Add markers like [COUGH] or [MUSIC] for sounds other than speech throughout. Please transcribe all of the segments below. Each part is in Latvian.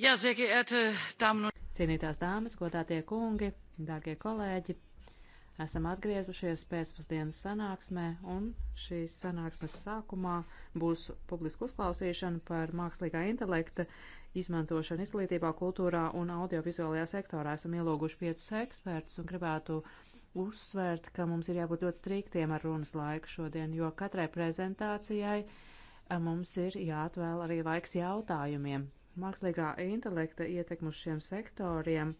Jā, Cienītās dāmas, godātie kungi, dārgie kolēģi, esam atgriezušies pēcpusdienas sanāksmē, un šīs sanāksmes sākumā būs publiska uzklausīšana par mākslīgā intelekta izmantošanu izglītībā, kultūrā un audiovizuālajā sektorā. Esam ielūguši piecus ekspertus un gribētu uzsvērt, ka mums ir jābūt ļoti striktiem ar runas laiku šodien, jo katrai prezentācijai mums ir jāatvēl arī laiks jautājumiem mākslīgā intelekta ietekmu uz šiem sektoriem,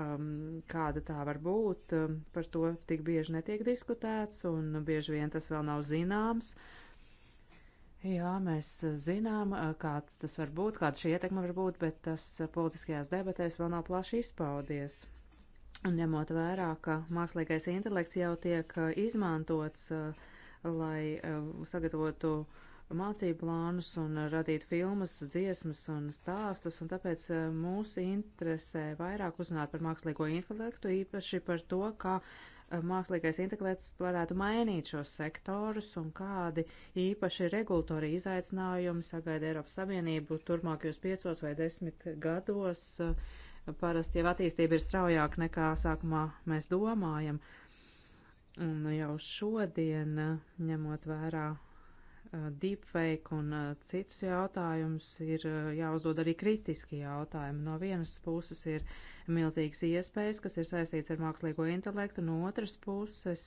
um, kāda tā var būt, um, par to tik bieži netiek diskutēts un bieži vien tas vēl nav zināms. Jā, mēs zinām, uh, kāds tas var būt, kāda šī ietekme var būt, bet tas uh, politiskajās debatēs vēl nav plaši izpaudies. Un ņemot vērā, ka mākslīgais intelekts jau tiek uh, izmantots, lai sagatavotu uh, mācību plānus un radīt filmas, dziesmas un stāstus, un tāpēc eh, mūs interesē vairāk uzzināt par mākslīgo intelektu, īpaši par to, kā eh, mākslīgais intelekts varētu mainīt šos sektorus un kādi īpaši regulatori izaicinājumi sagaida Eiropas Savienību turpmākajos piecos vai desmit gados. Parasti jau attīstība ir straujāka nekā sākumā mēs domājam. Un jau šodien, ņemot vērā Eh, deepfake un eh, citus jautājumus, ir eh, jāuzdod arī kritiski jautājumi. No vienas puses ir milzīgas iespējas, kas ir saistīts ar mākslīgo intelektu, no otras puses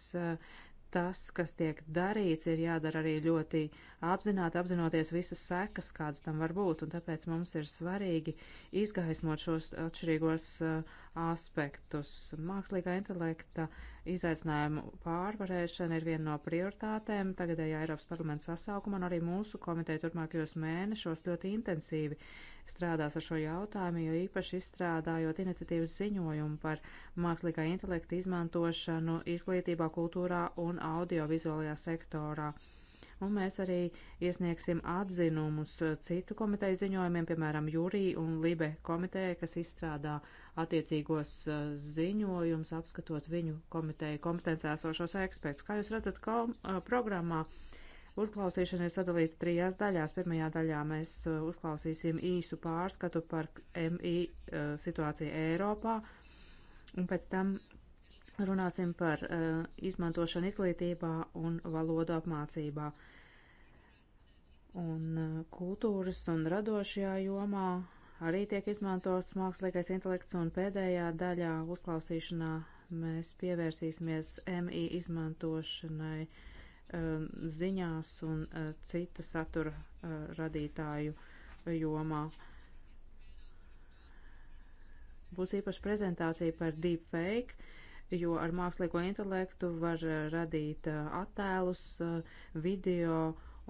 tas, kas tiek darīts, ir jādara arī ļoti apzināti, apzinoties visas sekas, kādas tam var būt, un tāpēc mums ir svarīgi izgaismot šos atšķirīgos uh, aspektus. Mākslīgā intelekta izaicinājumu pārvarēšana ir viena no prioritātēm tagadējā Eiropas parlamenta sasaukumā, un arī mūsu komiteja turpmākajos mēnešos ļoti intensīvi strādās ar šo jautājumu, jo īpaši izstrādājot iniciatīvas ziņojumu par mākslīgā intelekta izmantošanu izglītībā, kultūrā un audiovizuālajā sektorā. Un mēs arī iesniegsim atzinumus citu komiteju ziņojumiem, piemēram, Jurī un Libe komiteja, kas izstrādā attiecīgos uh, ziņojumus, apskatot viņu komiteju kompetencēsošos ekspertus. Kā jūs redzat, kom, uh, programmā uh, Uzklausīšana ir sadalīta trijās daļās. Pirmajā daļā mēs uh, uzklausīsim īsu pārskatu par MI uh, situāciju Eiropā, un pēc tam runāsim par uh, izmantošanu izglītībā un valodu apmācībā. Un kultūras un radošajā jomā arī tiek izmantots mākslīgais intelekts, un pēdējā daļā uzklausīšanā mēs pievērsīsimies MI izmantošanai uh, Um, ziņās un uh, cita satura uh, radītāju uh, jomā. Būs īpaši prezentācija par deepfake, jo ar mākslīgo intelektu var radīt attēlus, video,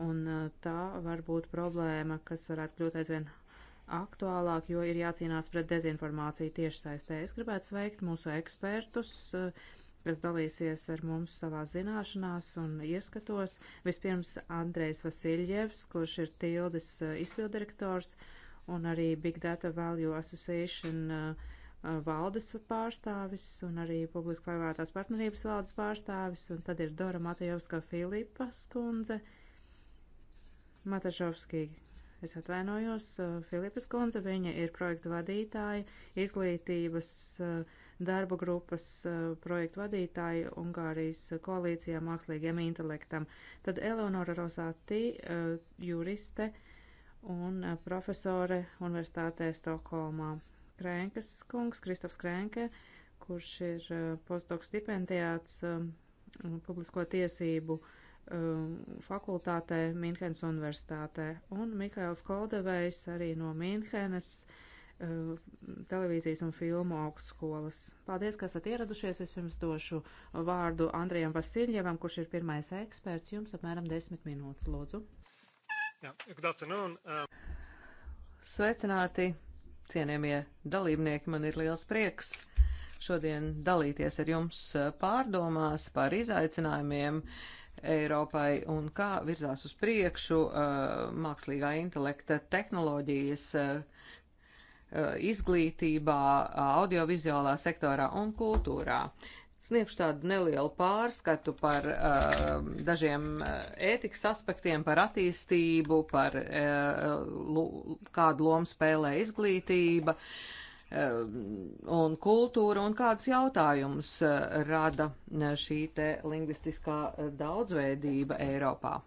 un tā var būt problēma, kas varētu kļūt aizvien aktuālāk, jo ir jācīnās pret dezinformāciju tiešsaistē. Es gribētu sveikt mūsu ekspertus, uh, kas dalīsies ar mums savā zināšanās un ieskatos. Vispirms Andrejs Vasiljevs, kurš ir Tildes eh, izpildirektors un arī Big Data Value Association eh, valdes pārstāvis un arī publiski-privātās partnerības valdes pārstāvis, un tad ir Dora Matejovska Filipas kundze, Matažovski Es atvainojos, eh, Filipas Konze, viņa ir projektu vadītāja izglītības darba grupas eh, projektu vadītāji Ungārijas koalīcijā mākslīgiem intelektam. Tad Eleonora Rosati, eh, juriste un eh, profesore Universitātē Stokholmā. Krēnkas kungs, Kristofs Krēnke, kurš ir postdoks stipendijāts publisko tiesību fakultātē Minhenes universitātē, un Mikails Koldevejs arī no Minhenes Eh, televīzijas un filmu augstskolas. Paldies, ka esat ieradušies. Vispirms došu vārdu Andrijam Vasiljevam, kurš ir pirmais eksperts. Jums apmēram desmit minūtes, lūdzu. Jā, um... Sveicināti, cienījamie dalībnieki. Man ir liels prieks šodien dalīties ar jums eh, pārdomās par izaicinājumiem. Eiropai un kā virzās uz priekšu uh, mākslīgā intelekta tehnoloģijas, uh, Uh, izglītībā, uh, audiovizuālā sektorā un kultūrā. Sniegšu tādu nelielu pārskatu par uh, dažiem uh, ētikas aspektiem, par attīstību, par uh, kādu lomu spēlē izglītība uh, un kultūra un kādus jautājumus uh, rada šī te lingvistiskā daudzveidība Eiropā.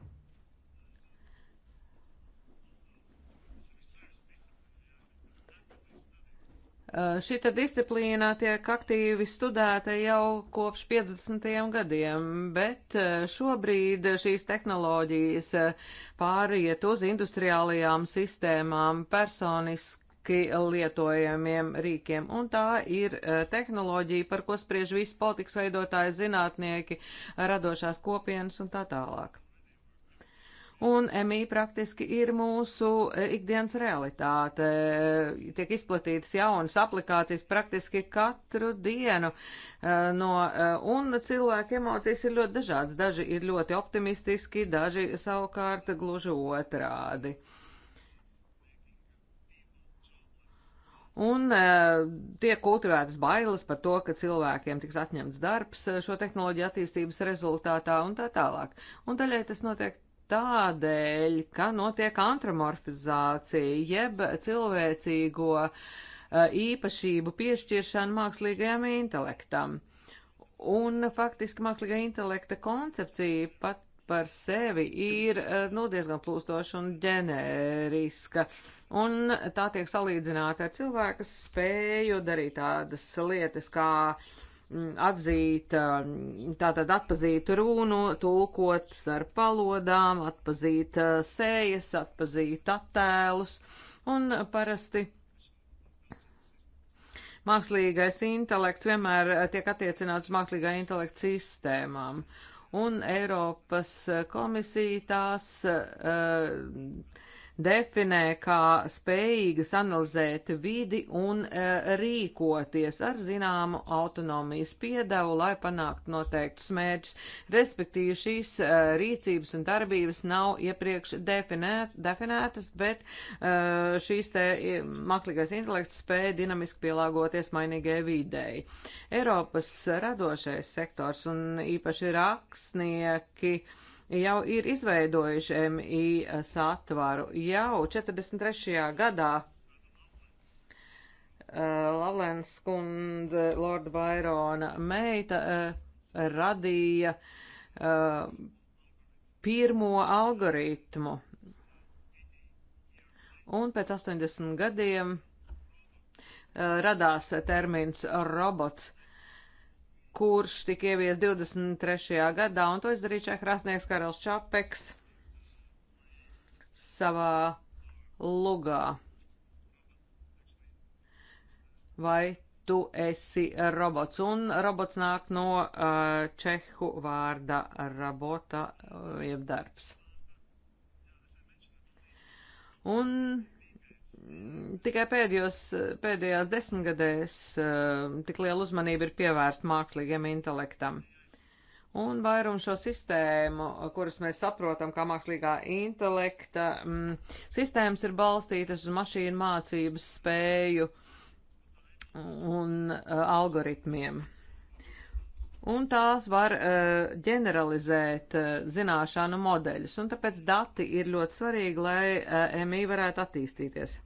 Eh, šita disciplīna tiek aktīvi studēta jau kopš 50. gadiem, bet eh, šobrīd šīs tehnoloģijas eh, pāriet uz industriālajām sistēmām, personiski lietojamiem rīkiem, un tā ir tehnoloģija, par ko spriež visi politikas veidotāji, zinātnieki, radošās kopienas un tā tālāk un MI praktiski ir mūsu e, ikdienas realitāte. Tiek izplatītas jaunas aplikācijas praktiski katru dienu, e, no, e, un cilvēku emocijas ir ļoti dažādas. Daži ir ļoti optimistiski, daži savukārt gluži otrādi. Un tiek kultivētas bailes par to, ka cilvēkiem tiks atņemts darbs šo tehnoloģiju attīstības rezultātā un tā tālāk. Un daļai tas notiek tādēļ, ka notiek antropomorfizācija, jeb cilvēcīgo eh, īpašību piešķiršana mākslīgajam intelektam. Un faktiski mākslīgā intelekta koncepcija pat par sevi ir eh, nu, diezgan plūstoša un ģenēriska. Un tā tiek salīdzināta ar cilvēku spēju darīt tādas lietas kā uh, Mm, atzīt, mm, tātad atpazīt runu, tulkot starp valodām, atpazīt eh, sējas, atpazīt attēlus, un parasti mākslīgais intelekts vienmēr eh, tiek attiecināts mākslīgā intelekta sistēmām, un Eiropas eh, komisija tās uh, definē kā spējīgas analizēt vidi un e, rīkoties ar zināmu autonomijas piedevu, lai panāktu noteiktus mērķus. Respektīvi šīs e, rīcības un darbības nav iepriekš definēt, definētas, bet e, šīs te mākslīgais intelekts spēja dinamiski pielāgoties mainīgai videi. Eiropas radošais sektors un īpaši rakstnieki jau ir izveidojuši MI satvaru. Jau 43. gadā uh, eh, Lavlens kundze, Lorda Vairona meita, uh, radīja uh, pirmo algoritmu. Un pēc 80 gadiem radās termins robots kurš tika ievies 23. gadā, un to izdarīja Čeh Rasnieks Karels Čapeks savā lugā. Vai tu esi robots? Un robots nāk no uh, čehu vārda rabota, eh, jeb uh, darbs. Un tikai pēdējos, pēdējās desmitgadēs eh, tik liela uzmanība ir pievērsta mākslīgiem intelektam. Un vairums šo sistēmu, kuras mēs saprotam kā mākslīgā intelekta, mm, sistēmas ir balstītas uz mašīnu mācības spēju un uh, algoritmiem. Un tās var uh, ģeneralizēt uh, zināšanu modeļus, un tāpēc dati ir ļoti svarīgi, lai uh, MI varētu attīstīties.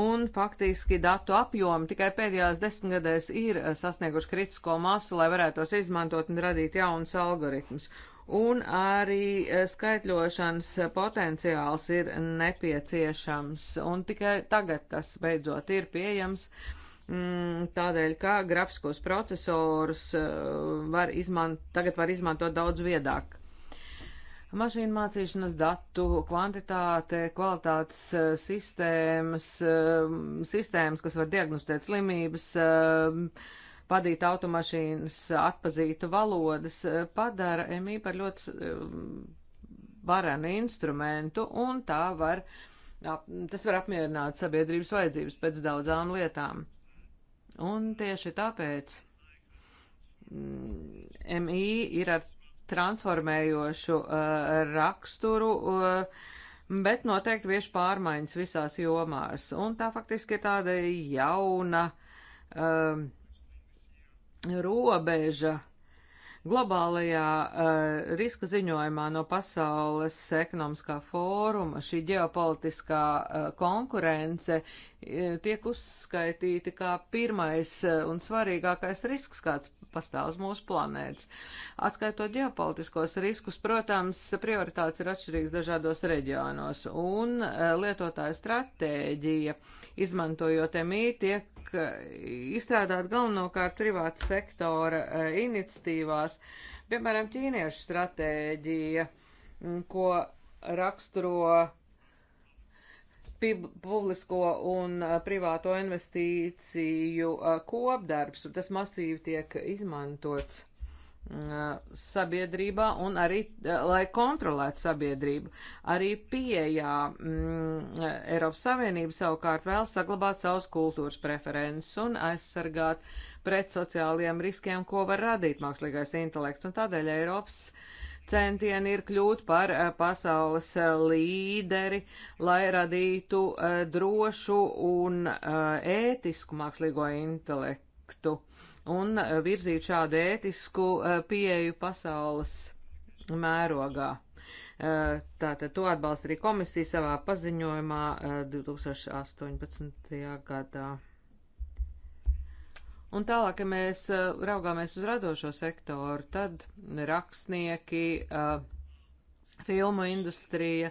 Un faktiski datu apjomi tikai pēdējās desmitgadēs ir eh, sasnieguši kritisko masu, lai varētu tos izmantot un radīt jaunus algoritmus. Un arī eh, skaitļošanas potenciāls ir nepieciešams, un tikai tagad tas beidzot ir pieejams, mm, tādēļ, ka grafiskos procesorus eh, var izman, tagad var izmantot daudz viedāk. Mašīnu mācīšanas datu kvantitāte, kvalitātes eh, sistēmas, eh, sistēmas, kas var diagnostēt slimības, padīt eh, automašīnas, atpazīt valodas, padara MI par ļoti varenu instrumentu, un tā var, tas var apmierināt sabiedrības vajadzības pēc daudzām lietām. Un tieši tāpēc. MI mm, ir ar transformējošu uh, raksturu, uh, bet noteikti viešu pārmaiņas visās jomās. Un tā faktiski ir tāda jauna uh, robeža Globālajā uh, riska ziņojumā no Pasaules ekonomiskā fóruma šī ģeopolitiskā uh, konkurence uh, tiek uzskaitīta kā pirmais uh, un svarīgākais risks, kāds pastāv uz mūsu planētas. Atskaitot ģeopolitiskos riskus, protams, prioritātes ir atšķirīgas dažādos reģionos, un uh, lietotāja stratēģija, izmantojot MI, tiek tiek izstrādāt galvenokārt privāta sektora eh, iniciatīvās, piemēram, ķīniešu stratēģija, mm, ko raksturo publisko un eh, privāto investīciju eh, kopdarbs, un tas masīvi tiek izmantots sabiedrībā un arī, lai kontrolētu sabiedrību. Arī pieejā mm, Eiropas Savienība savukārt vēl saglabāt savus kultūras preferences un aizsargāt pret sociālajiem riskiem, ko var radīt mākslīgais intelekts. Un tādēļ Eiropas centieni ir kļūt par pasaules līderi, lai radītu drošu un ētisku mākslīgo intelektu un e, virzīt šādu ētisku e, pieeju pasaules mērogā. E, tātad to atbalsta arī komisija savā paziņojumā 2018. gadā. Un tālāk, ja mēs raugāmies uz radošo sektoru, tad rakstnieki, filmu industrija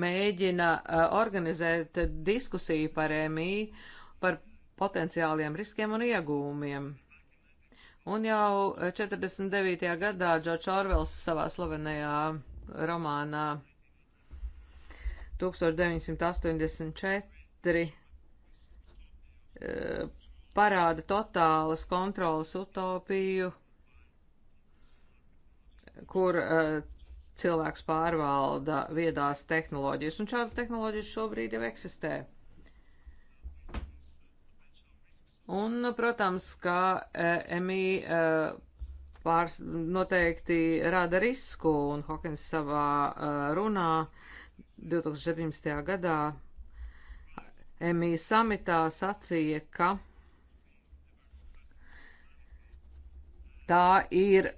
mēģina organizēt diskusiju par MI, par potenciāliem riskiem un iegūmiem. Un jau 49. gadā Džordžs Orvels savā slavenajā romānā 1984 e, parāda totālas kontrolas utopiju, kur e, cilvēks pārvalda viedās tehnoloģijas, un šādas tehnoloģijas šobrīd jau eksistē. Un, protams, kā e, EMI e, pārs noteikti rada risku, un Hokins savā e, runā 2017. gadā EMI samitā sacīja, ka tā ir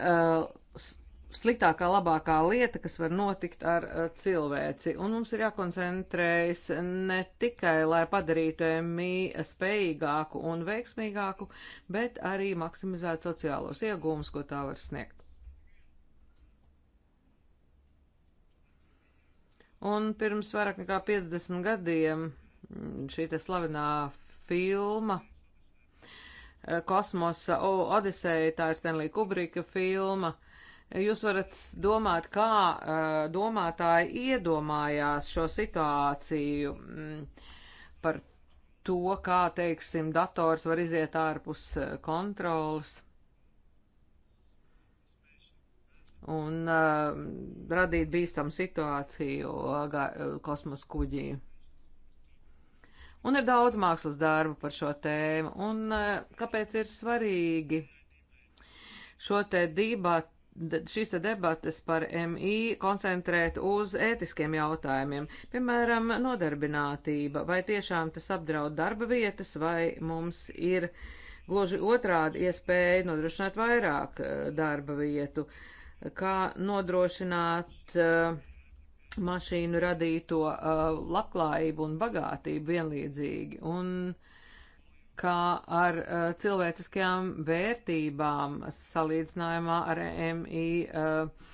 sliktākā, labākā lieta, kas var notikt ar eh, cilvēci. Un mums ir jākoncentrējas ne tikai, lai padarītu MI spējīgāku un veiksmīgāku, bet arī maksimizēt sociālos iegūmus, ko tā var sniegt. Un pirms vairāk nekā 50 gadiem mm, šī te slavenā filma eh, Kosmosa Odiseja, tā ir Stanley Kubrika filma, uh, Jūs varat domāt, kā eh, domātāji iedomājās šo situāciju mm, par to, kā, teiksim, dators var iziet ārpus eh, kontrolas un eh, radīt bīstamu situāciju kosmos kuģī. Un ir daudz mākslas darbu par šo tēmu, un kāpēc ir svarīgi šo te dibatu šīs te debates par MI koncentrēt uz ētiskiem jautājumiem, piemēram, nodarbinātība, vai tiešām tas apdraud darba vietas, vai mums ir gluži otrādi iespēja nodrošināt vairāk eh, darba vietu, kā nodrošināt eh, mašīnu radīto eh, labklājību un bagātību vienlīdzīgi. Un, uh, kā ar uh, cilvēciskajām vērtībām salīdzinājumā ar MI uh,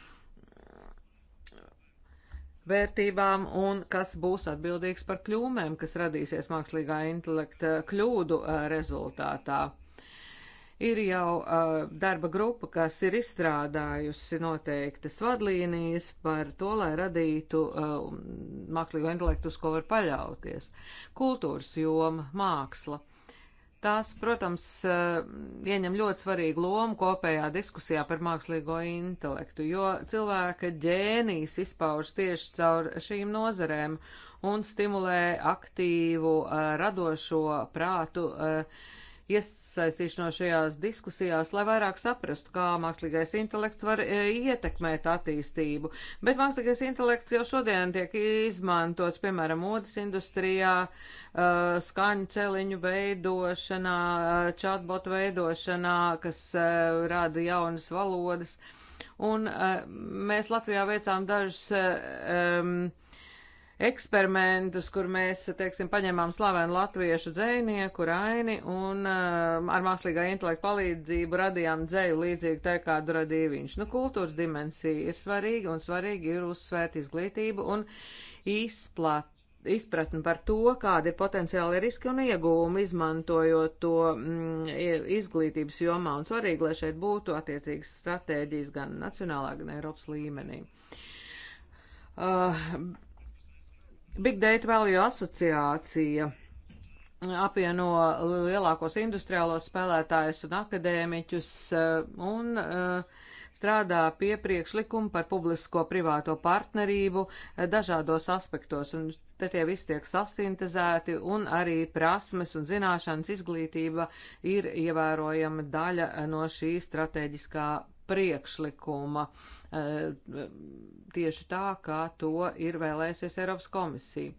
eh, vērtībām un kas būs atbildīgs par kļūmēm, kas radīsies mākslīgā intelekta kļūdu uh, rezultātā. Ir jau uh, darba grupa, kas ir izstrādājusi noteiktas vadlīnijas par to, lai radītu uh, mākslīgo intelektu, uz ko var paļauties. Kultūras joma, māksla. Uh, Tās, protams, eh, ieņem ļoti svarīgu lomu kopējā diskusijā par mākslīgo intelektu, jo cilvēka ģēnijs izpaužas tieši caur šīm nozarēm un stimulē aktīvu, eh, radošo prātu. Uh, iesaistīšanos šajās diskusijās, lai vairāk saprastu, kā mākslīgais intelekts var e, ietekmēt attīstību. Bet mākslīgais intelekts jau šodien tiek izmantots, piemēram, modas industrijā, e, skaņu celiņu veidošanā, e, chatbotu veidošanā, kas rada jaunas valodas. Un mēs Latvijā veicām dažus um, eksperimentus, kur mēs, teiksim, paņemām slavenu latviešu dzējnieku Raini un uh, ar mākslīgā intelektu palīdzību radījām dzēju līdzīgi tai, kādu radīja viņš. Nu, kultūras dimensija ir svarīga un svarīgi ir uzsvērt izglītību un izplat, izpratni par to, kādi ir potenciāli riski un ieguvumi, izmantojot to mm, izglītības jomā un svarīgi, lai šeit būtu attiecīgas stratēģijas gan nacionālā, gan Eiropas līmenī. Uh, Big Data Value asociācija apvieno lielākos industriālos spēlētājus un akadēmiķus eh, un eh, strādā pie priekšlikuma par publisko-privāto partnerību eh, dažādos aspektos, un te tie visi tiek sasintezēti, un arī prasmes un zināšanas izglītība ir ievērojama daļa no šī strateģiskā priekšlikuma eh, tieši tā, kā to ir vēlēsies Eiropas komisija.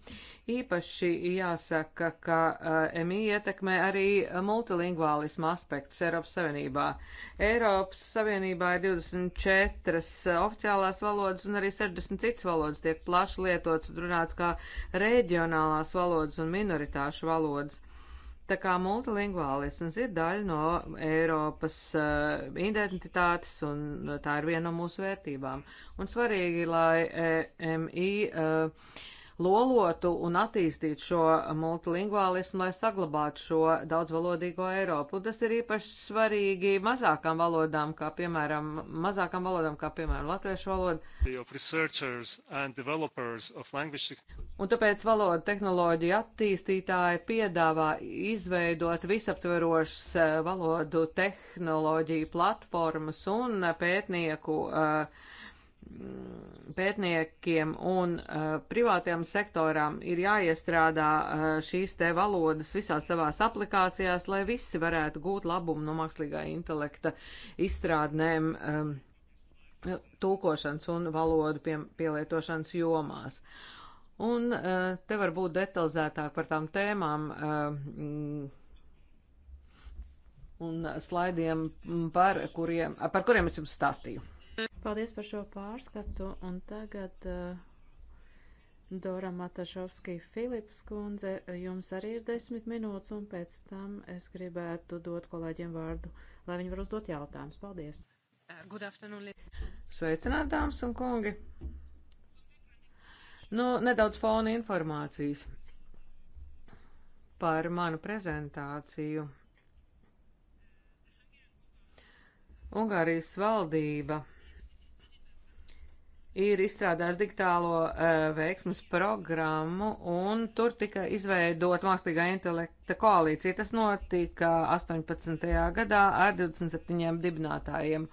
Īpaši jāsaka, ka eh, MI ietekmē arī multilingvālismu aspektus Eiropas Savienībā. Eiropas Savienībā ir 24 oficiālās valodas un arī 60 citas valodas tiek plaši lietots un runāts kā reģionālās valodas un minoritāšu valodas. Tā kā multilingvālisms ir daļa no Eiropas uh, identitātes, un tā ir viena no mūsu vērtībām. Un svarīgi, lai EMI uh, eh, lolotu un attīstītu šo multilingvālismu, lai saglabātu šo daudzvalodīgo Eiropu. Un tas ir īpaši svarīgi mazākām valodām, kā piemēram, mazākām valodām, kā piemēram latviešu valoda. Un tāpēc valoda tehnoloģija attīstītāji piedāvā izveidot visaptverošas eh, valodu tehnoloģiju platformas un pētnieku uh, Mm, pētniekiem un uh, eh, privātajam sektoram ir jāiestrādā uh, šīs te valodas visās savās aplikācijās, lai visi varētu gūt labumu no mākslīgā intelekta izstrādnēm um, tulkošanas un valodu pie, pielietošanas jomās. Un uh, te var būt detalizētāk par tām tēmām. Uh, un slaidiem, mm, par kuriem, par kuriem es jums stāstīju. Paldies par šo pārskatu, un tagad uh, Dora Matašovski Filips kundze, jums arī ir desmit minūtes, un pēc tam es gribētu dot kolēģiem vārdu, lai viņi var uzdot jautājumus. Paldies! Sveicināt, dāmas un kungi! Nu, nedaudz fona informācijas par manu prezentāciju. Ungārijas valdība ir izstrādājis digitālo uh, eh, veiksmus programmu, un tur tika izveidot mākslīgā intelekta koalīcija. Tas notika 18. gadā ar 27 dibinātājiem.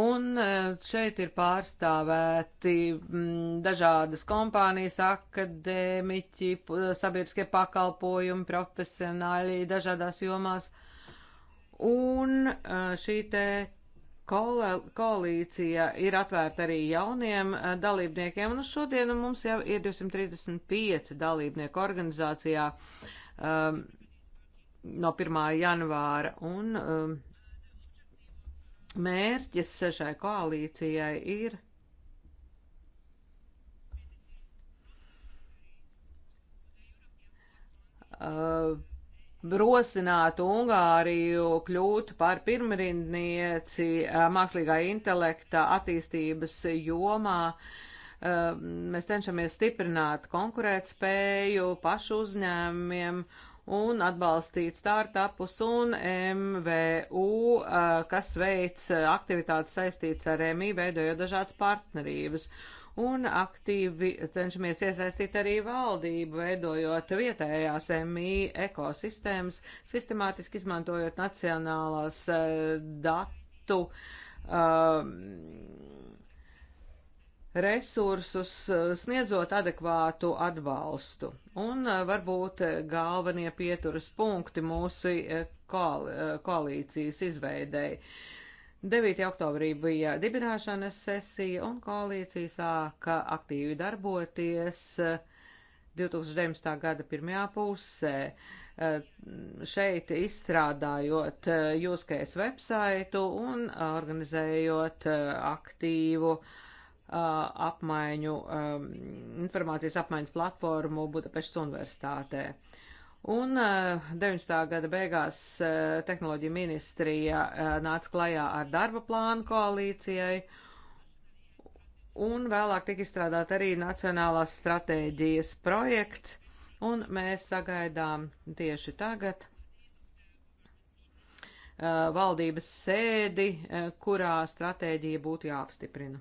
Un uh, šeit ir pārstāvēti m, mm, dažādas kompānijas, akadēmiķi, sabiedriskie pakalpojumi, profesionāļi dažādās jomās. Un uh, šī te Koalīcija ir atvērta arī jauniem eh, dalībniekiem, un šodien mums jau ir 235 dalībnieku organizācijā um, no 1. janvāra, un um, mērķis šai koalīcijai ir uh, rosinātu Ungāriju kļūt par pirmrindnieci eh, mākslīgā intelekta attīstības jomā. Eh, mēs cenšamies stiprināt konkurētspēju pašu uzņēmumiem un atbalstīt startupus un MVU, eh, kas veic aktivitātes saistīts ar MI, veidojot dažādas partnerības un aktīvi cenšamies iesaistīt arī valdību, veidojot vietējās MI ekosistēmas, sistemātiski izmantojot nacionālās eh, datu um, resursus, eh, sniedzot adekvātu atbalstu. Un eh, varbūt galvenie pieturas punkti mūsu koalīcijas izveidēji. 9. oktobrī bija dibināšanas sesija un koalīcija sāka aktīvi darboties 2019. Eh, gada pirmajā pusē. Eh, šeit izstrādājot eh, jūskais websaitu un organizējot aktīvu apmaiņu, informācijas apmaiņas platformu Budapeštas universitātē. Un 90. Eh, gada beigās eh, tehnoloģija ministrija eh, nāca klajā ar darba plānu koalīcijai, un vēlāk tika izstrādāt arī Nacionālās stratēģijas projekts, un mēs sagaidām tieši tagad valdības sēdi, kurā stratēģija būtu jāapstiprina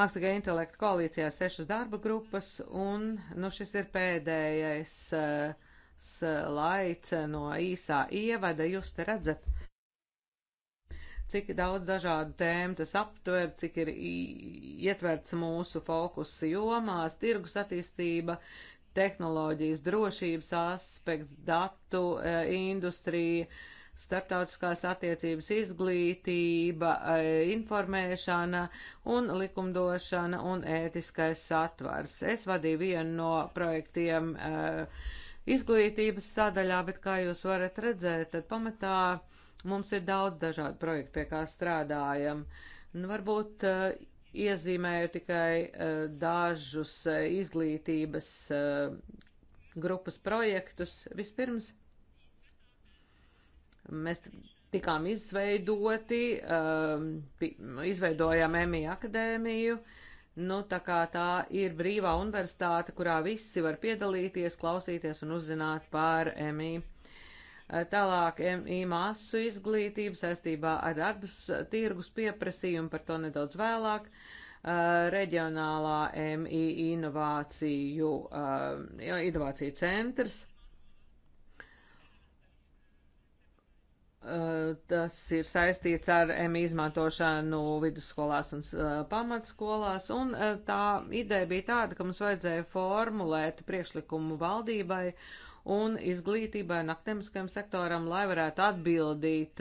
mākslīgā intelekta koalīcijā ir sešas darba grupas, un nu, šis ir pēdējais eh, slaids no īsā ievada. Jūs te redzat, cik daudz dažādu tēmu tas aptver, cik ir ietverts mūsu fokus jomās, tirgus attīstība, tehnoloģijas drošības aspekts, datu eh, industrija starptautiskās attiecības, izglītība, e, informēšana un likumdošana un ētiskais satvars. Es vadīju vienu no projektiem e, izglītības sadaļā, bet kā jūs varat redzēt, tad pamatā mums ir daudz dažādu projektu, pie kā strādājam. Nu, varbūt e, iezīmēju tikai dažus izglītības grupas projektus. Vispirms Mēs tikām izveidoti, um, izveidojām EMIA akadēmiju, nu tā kā tā ir brīvā universitāte, kurā visi var piedalīties, klausīties un uzzināt par EMI. Uh, tālāk EMI masu izglītību saistībā ar darbus tirgus pieprasījumu, par to nedaudz vēlāk. Uh, reģionālā MI inovāciju, uh, inovāciju centrs, Eh, tas ir saistīts ar M izmantošanu vidusskolās un eh, pamatskolās, un eh, tā ideja bija tāda, ka mums vajadzēja formulēt priekšlikumu valdībai un izglītībai un akademiskajam sektoram, lai varētu atbildīt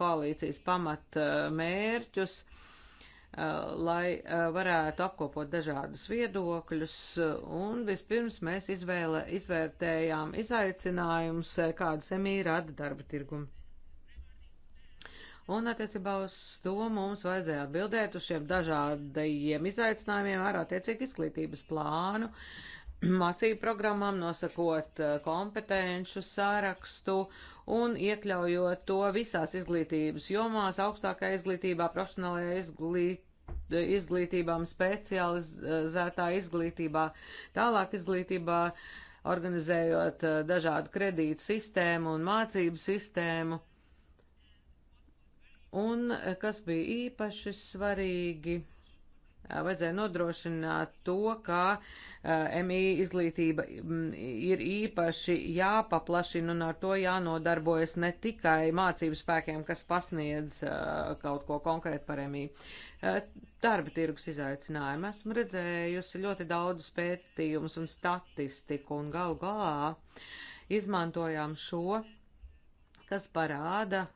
koalīcijas pamatmērķus lai varētu apkopot dažādus viedokļus, un vispirms mēs izvēle, izvērtējām izaicinājumus, kādus emīra rada darba tirgumu. Un attiecībā uz to mums vajadzēja atbildēt uz šiem dažādajiem izaicinājumiem ar attiecīgu izglītības plānu, [CLEARS THROAT] mācību programmām, nosakot eh, kompetenšu sārakstu un iekļaujot to visās izglītības jomās, augstākā izglītībā, profesionālajā izglītībā izglītībām, specializētā izglītībā, tālāk izglītībā, organizējot eh, dažādu kredītu sistēmu un mācību sistēmu. Un eh, kas bija īpaši svarīgi, eh, vajadzēja nodrošināt to, ka eh, MI izglītība mm, ir īpaši jāpaplašina un ar to jānodarbojas ne tikai mācību spēkiem, kas pasniedz kaut ko konkrētu par MI. Darba tirgus izaicinājumu esmu redzējusi ļoti daudz pētījumus un statistiku un galu galā izmantojām šo, kas parāda,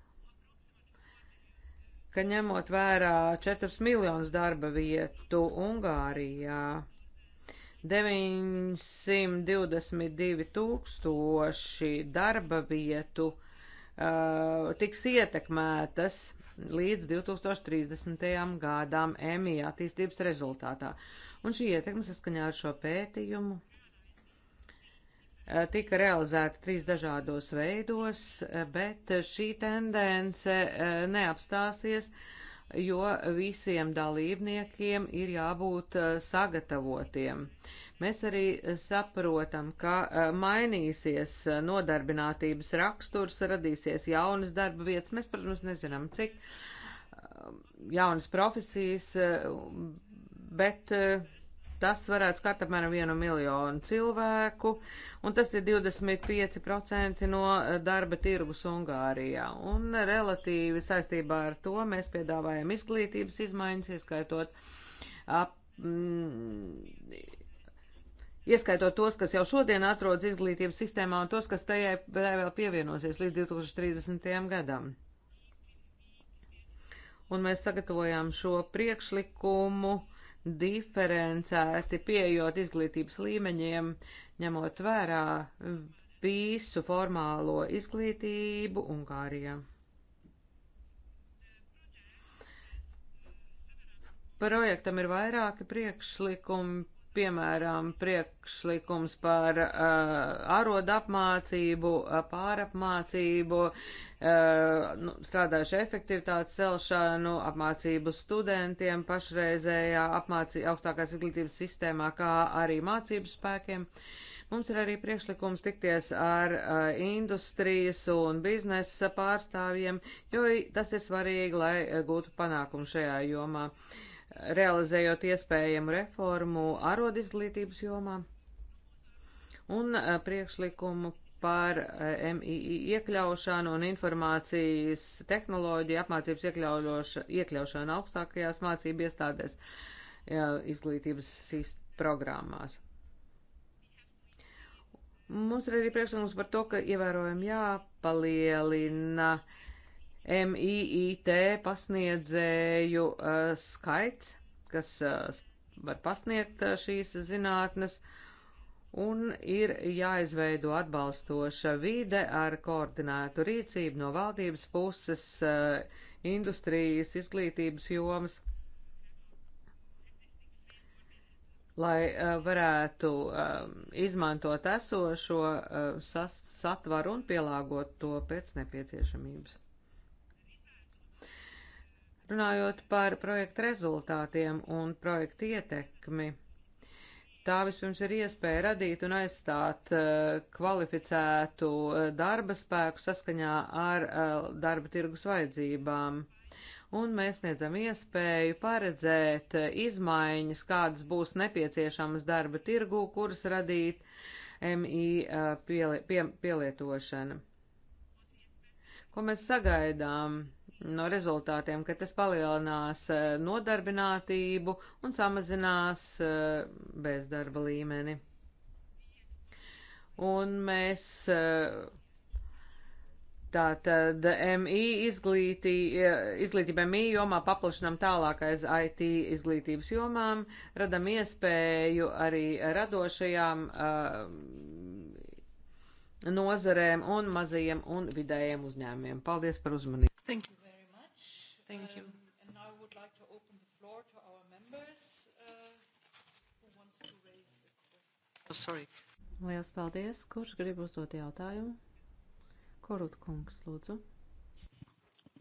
ka ņemot vērā 4 miljonus darba vietu Ungārijā, 922 tūkstoši darba vietu uh, tiks ietekmētas līdz 2030. gadām EMI attīstības rezultātā. Un šī ietekme saskaņā ar šo pētījumu Eh, tika realizēta trīs dažādos veidos, eh, bet šī tendence eh, neapstāsies, jo visiem dalībniekiem ir jābūt sagatavotiem. Mēs arī saprotam, ka mainīsies nodarbinātības raksturs, radīsies jaunas darba vietas. Mēs, protams, nezinām, cik jaunas profesijas, bet Tas varētu skart apmēram vienu miljonu cilvēku, un tas ir 25% no eh, darba tirgus Ungārijā. Un relatīvi saistībā ar to mēs piedāvājam izglītības izmaiņas, ieskaitot ap, mm, ieskaitot tos, kas jau šodien atrodas izglītības sistēmā un tos, kas tajai vēl pievienosies līdz 2030. gadam. Un mēs sagatavojām šo priekšlikumu diferencēti pieejot izglītības līmeņiem, ņemot vērā visu formālo izglītību Ungārijā. Projektam ir vairāki priekšlikumi piemēram, priekšlikums par uh, arodu apmācību, uh, pārapmācību, uh, nu, strādājuši efektivitātes celšanu, apmācību studentiem pašreizējā apmācī, augstākās izglītības sistēmā, kā arī mācību spēkiem. Mums ir arī priekšlikums tikties ar uh, industrijas un biznesa pārstāvjiem, jo tas ir svarīgi, lai uh, gūtu panākumu šajā jomā. Uh, realizējot iespējamu reformu arodizglītības jomā un eh, priekšlikumu par eh, MII iekļaušanu un informācijas tehnoloģiju apmācības iekļaušanu augstākajās mācību iestādēs izglītības programmās. Mums ir arī priekšlikums par to, ka ievērojami jāpalielina uh, MIIT pasniedzēju uh, skaits, kas uh, var pasniegt uh, šīs zinātnes, un ir jāizveido atbalstoša vide ar koordinētu rīcību no valdības puses, uh, industrijas, izglītības jomas. lai uh, varētu uh, izmantot esošo uh, sas, satvaru un pielāgot to pēc nepieciešamības. Runājot par projektu rezultātiem un projektu ietekmi, tā vispirms ir iespēja radīt un aizstāt uh, kvalificētu uh, darba spēku saskaņā ar uh, darba tirgus vajadzībām. Un mēs sniedzam iespēju paredzēt izmaiņas, kādas būs nepieciešamas darba tirgū, kuras radīt MI pieli, pie, pielietošana. Ko mēs sagaidām? no rezultātiem, ka tas palielinās eh, nodarbinātību un samazinās eh, bezdarba līmeni. Un mēs eh, tātad MI izglītī, izglītība MI jomā paplašinām tālāk aiz IT izglītības jomām, radam iespēju arī radošajām nozarēm un mazajiem un vidējiem uzņēmumiem. Paldies par uzmanību! Thank you. Thank you. Um, and now I would like to open the floor to our members uh, who wants to raise a question. Oh, sorry. Lielas paldies. Kurš grib uzdot jautājumu? Korut kungs, lūdzu.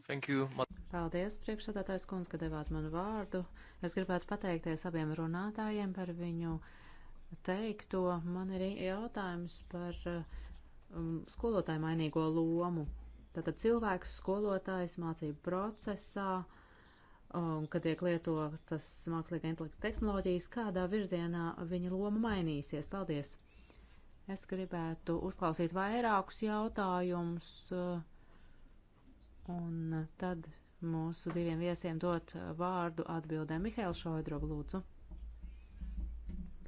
Thank you. Paldies, priekšsādātājs kungs, ka devāt man vārdu. Es gribētu pateikties abiem runātājiem par viņu teikto. Man ir jautājums par um, skolotāju mainīgo lomu. Tātad cilvēks, skolotājs mācību procesā, un, kad tiek lietotas mākslīga intelekta tehnoloģijas, kādā virzienā viņa loma mainīsies. Paldies! Es gribētu uzklausīt vairākus jautājumus, un tad mūsu diviem viesiem dot vārdu atbildē. Mihail Šoidrov, lūdzu.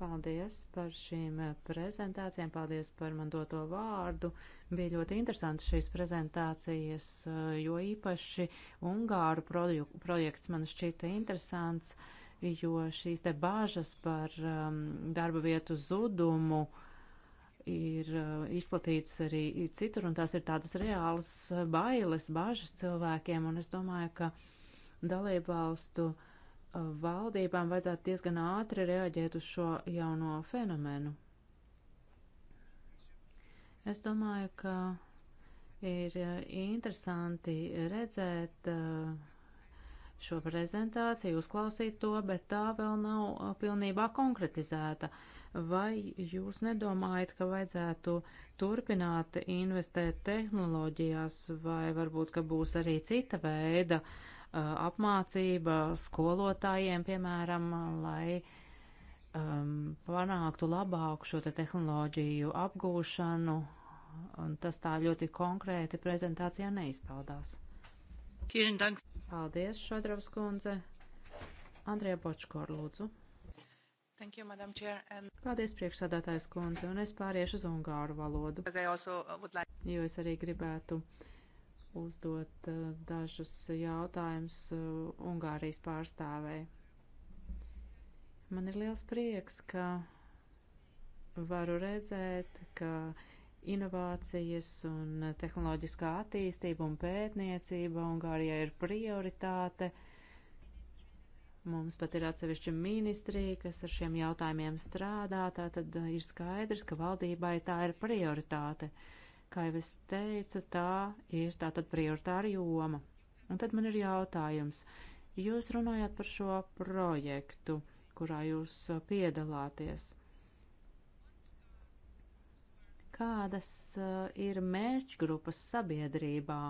Paldies par šīm eh, prezentācijām, paldies par man doto vārdu. Bija ļoti interesanti šīs prezentācijas, eh, jo īpaši Ungāru projekts man šķita interesants, jo šīs te bāžas par um, darba vietu zudumu ir eh, izplatīts arī citur, un tās ir tādas reālas bailes, bāžas cilvēkiem, un es domāju, ka dalībvalstu uh, valdībām vajadzētu diezgan ātri reaģēt uz šo jauno fenomenu. Es domāju, ka ir eh, interesanti redzēt eh, šo prezentāciju, uzklausīt to, bet tā vēl nav eh, pilnībā konkretizēta. Vai jūs nedomājat, ka vajadzētu turpināt investēt tehnoloģijās, vai varbūt, ka būs arī cita veida uh, apmācība skolotājiem, piemēram, lai um, panāktu labāku šo te tehnoloģiju apgūšanu, un tas tā ļoti konkrēti prezentācijā neizpaudās. Paldies, Šodravs kundze. Andrija Bočkor, lūdzu. Thank you, Madam Chair. And... Paldies, priekšsādātājs kundze, un es pāriešu uz ungāru valodu, uh, like... jo es arī gribētu uh, uzdot eh, dažus jautājumus eh, Ungārijas pārstāvēji. Man ir liels prieks, ka varu redzēt, ka inovācijas un tehnoloģiskā attīstība un pētniecība Ungārijā ir prioritāte. Mums pat ir atsevišķa ministrija, kas ar šiem jautājumiem strādā, tātad eh, ir skaidrs, ka valdībai tā ir prioritāte. Uh, Kā jau es teicu, tā ir tātad prioritāra joma. Un tad man ir jautājums. Jūs runājāt par šo projektu, kurā jūs uh, piedalāties. Kādas uh, ir mērķgrupas sabiedrībā?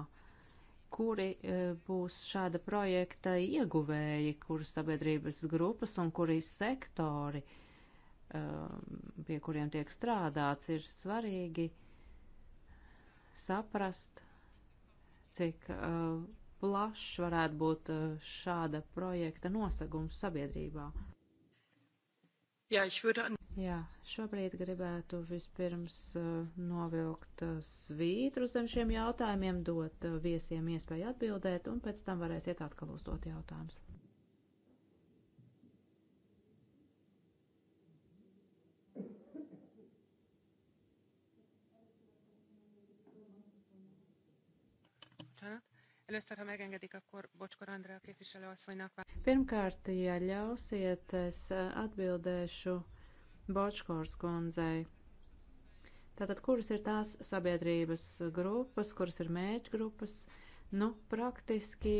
kuri uh, būs šāda projekta ieguvēji, kuras sabiedrības grupas un kuri sektori, um, pie kuriem tiek strādāts, ir svarīgi saprast, cik uh, plašs varētu būt uh, šāda projekta nosagums sabiedrībā. Jā, an... Jā šobrīd gribētu vispirms uh, novilkt uh, svītru zem šiem jautājumiem, dot uh, viesiem iespēju atbildēt, un pēc tam varēsiet atkal uzdot jautājumus. Először, ha megengedik, akkor Bocskor Andrea képviselő asszonynak. Pirmkārt, ja ļausiet, es atbildēšu Bocskors kundzei. Tātad, kuras ir tās sabiedrības grupas, kuras ir mērķgrupas? Nu, praktiski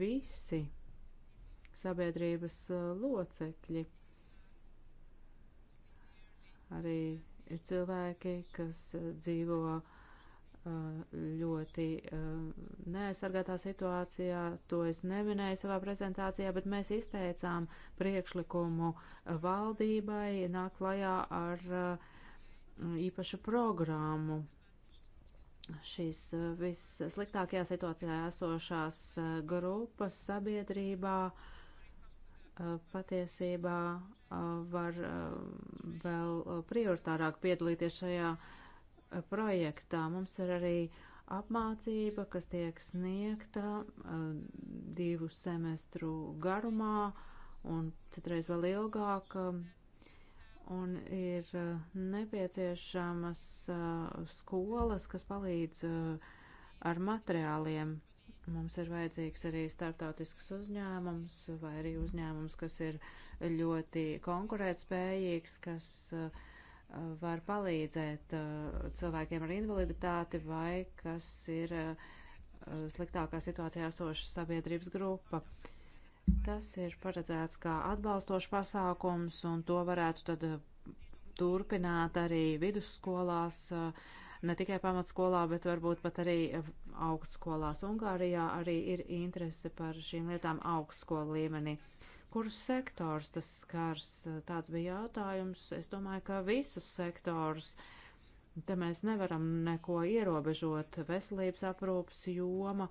visi sabiedrības eh, locekļi. Arī ir cilvēki, kas eh, dzīvo uh, ļoti eh, neaizsargātā situācijā. To es neminēju savā prezentācijā, bet mēs izteicām priekšlikumu valdībai nāk klajā ar eh, īpašu programmu. Šīs eh, vissliktākajā situācijā esošās grupas sabiedrībā patiesībā var vēl prioritārāk piedalīties šajā uh, projektā. Mums ir arī apmācība, kas tiek sniegta eh, divu semestru garumā un citreiz vēl ilgāk. Un ir eh, nepieciešamas eh, skolas, kas palīdz ar materiāliem. Mums ir vajadzīgs arī startautisks uzņēmums vai arī uzņēmums, kas ir ļoti konkurētspējīgs, kas uh, var palīdzēt uh, cilvēkiem ar invaliditāti vai kas ir uh, sliktākā situācijā esoša sabiedrības grupa. Tas ir paredzēts kā atbalstošs pasākums, un to varētu tad uh, turpināt arī vidusskolās, ne tikai pamatskolā, bet varbūt pat arī augstskolās. Ungārijā arī ir interese par šīm lietām augstskolu līmenī kurus sektors tas skars. Tāds bija jautājums. Es domāju, ka visus sektors. Te mēs nevaram neko ierobežot. Veselības aprūpas joma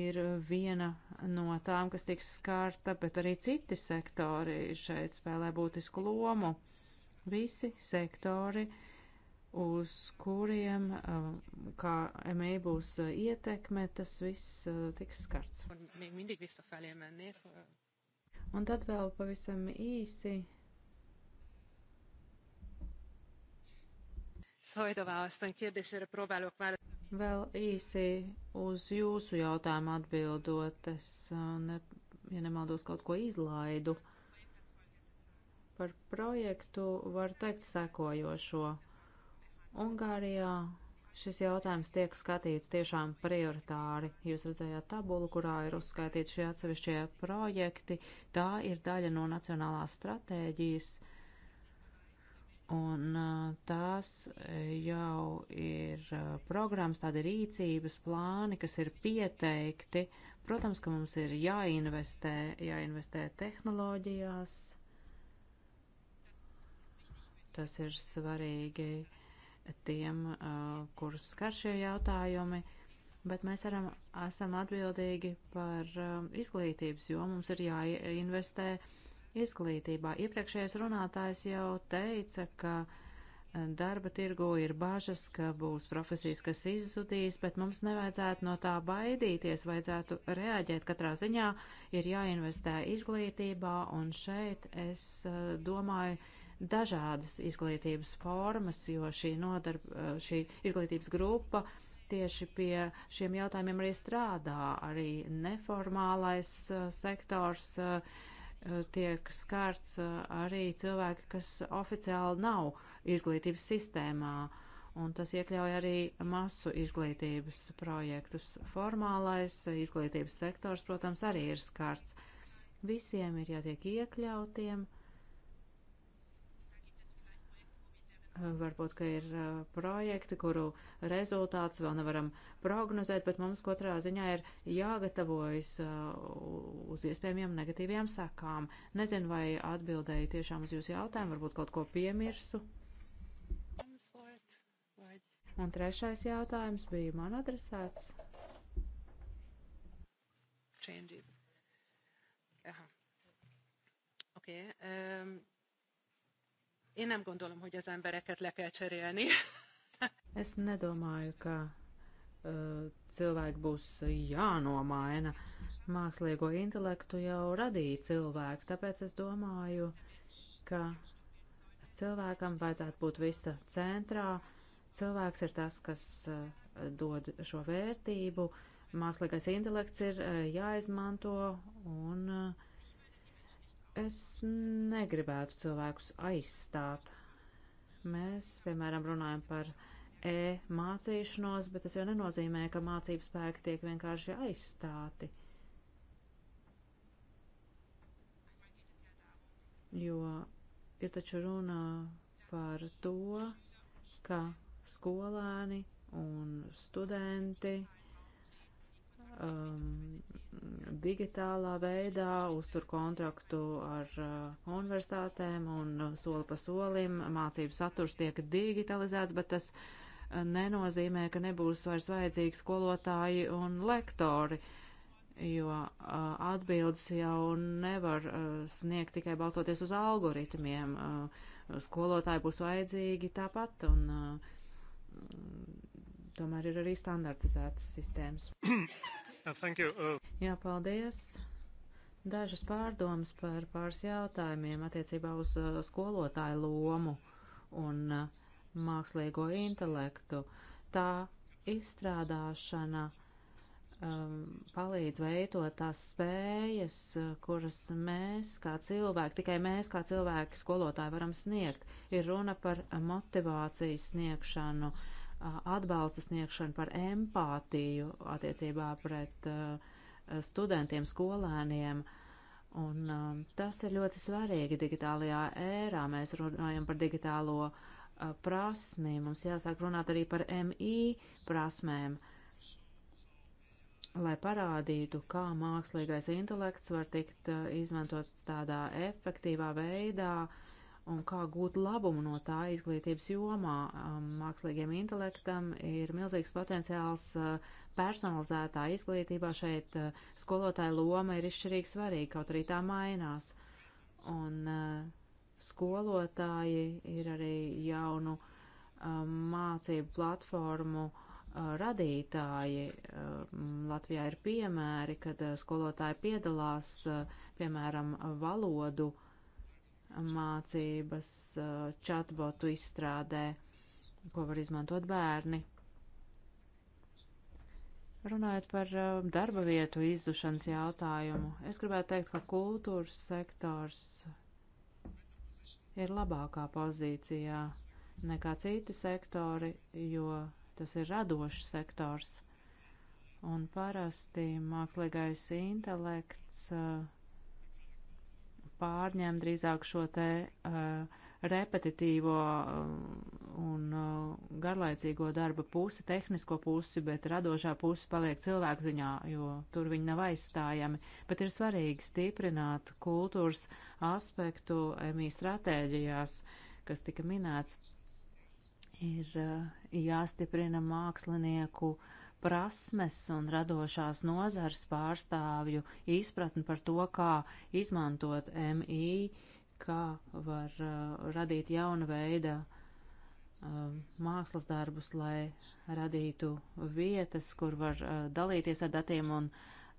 ir viena no tām, kas tiks skārta, bet arī citi sektori šeit spēlē būtisku lomu. Visi sektori, uz kuriem, uh, kā ME būs ietekme, tas viss uh, tiks skarts. Un, Un tad vēl pavisam īsi. Vēl īsi uz jūsu jautājumu atbildot, es, uh, ne, ja nemaldos, kaut ko izlaidu. Par projektu var teikt sekojošo. Ungārijā Šis jautājums tiek skatīts tiešām prioritāri. Jūs redzējāt tabulu, kurā ir uzskaitīti šie atsevišķie projekti. Tā ir daļa no nacionālās stratēģijas, un tās jau ir programmas, tādi rīcības plāni, kas ir pieteikti. Protams, ka mums ir jāinvestē, jāinvestē tehnoloģijās. Tas ir svarīgi tiem, uh, kurus skar šie jautājumi, bet mēs varam, esam atbildīgi par um, izglītības, jo mums ir jāinvestē izglītībā. Iepriekšējais runātājs jau teica, ka uh, darba tirgu ir bažas, ka būs profesijas, kas izzudīs, bet mums nevajadzētu no tā baidīties, vajadzētu reaģēt. Katrā ziņā ir jāinvestē izglītībā, un šeit es uh, domāju, dažādas izglītības formas, jo šī, nodarb, eh, šī izglītības grupa tieši pie šiem jautājumiem arī strādā. Arī neformālais eh, sektors eh, tiek skārts arī cilvēki, kas oficiāli nav izglītības sistēmā. Un tas iekļauj arī masu izglītības projektus. Formālais izglītības sektors, protams, arī ir skarts. Visiem ir jātiek iekļautiem. Uh, Varbūt, ka ir projekti, kuru rezultātus vēl nevaram prognozēt, bet mums katrā ziņā ir jāgatavojas uz iespējamiem negatīviem sakām. Nezinu, vai atbildēju tiešām uz jūsu jautājumu, varbūt kaut ko piemirsu. Un trešais jautājums bija man adresēts. Changes. Aha. Okay. Um, Én nem gondolom, hogy az embereket le kell cserélni. es nedomāju, ka uh, cilvēki būs jānomaina. Mākslīgo intelektu jau radīja cilvēki, tāpēc es domāju, ka cilvēkam vajadzētu būt visa centrā. Cilvēks ir tas, kas uh, dod šo vērtību. Mākslīgais intelekts ir uh, jāizmanto un uh, Es negribētu cilvēkus aizstāt. Mēs, piemēram, runājam par e-mācīšanos, bet tas jau nenozīmē, ka mācību spēki tiek vienkārši aizstāti. Jo ir taču runā par to, ka skolēni un studenti um, digitālā veidā, uztur kontraktu ar uh, universitātēm un uh, soli pa solim mācību saturs tiek digitalizēts, bet tas uh, nenozīmē, ka nebūs vairs vajadzīgi skolotāji un lektori, jo uh, atbildes jau nevar uh, sniegt tikai balstoties uz algoritmiem. Uh, skolotāji būs vajadzīgi tāpat un tomēr ir arī standartizētas sistēmas. [COUGHS] Uh, Jā, paldies! Dažas pārdomas par pāris jautājumiem attiecībā uz uh, skolotāju lomu un uh, mākslīgo intelektu. Tā izstrādāšana um, palīdz veidot tās spējas, kuras mēs kā cilvēki, tikai mēs kā cilvēki skolotāji varam sniegt. Ir runa par motivācijas sniegšanu, uh, atbalsta sniegšanu, par empātiju attiecībā pret studentiem, skolēniem. Un tas ir ļoti svarīgi digitālajā ērā. Mēs runājam par digitālo prasmi. Mums jāsāk runāt arī par MI prasmēm, lai parādītu, kā mākslīgais intelekts var tikt izmantots tādā efektīvā veidā, uh, un kā gūt labumu no tā izglītības jomā. Mākslīgiem intelektam ir milzīgs potenciāls personalizētā izglītībā. Šeit skolotāja loma ir izšķirīgi svarīga, kaut arī tā mainās. Un skolotāji ir arī jaunu mācību platformu radītāji. Latvijā ir piemēri, kad skolotāji piedalās, piemēram, valodu uh, mācības čatbotu izstrādē, ko var izmantot bērni. Runājot par darba vietu izdušanas jautājumu, es gribētu teikt, ka kultūras sektors ir labākā pozīcijā nekā citi sektori, jo tas ir radošs sektors. Un parasti mākslīgais intelekts uh, pārņem drīzāk šo te uh, repetitīvo uh, un uh, garlaicīgo darba pusi, tehnisko pusi, bet radošā pusi paliek cilvēku ziņā, jo tur viņi nav aizstājami. Bet ir svarīgi stiprināt kultūras aspektu MI stratēģijās, kas tika minēts. Ir uh, jāstiprina mākslinieku uh, prasmes un radošās nozars pārstāvju izpratni par to, kā izmantot MI, kā var uh, radīt jauna veida uh, mākslas darbus, lai radītu vietas, kur var uh, dalīties ar datiem un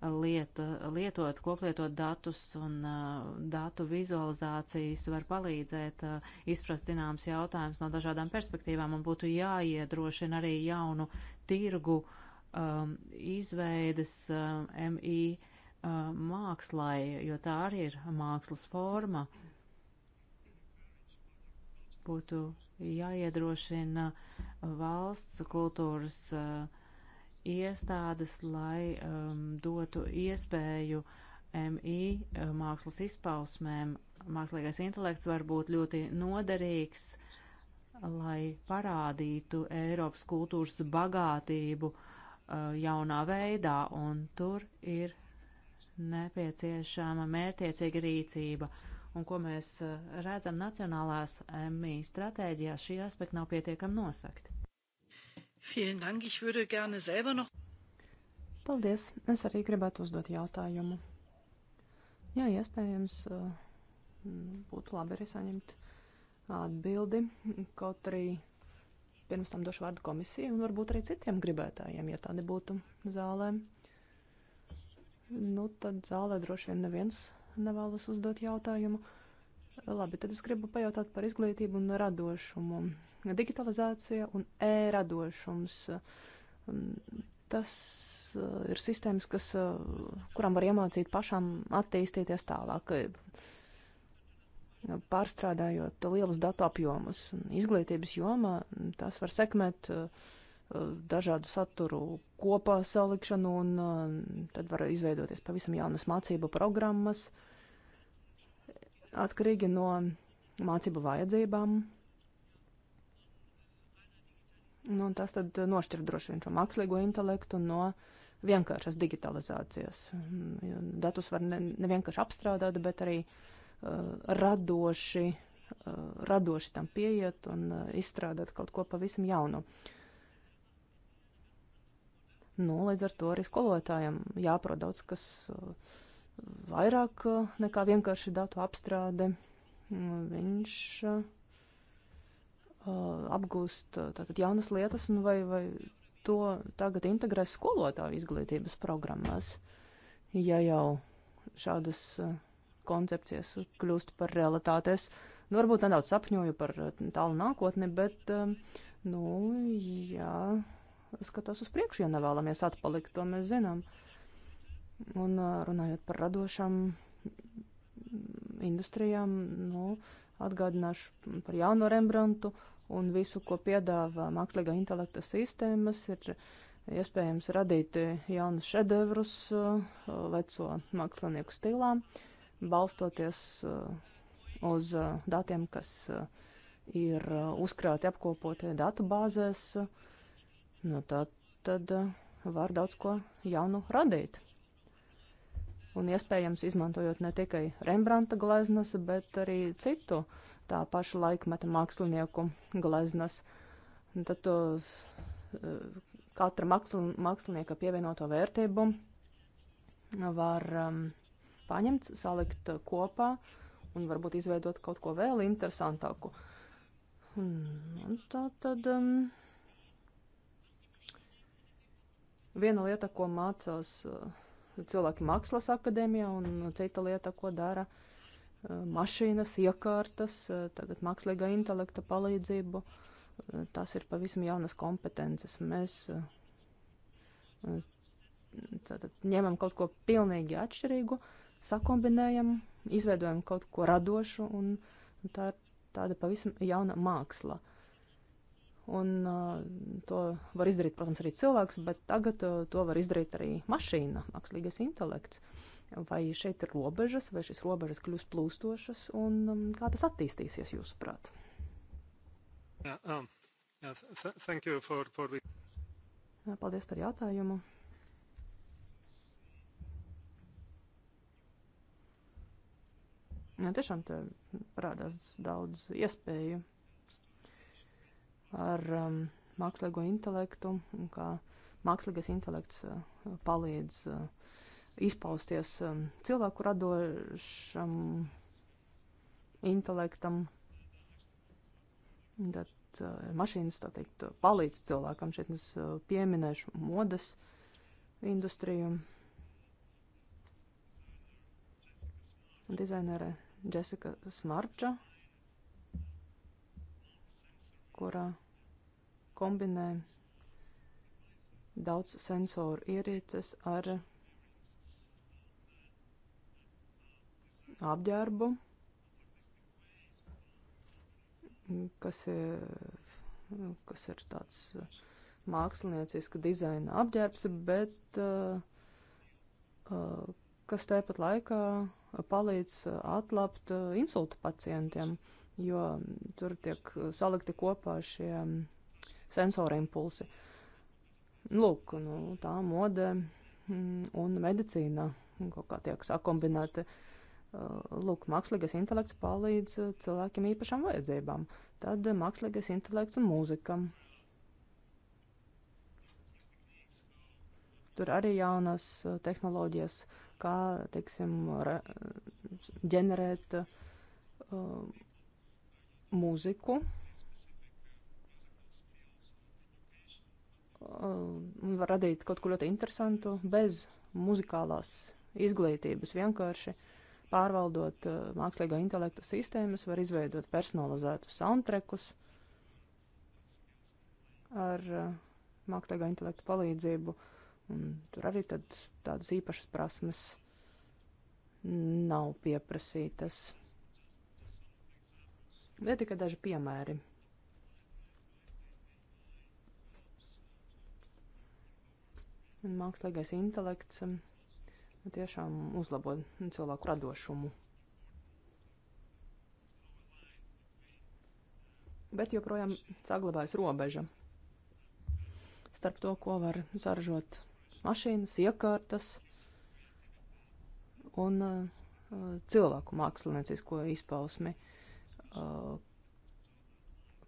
lieta, lietot, koplietot datus un uh, datu vizualizācijas var palīdzēt uh, izprast zināms jautājums no dažādām perspektīvām un būtu jāiedrošina arī jaunu tirgu uh, um, izveidas um, MI um, mākslai, jo tā arī ir mākslas forma. Būtu jāiedrošina valsts kultūras uh, iestādes, lai um, dotu iespēju MI uh, mākslas izpausmēm. Mākslīgais intelekts var būt ļoti noderīgs, lai parādītu Eiropas kultūras bagātību uh, Eh, jaunā veidā, un tur ir nepieciešama mērtiecīga rīcība. Un ko mēs eh, redzam nacionālās MI stratēģijā, šī aspekta nav pietiekami nosakti. Paldies! Es arī gribētu uzdot jautājumu. Jā, iespējams, eh, būtu labi arī saņemt atbildi, kaut arī pirms tam došu vārdu komisiju un varbūt arī citiem gribētājiem, ja tādi būtu zālē. Nu, tad zālē droši vien neviens nevēlas uzdot jautājumu. Labi, tad es gribu pajautāt par izglītību un radošumu. Digitalizācija un e-radošums. Tas uh, ir sistēmas, kas, uh, kurām var iemācīt pašām attīstīties tālāk pārstrādājot lielus datu apjomus. Izglītības jomā tas var sekmēt uh, dažādu saturu kopā salikšanu, un uh, tad var izveidoties pavisam jaunas mācību programmas, atkarīgi no mācību vajadzībām. Nu, tas tad nošķir droši vien šo mākslīgo intelektu no vienkāršas digitalizācijas. Mm, datus var ne, ne vienkārši apstrādāt, bet arī uh, Eh, radoši, eh, radoši tam pieiet un eh, izstrādāt kaut ko pavisam jaunu. Nu, līdz ar to arī skolotājiem jāprot daudz kas vairāk nekā vienkārši datu apstrāde. Mm, viņš apgūst tātad jaunas lietas un vai, vai to tagad integrēs skolotāju izglītības programmās. Ja jau šādas uh, koncepcijas kļūst par realitātes. Nu, varbūt nedaudz sapņoju par eh, tālu nākotni, bet, eh, nu, jā, skatās uz priekšu, ja nevēlamies atpalikt, to mēs zinām. Un eh, runājot par radošām mm, industrijām, nu, atgādināšu par jauno Rembrantu un visu, ko piedāvā mākslīgā intelekta sistēmas, ir iespējams radīt jaunus šedevrus veco mākslinieku stilām. Uh, balstoties uh, uz uh, datiem, kas uh, ir uzkrāti apkopotie datu bāzēs, nu tad, tad var daudz ko jaunu radīt. Un iespējams izmantojot ne tikai Rembrandta gleznas, bet arī citu tā paša laikmeta mākslinieku gleznas. Un tad to katra mākslinieka pievienoto vērtību var um, paņemt, salikt uh, kopā un varbūt izveidot kaut ko vēl interesantāku. Un tā tad um, viena lieta, ko mācās uh, cilvēki mākslas akadēmijā, un cita lieta, ko dara uh, mašīnas, iekārtas, tagad mākslīgā intelekta palīdzību. Tas ir pavisam jaunas kompetences. Mēs tātad ņemam kaut ko pilnīgi atšķirīgu. Uh, sakombinējam, izveidojam kaut ko radošu, un, un tā ir tāda pavisam jauna māksla. Un uh, to var izdarīt, protams, arī cilvēks, bet tagad uh, to var izdarīt arī mašīna, mākslīgais intelekts. Vai šeit ir robežas, vai šīs robežas kļūs plūstošas, un um, kā tas attīstīsies jūsuprāt? Yeah, um, yeah, th thank you for, for... Paldies par jautājumu. Ja, nu, tiešām te parādās daudz iespēju ar um, mākslīgo intelektu, kā mākslīgais intelekts uh, palīdz uh, izpausties um, cilvēku radošam intelektam. Tad uh, mašīnas, tā teikt, palīdz cilvēkam. Šeit es uh, pieminēšu modes industriju. Dizainere Džesika Smarča, kurā kombinē daudz sensoru ierīces ar apģērbu, kas ir, kas ir tāds uh, mākslinieciska dizaina apģērbs, bet uh, uh, kas tāpat laikā palīdz eh, atlapt eh, insulta pacientiem, jo mm, tur tiek eh, salikti kopā šie mm, sensori impulsi. Lūk, nu, tā mode mm, un medicīna kaut kā tiek sakombinēta. Lūk, mākslīgais intelekts palīdz cilvēkiem īpašām vajadzībām. Tad mākslīgais intelekts un mūzika. Tur arī jaunas tehnoloģijas uh, ca, teiksim, re, ģenerēt uh, mūziku. Uh, var radīt kaut ko ļoti interesantu bez muzikālās izglītības. Vienkārši pārvaldot uh, mākslīgā intelekta sistēmas, var izveidot personalizētus soundtrackus ar uh, mākslīgā intelekta palīdzību. Uh, Un tur arī tad tādas īpašas prasmes nav pieprasītas. Tie tikai daži piemēri. Un mākslīgais intelekts um, nu, tiešām uzlabo cilvēku radošumu. Bet joprojām saglabājas robeža starp to, ko var saražot mašīnas, iekārtas un uh, cilvēku māksliniecisko izpausmi. Uh,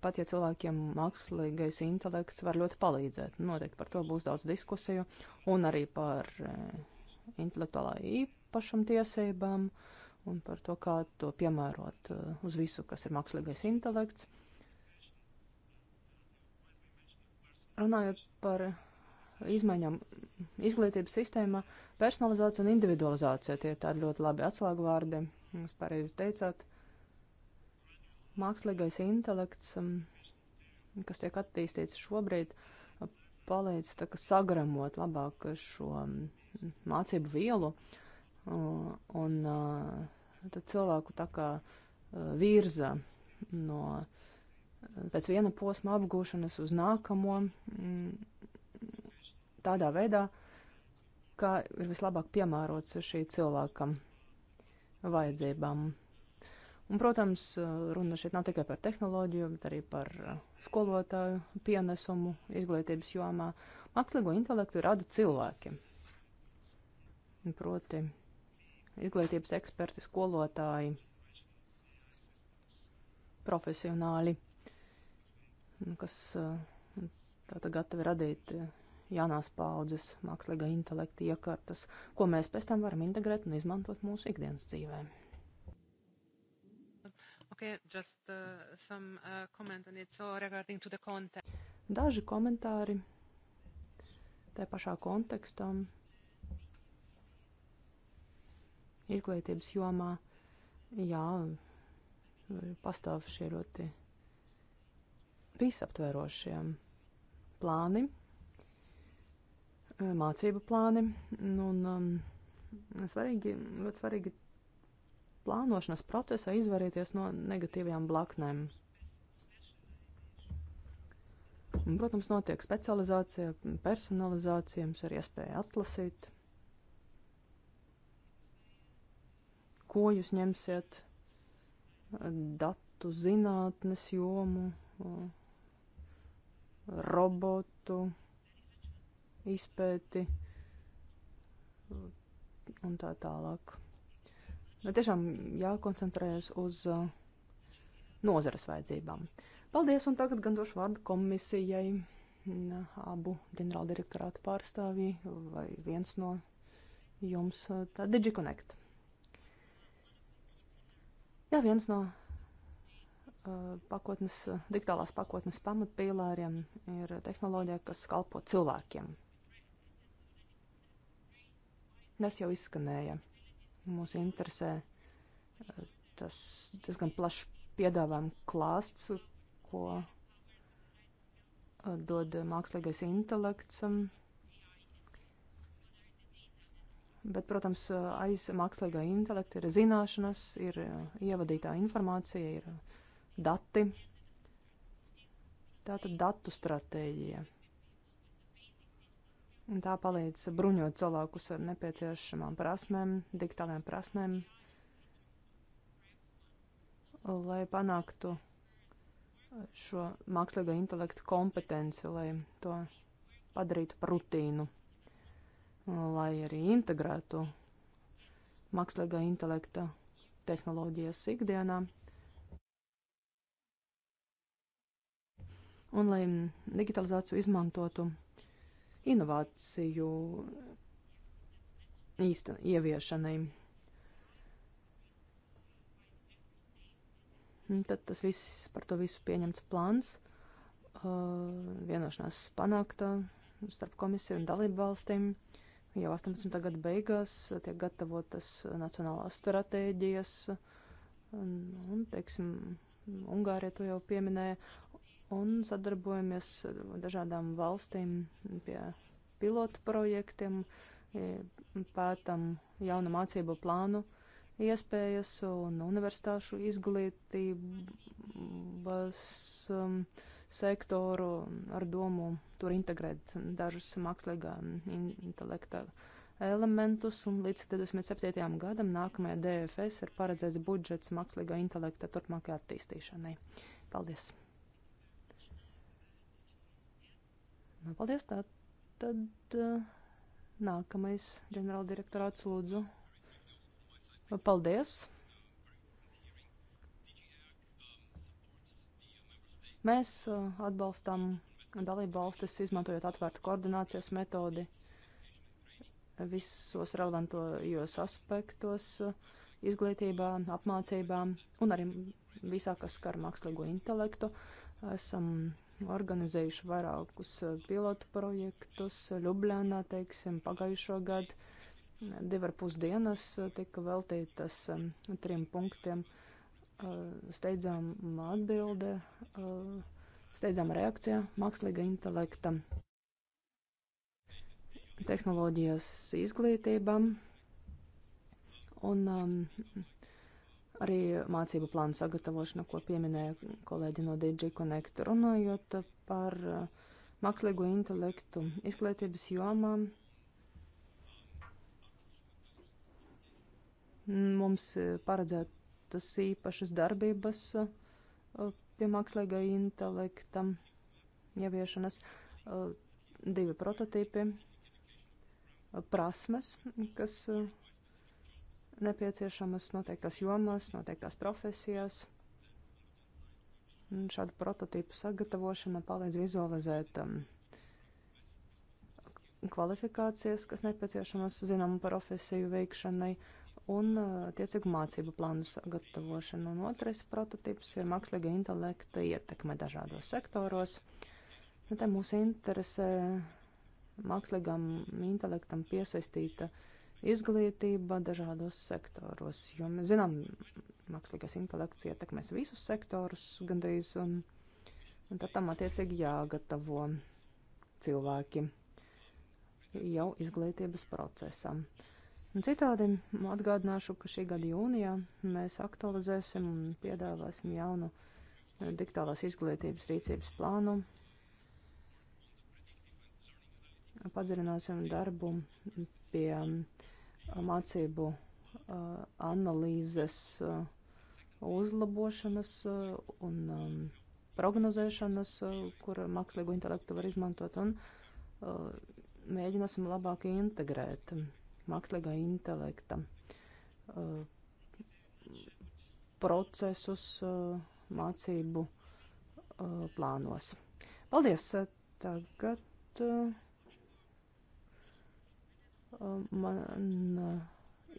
pat ja cilvēkiem mākslīgais intelekts var ļoti palīdzēt, noteikti par to būs daudz diskusiju un arī par uh, intelektuālā īpašuma tiesībām un par to, kā to piemērot uh, uz visu, kas ir mākslīgais intelekts. Runājot par uh, izmaiņām izglītības sistēmā, personalizācija un individualizācija tie ir tādi ļoti labi atslēgvārdi. Jūs pareizi teicāt, mākslīgais intelekts, um, kas tiek attīstīts šobrīd, uh, palīdz sagramot labāk šo um, mācību vielu uh, un uh, tad cilvēku tā kā virza no pēc viena posma apgūšanas uz nākamo mm, tādā veidā, kā ir vislabāk piemērots šī cilvēkam vajadzībām. Un, protams, runa šeit nav tikai par tehnoloģiju, bet arī par skolotāju pienesumu izglītības jomā. Mākslīgo intelektu rada cilvēki. Proti, izglītības eksperti, skolotāji, profesionāļi, kas uh, tātad gatavi radīt jaunās paudzes mākslīgā intelekta iekārtas, ko mēs pēc tam varam integrēt un izmantot mūsu ikdienas dzīvē. Okay, just, uh, some, uh, Daži komentāri tajā pašā kontekstā izglītības jomā, jā, pastāv šie ļoti visaptverošie plāni mācību plāni. Un, um, svarīgi, ļoti svarīgi plānošanas procesā izvairīties no negatīvajām blaknēm. Un, protams, notiek specializācija, personalizācija, mums ir iespēja atlasīt, ko jūs ņemsiet, datu zinātnes jomu, robotu izpēti un tā tālāk. Nu, tiešām jākoncentrējas uz uh, nozares vajadzībām. Paldies, un tagad gan došu vārdu komisijai. Mm, abu ģenerāldirektorātu pārstāvji vai viens no jums, uh, tā DigiConnect. Jā, viens no uh, pakotnes, digitālās pakotnes pamatpīlāriem ir tehnoloģija, kas kalpo cilvēkiem. Tas jau izskanēja. Mūs interesē eh, tas diezgan plašs piedāvājums klāsts, ko eh, dod mākslīgais intelekts. Bet, protams, aiz mākslīgā intelekta ir zināšanas, ir eh, ievadītā informācija, ir dati. Tā tad datu stratēģija. Tā palīdz bruņot cilvēkus ar nepieciešamām prasmēm, digitālajām prasmēm, lai panāktu šo mākslīgo intelektu kompetenci, lai to padarītu par rutīnu, lai arī integrētu mākslīgā intelekta tehnoloģijas ikdienā. Un lai digitalizāciju izmantotu inovāciju īsta ieviešanai. Un tad tas viss, par to visu pieņemts plāns, uh, vienošanās panākta starp komisiju un dalību valstīm. Jau 18. gada beigās tiek gatavotas nacionālās stratēģijas, un, un teiksim, Ungārija to jau pieminēja, un sadarbojamies dažādām valstīm pie pilotu projektiem, e, pētam jaunu mācību plānu iespējas un universitāšu izglītības um, sektoru ar domu tur integrēt dažus mākslīgā intelekta elementus. Un līdz 27. gadam nākamajā DFS ir paredzēts budžets mākslīgā intelekta turpmākajai attīstīšanai. Paldies! Nu, paldies. Tā, tad eh, nākamais ģenerāldirektorāts lūdzu. Paldies. Mēs eh, atbalstam dalību valstis, izmantojot atvērtu koordinācijas metodi visos relevantojos aspektos, izglītībā, apmācībā un arī visā, kas skar mākslīgo intelektu. Esam organizējuši vairākus eh, pilotu projektus. Ljubljānā, teiksim, pagājušo gadu divi ar pus dienas eh, tika veltītas eh, trim punktiem steidzām atbilde, steidzām reakcija mākslīga intelekta tehnoloģijas izglītībām un um, Arī mācību plānu sagatavošana, ko pieminēja kolēģi no DJ Connect, runājot par eh, mākslīgo intelektu izglītības jomā. Mums paredzētas īpašas darbības eh, pie mākslīgā intelekta ieviešanas, eh, divi prototīpi, prasmes, kas nepieciešamas noteiktās jomās, noteiktās profesijās. Un šādu prototipu sagatavošana palīdz vizualizēt um, kvalifikācijas, kas nepieciešamas zināmu profesiju veikšanai, un uh, tiecīgu mācību plānu sagatavošanu. Un otrais prototips ir mākslīga intelekta ietekme dažādos sektoros. Nu, te mūs interesē mākslīgam intelektam piesaistīta uh, izglītība dažādos sektoros, jo mēs zinām, mākslīgais intelekts ietekmēs visus sektorus gandrīz, un, un tad tam attiecīgi jāgatavo cilvēki jau izglītības procesam. Un citādi atgādināšu, ka šī gada jūnijā mēs aktualizēsim un piedāvāsim jaunu eh, digitālās izglītības rīcības plānu, padziļināsim darbu pie mācību analīzes uzlabošanas un prognozēšanas, kur mākslīgo intelektu var izmantot, un mēģināsim labāk integrēt mākslīgā intelekta procesus mācību plānos. Paldies! Tagad man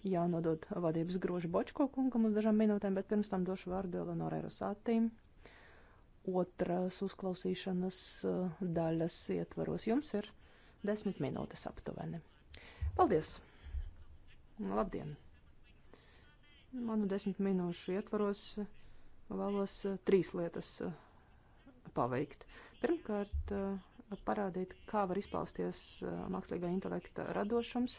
jānodod vadības groži Bočko kungam uz dažām minūtēm, bet pirms tam došu vārdu Eleonorai Rosātīm. Otras uzklausīšanas daļas ietvaros jums ir desmit minūtes aptuveni. Paldies! Labdien! Manu desmit minūšu ietvaros vēlos trīs lietas paveikt. Pirmkārt, uh, parādīt, kā var izpausties eh, mākslīgā intelekta radošums.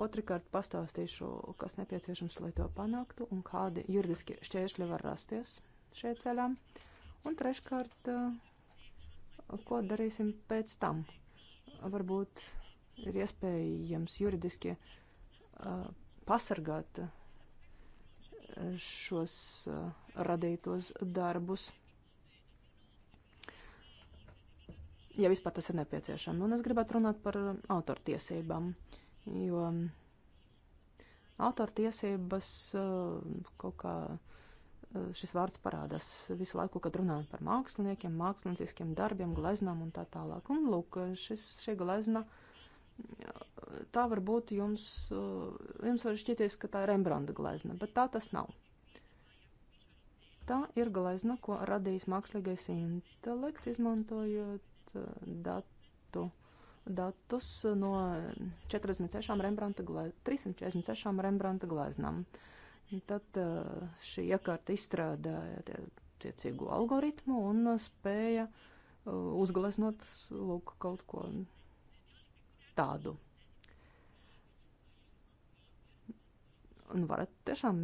Otrakārt pastāstīšu, kas nepieciešams, lai to panāktu un kādi juridiski šķēršļi var rasties šajā ceļā. Un treškārt, eh, ko darīsim pēc tam. Varbūt ir iespējams juridiski eh, pasargāt šos radītos darbus ja vispār tas ir nepieciešams. Un es gribētu runāt par um, autortiesībām, jo um, autortiesības uh, kaut kā uh, šis vārds parādās visu laiku, kad runājam par māksliniekiem, mākslinieciskiem darbiem, gleznām un tā tālāk. Un lūk, šis, šī glezna, tā varbūt jums, uh, jums var šķities, ka tā ir Rembranda glezna, bet tā tas nav. Tā ir glezna, ko radījis mākslīgais intelekts, izmantojot datu, datus no 46 Rembrandta glāz, 346 Rembrandta gleznām. Tad eh, šī iekārta izstrādāja attiecīgo algoritmu un spēja eh, uzgleznot lūk, kaut ko tādu. Un nu, varat tiešām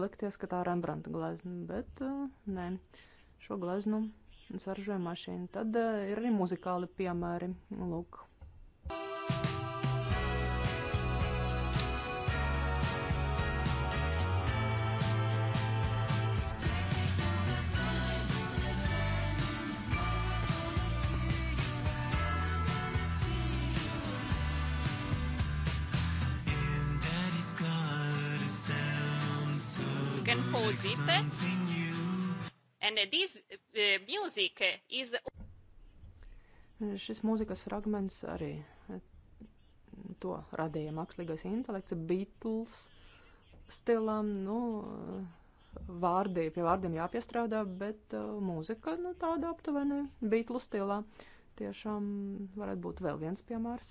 likties, ka tā ir Rembrandta glezna, bet eh, nē, šo gleznu saražoja mašīnu. Tad eh, ir arī muzikāli piemēri. Lūk, music is. Šis mūzikas fragments arī eh, to radīja mākslīgais intelekts, Beatles stilam, nu, eh, vārdi, pie vārdiem jāpiestrādā, bet uh, mūzika, nu, tāda aptuveni Beatles stilā. Tiešām varētu būt vēl viens piemērs.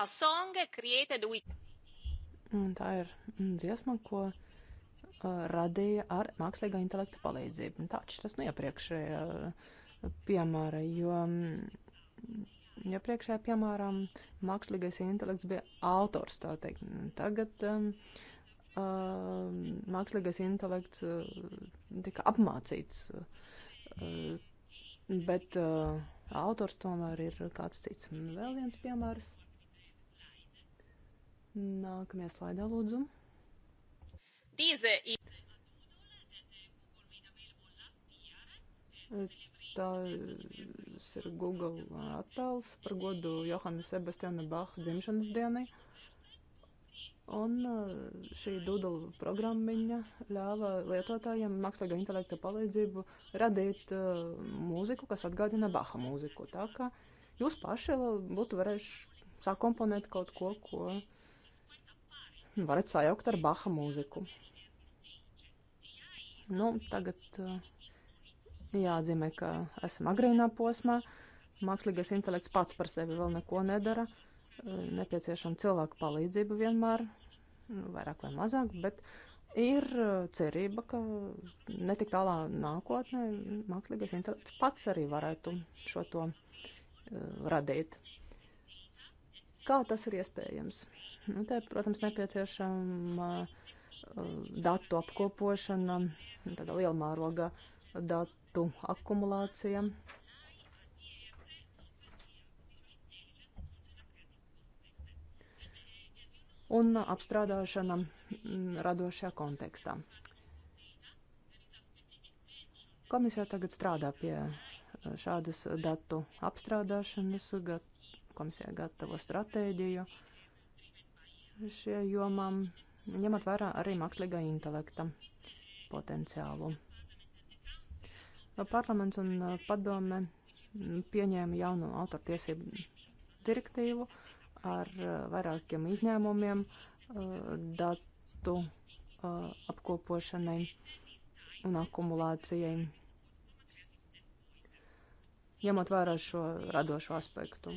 A song created with. Tā ir dziesma, ko uh, radīja ar mākslīgā intelekta palīdzību. Tā atšķiras no nu, iepriekšējā uh, piemēra, jo mm, iepriekšējā ja piemēram mākslīgais intelekts bija autors, tā teikt. Tagad um, uh, mākslīgais intelekts uh, tika apmācīts, uh, bet uh, autors tomēr ir kāds cits. Vēl viens piemērs. Nākamajā slaidā lūdzu. Tas ir Google attēls par godu Johana Sebastiana Baha dzimšanas dienai. Un šī Doodle programmiņa ļāva lietotājiem mākslīgā intelekta palīdzību radīt uh, mūziku, kas atgādina Baha mūziku. Tā kā jūs paši būtu varējuši sākt komponēt kaut ko, ko uh, varat sajaukt ar Baha mūziku. Nu, tagad eh, jāatzīmē, ka esam agrīnā posmā. Mākslīgais intelekts pats par sevi vēl neko nedara. Eh, nepieciešama cilvēku palīdzība vienmēr, nu, vairāk vai mazāk, bet ir eh, cerība, ka netik tālā nākotnē mākslīgais intelekts pats arī varētu šo to radīt. Kā tas ir iespējams? Nu, te, protams, nepieciešama uh, datu apkopošana, tāda liela mēroga datu akumulācija. Un apstrādāšana mm, radošajā kontekstā. Komisija tagad strādā pie uh, šādas datu apstrādāšanas, komisija gatavo stratēģiju. Uh, šie jomām, ņemot vērā arī mākslīgā intelekta potenciālu. Parlaments un uh, padome pieņēma jaunu autortiesību direktīvu ar uh, vairākiem izņēmumiem uh, datu apkopošanai un akumulācijai, ņemot vērā šo radošo aspektu.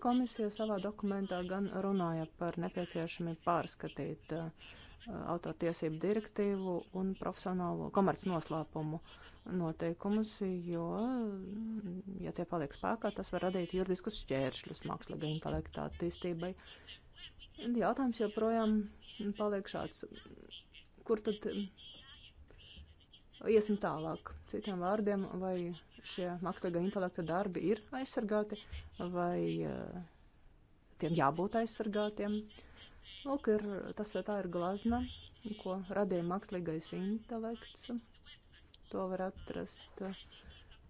Komisija savā dokumentā gan runāja par nepieciešami pārskatīt uh, autotiesību direktīvu un profesionālo komercnoslēpumu noteikumus, jo, ja tie paliek spēkā, tas var radīt juridiskus šķēršļus mākslīgā intelekta attīstībai. Jautājums joprojām paliek šāds, kur tad iesim tālāk? Citiem vārdiem, vai šie mākslīgā intelekta darbi ir aizsargāti? vai eh, tiem jābūt aizsargātiem. Lūk, ir, tas eh, tā ir glazna, ko radīja mākslīgais intelekts. To var atrast uh,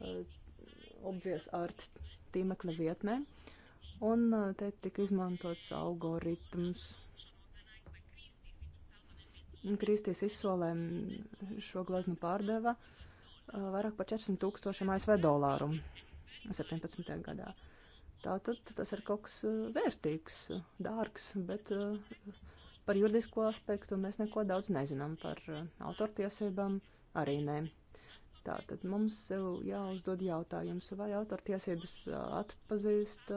eh, obvies art tīmekļa vietnē. Un uh, te tika izmantots algoritms. Kristīs izsolēm šo glaznu pārdeva uh, vairāk par 400 tūkstošiem ASV dolāru 17. gadā. Uh, Tātad tas ir kaut kas eh, vērtīgs, eh, dārgs, bet eh, par juridisko aspektu mēs neko daudz nezinām, par autortiesībām arī nē. Tātad mums jāuzdod jautājums, vai autortiesības atpazīst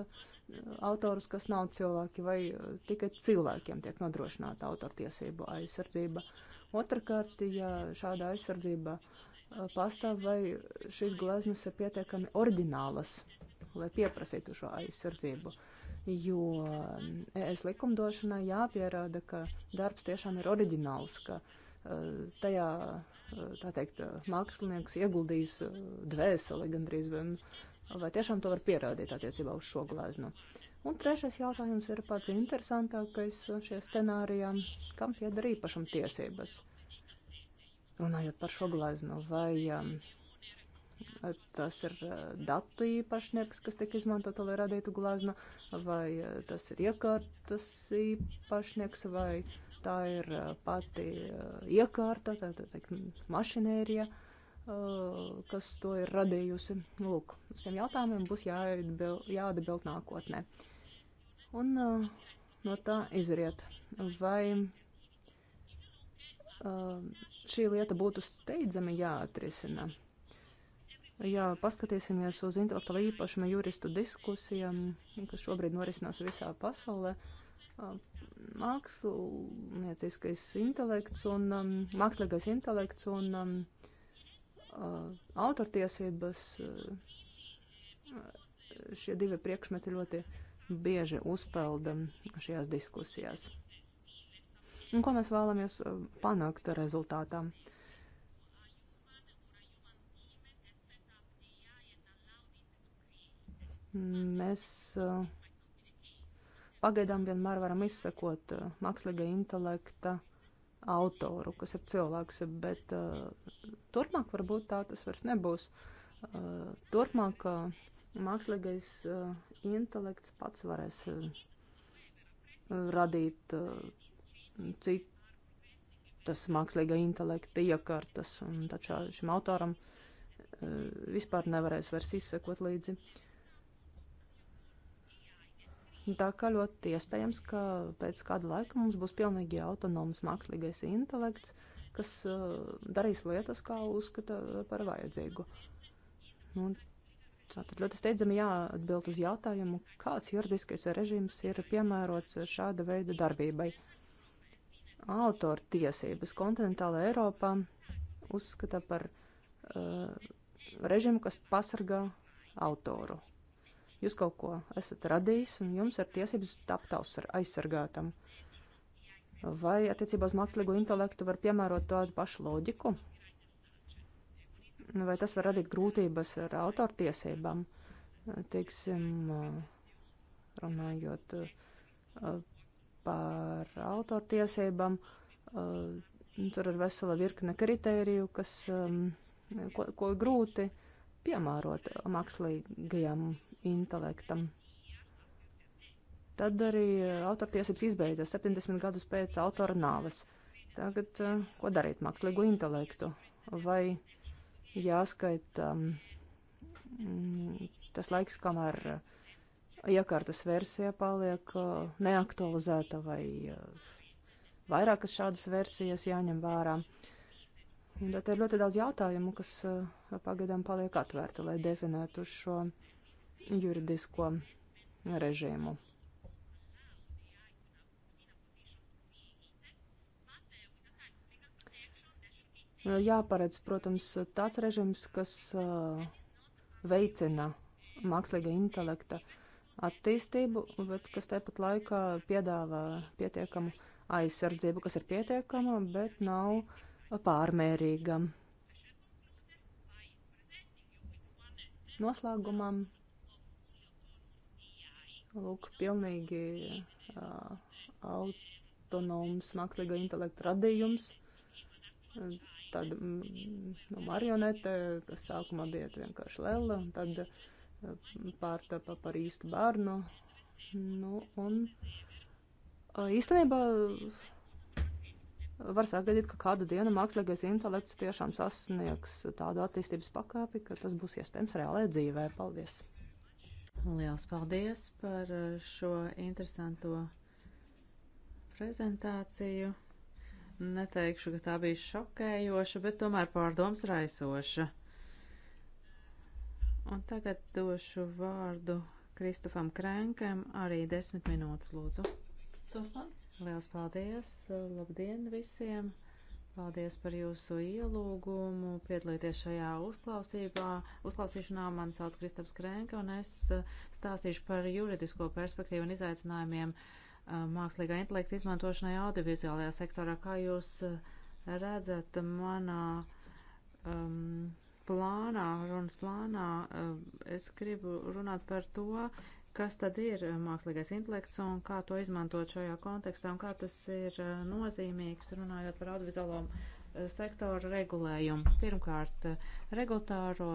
autorus, kas nav cilvēki, vai tikai cilvēkiem tiek nodrošināta autortiesību aizsardzība. Otrakārt, ja šāda aizsardzība pastāv, vai šīs gleznas ir pietiekami oriģinālas, lai pieprasītu šo aizsardzību. Jo mm, es likumdošanā jāpierāda, ka darbs tiešām ir oriģināls, ka e, tajā, e, tā teikt, mākslinieks ieguldījis e, dvēseli gandrīz, vai, vai tiešām to var pierādīt attiecībā uz šo gleznu. Un trešais jautājums ir pats interesantākais šajā scenārijā, kam pieder īpašam tiesības. Runājot par šo gleznu, vai um, tas ir eh, datu īpašnieks, kas tiek izmantota, lai radītu glaznu, vai eh, tas ir iekārtas īpašnieks, vai tā ir eh, pati iekārta, tā, tā, tā mašinērija, kas to ir radījusi. Lūk, uz tiem jautājumiem būs jāatbild, jāatbild nākotnē. Un no tā izriet, vai šī lieta būtu steidzami jāatrisina Ja paskatīsimies uz intelektuālā īpašuma juristu diskusijām, kas šobrīd norisinās visā pasaulē, mākslinieckais intelekts un um, mākslīgais intelekts un um, autortiesības, šie divi priekšmeti ļoti bieži uzpelda šajās diskusijās. Un ko mēs vēlamies panākt rezultātā? Uh, Mēs eh, pagaidām vienmēr varam izsekot eh, mākslīgā intelekta autoru, kas ir cilvēks, bet eh, turpmāk varbūt tā tas vairs nebūs. Turpmāk mākslīgais intelekts pats varēs radīt citas mākslīgā intelekta iekārtas, un taču šim autoram vispār nevarēs vairs izsekot līdzi. Uh, Tā kā ļoti iespējams, ka pēc kāda laika mums būs pilnīgi autonoms mākslīgais intelekts, kas uh, darīs lietas, kā uzskata par vajadzīgu. Nu, tātad ļoti steidzami jāatbild uz jautājumu, kāds juridiskais režīms ir piemērots šāda veida darbībai. Autora tiesības kontinentāla Eiropā uzskata par uh, režīmu, kas pasargā autoru Jūs kaut ko esat radījis, un jums ir tiesības tapt aizsargātam. Vai attiecībā uz mākslīgo intelektu var piemērot tādu pašu loģiku? Vai tas var radīt grūtības ar autortiesībām? Teiksim, runājot uh, par autortiesībām, uh, tur ir vesela virkne kritēriju, kas, um, ko, ko grūti piemērot mākslīgajam intelektam. Tad arī eh, autortiesības izbeidzas 70 gadus pēc autora nāves. Tagad eh, ko darīt mākslīgo intelektu? Vai jāskaita mm, tas laiks, kamēr eh, iekārtas versija paliek neaktualizēta vai vairākas šādas versijas jāņem vērā. Un tad ir ļoti daudz jautājumu, kas pagaidām paliek atvērti, lai definētu šo juridisko režīmu. Jāparedz, protams, tāds režīms, kas uh, veicina mākslīga intelekta attīstību, bet kas tepat laikā piedāvā pietiekamu aizsardzību, kas ir pietiekama, bet nav pārmērīga. Noslēgumam lūk, pilnīgi uh, autonoms mākslīgā intelekta radījums. Tad nu, marionete, kas sākumā bija vienkārši lēla, un tad uh, pārtapa par īstu bērnu. Nu, un uh, īstenībā var sagaidīt, ka kādu dienu mākslīgais intelekts tiešām sasniegs tādu attīstības pakāpi, ka tas būs iespējams reālajā dzīvē. Paldies! Liels paldies par eh, šo interesanto prezentāciju. Neteikšu, ka tā bija šokējoša, bet tomēr pārdoms raisoša. Un tagad došu vārdu Kristofam Krenkam, arī desmit minūtes lūdzu. Liels paldies, labdien visiem! Paldies par jūsu ielūgumu piedalīties šajā uzklausīšanā. Mani sauc Kristaps Krēnka un es eh, stāstīšu par juridisko perspektīvu un izaicinājumiem eh, mākslīgā intelekta izmantošanai audiovizuālajā sektorā. Kā jūs eh, redzat manā um, plānā, runas plānā, es gribu runāt par to, kas tad ir eh, mākslīgais intelekts un kā to izmantot šajā kontekstā un kā tas ir eh, nozīmīgs runājot par audiovizuālo eh, sektoru regulējumu. Pirmkārt, regulatāro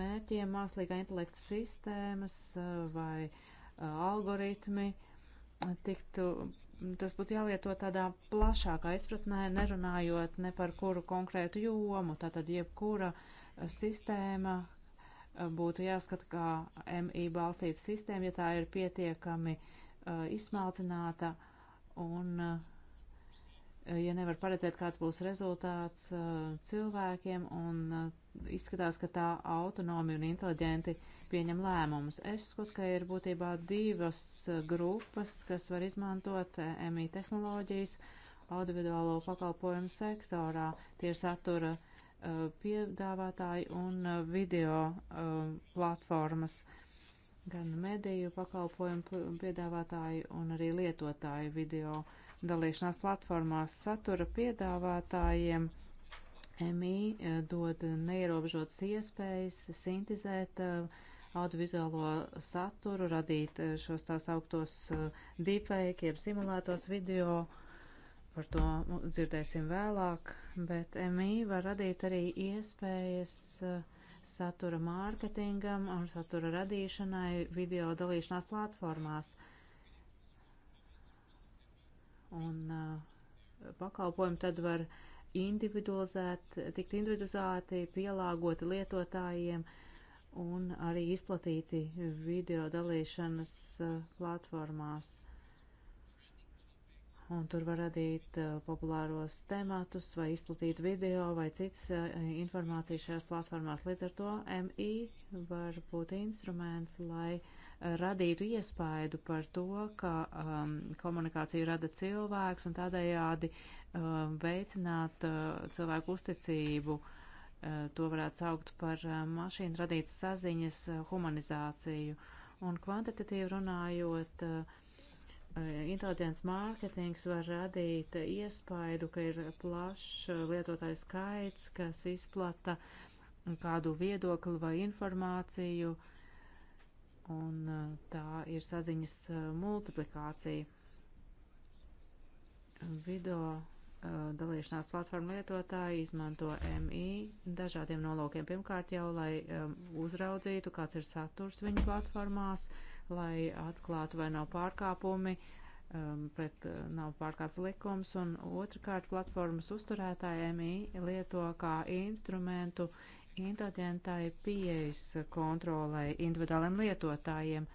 mērķiem mākslīgā intelekta sistēmas vai algoritmi tiktu. Tas būtu jālieto tādā plašākā izpratnē, nerunājot ne par kuru konkrētu jomu. Tātad jebkura sistēma, būtu jāskata kā MI balstīta sistēma, ja tā ir pietiekami uh, izsmalcināta un uh, ja nevar paredzēt, kāds būs rezultāts uh, cilvēkiem un uh, izskatās, ka tā autonomi un inteliģenti pieņem lēmumus. Es skatu, ka ir būtībā divas uh, grupas, kas var izmantot MI tehnoloģijas audiovizuālo pakalpojumu sektorā. Tie ir satura Eh, piedāvātāji un eh, video eh, platformas, gan mediju pakalpojumu piedāvātāji un arī lietotāji video dalīšanās platformās satura piedāvātājiem. MI dod neierobežotas iespējas sintizēt audiovizuālo saturu, radīt šos tās augtos deepfake, jeb simulētos video uh, Par to dzirdēsim vēlāk, bet MI var radīt arī iespējas eh, satura mārketingam un satura radīšanai video dalīšanās platformās. Un eh, pakalpojumi tad var individualizēt, tikt individualizēti, pielāgoti lietotājiem un arī izplatīti video dalīšanas eh, platformās un tur var radīt uh, populāros tematus vai izplatīt video vai citas uh, informācijas šajās platformās. Līdz ar to MI var būt instruments, lai uh, radītu iespaidu par to, ka um, komunikāciju rada cilvēks un tādējādi um, veicināt uh, cilvēku uzticību. Uh, to varētu saukt par uh, mašīnu radītas saziņas uh, humanizāciju. Un kvantitatīvi runājot, uh, Inteliģents mārketings var radīt iespaidu, ka ir plašs lietotāju skaits, kas izplata kādu viedokli vai informāciju, un uh, tā ir saziņas uh, multiplikācija. Video uh, dalīšanās platformu lietotāji izmanto MI dažādiem nolūkiem. Pirmkārt jau, lai um, uzraudzītu, kāds ir saturs viņu platformās, uh, lai atklātu, vai nav pārkāpumi, um, pret uh, nav pārkāpts likums, un otrkārt platformas uzturētājiem lieto kā instrumentu intelģentai pieejas kontrolai individuāliem lietotājiem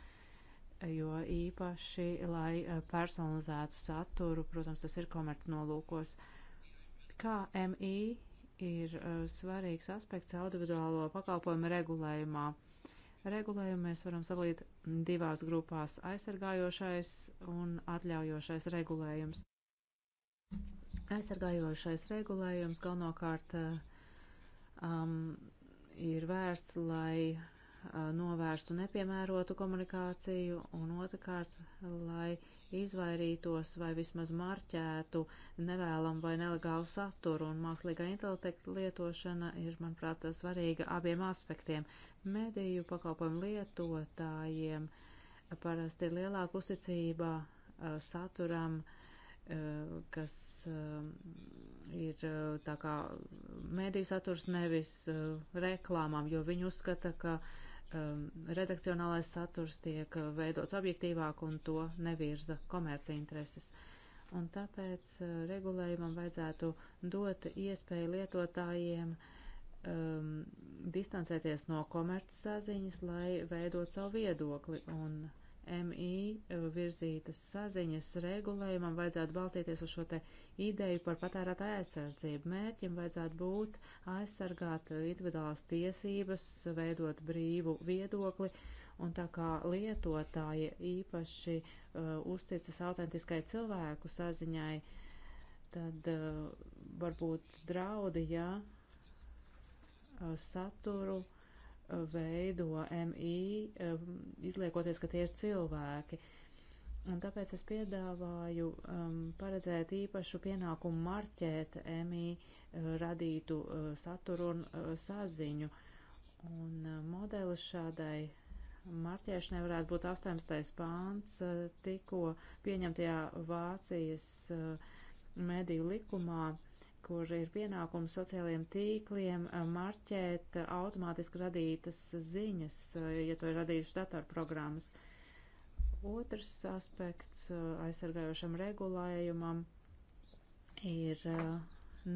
jo īpaši, lai uh, personalizētu saturu, protams, tas ir komerc nolūkos. Kā MI ir uh, svarīgs aspekts audividuālo pakalpojumu regulējumā regulējumu mēs varam sadalīt divās grupās - aizsargājošais un atļaujošais regulējums. Aizsargājošais regulējums galvenokārt um, ir vērsts, lai uh, novērstu nepiemērotu komunikāciju un otrkārt, lai uh, izvairītos vai vismaz marķētu nevēlam vai nelegālu saturu, un mākslīgā intelekta lietošana ir, manuprāt, svarīga abiem aspektiem. Mediju pakalpojumu lietotājiem parasti ir lielāka uzticība saturam, kas ir tā kā mediju saturs nevis reklāmām, jo viņi uzskata, ka uh, um, redakcionālais saturs tiek uh, veidots objektīvāk un to nevirza komerci intereses. Un tāpēc uh, regulējumam vajadzētu dot iespēju lietotājiem um, distancēties no komerces saziņas, lai veidot savu viedokli un MI eh, virzītas saziņas regulējumam vajadzētu balstīties uz šo te ideju par patērētāju aizsardzību. Mērķim vajadzētu būt aizsargāt individuālās tiesības, veidot brīvu viedokli, un tā kā lietotāji īpaši uh, uzticas autentiskai cilvēku saziņai, tad uh, varbūt draudi, ja uh, saturu veido MI, um, izliekoties, ka tie ir cilvēki. Un tāpēc es piedāvāju um, paredzēt īpašu pienākumu marķēt MI uh, radītu uh, saturu un uh, saziņu. Un uh, modelis šādai marķēšanai varētu būt 18. pāns uh, tikko pieņemtajā Vācijas uh, mediju likumā. Uh, kur ir pienākums sociālajiem tīkliem marķēt automātiski radītas ziņas, ja to ir radījušas datorprogrammas. Otrs aspekts aizsargājošam regulējumam ir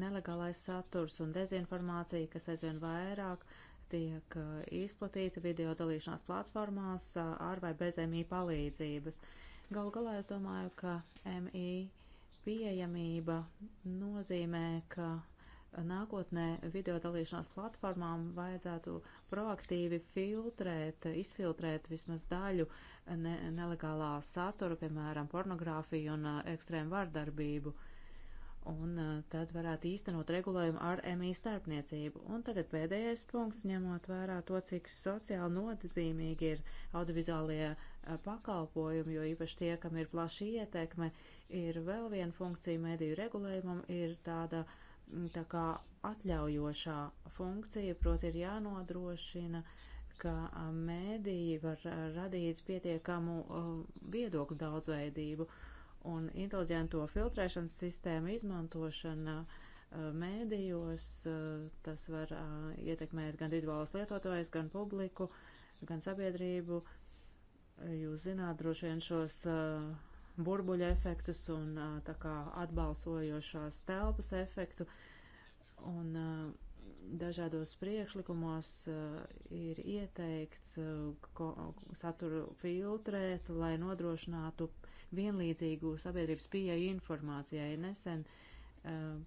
nelegālais saturs un dezinformācija, kas aizvien vairāk tiek izplatīta video dalīšanās platformās ar vai bez MI palīdzības. Galu galā es domāju, ka MI pieejamība nozīmē, ka nākotnē video dalīšanās platformām vajadzētu proaktīvi filtrēt, izfiltrēt vismaz daļu ne nelegālā satura, piemēram, pornogrāfiju un uh, ekstrēmu vardarbību. Un uh, tad varētu īstenot regulējumu ar MI starpniecību. Un tagad pēdējais punkts, ņemot vērā to, cik sociāli nozīmīgi ir audiovizuālie Eh, pakalpojumi, jo īpaši tie, kam ir plaša ietekme, ir vēl viena funkcija mediju regulējumam, ir tāda mm, tā kā atļaujošā funkcija, proti ir jānodrošina, ka eh, mēdīji var eh, radīt pietiekamu viedokļu daudzveidību un inteliģento filtrēšanas sistēmu izmantošana mēdījos, tas var ietekmēt gan individuālus lietotājus, gan publiku, gan sabiedrību, uh, Jūs zināt droši vien šos uh, burbuļa efektus un uh, tā kā atbalsojošās telpas efektu. Un uh, dažādos priekšlikumos uh, ir ieteikts uh, ko, saturu filtrēt, lai nodrošinātu vienlīdzīgu sabiedrības pieeju informācijai. Nesen uh,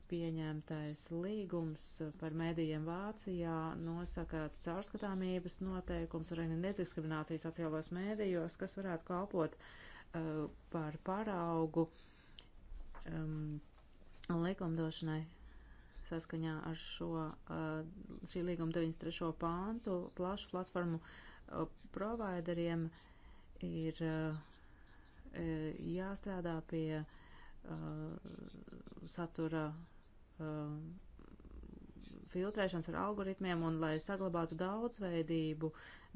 pieņemtais līgums par medijiem Vācijā nosaka caurskatāmības noteikums un arī nediskrimināciju sociālos mēdījos, kas varētu kalpot uh, par paraugu um, likumdošanai saskaņā ar šo, uh, šī līguma 93. pāntu plašu platformu uh, provideriem ir jāstrādā pie uh, Uh, satura uh, filtrēšanas ar algoritmiem un lai saglabātu daudzveidību,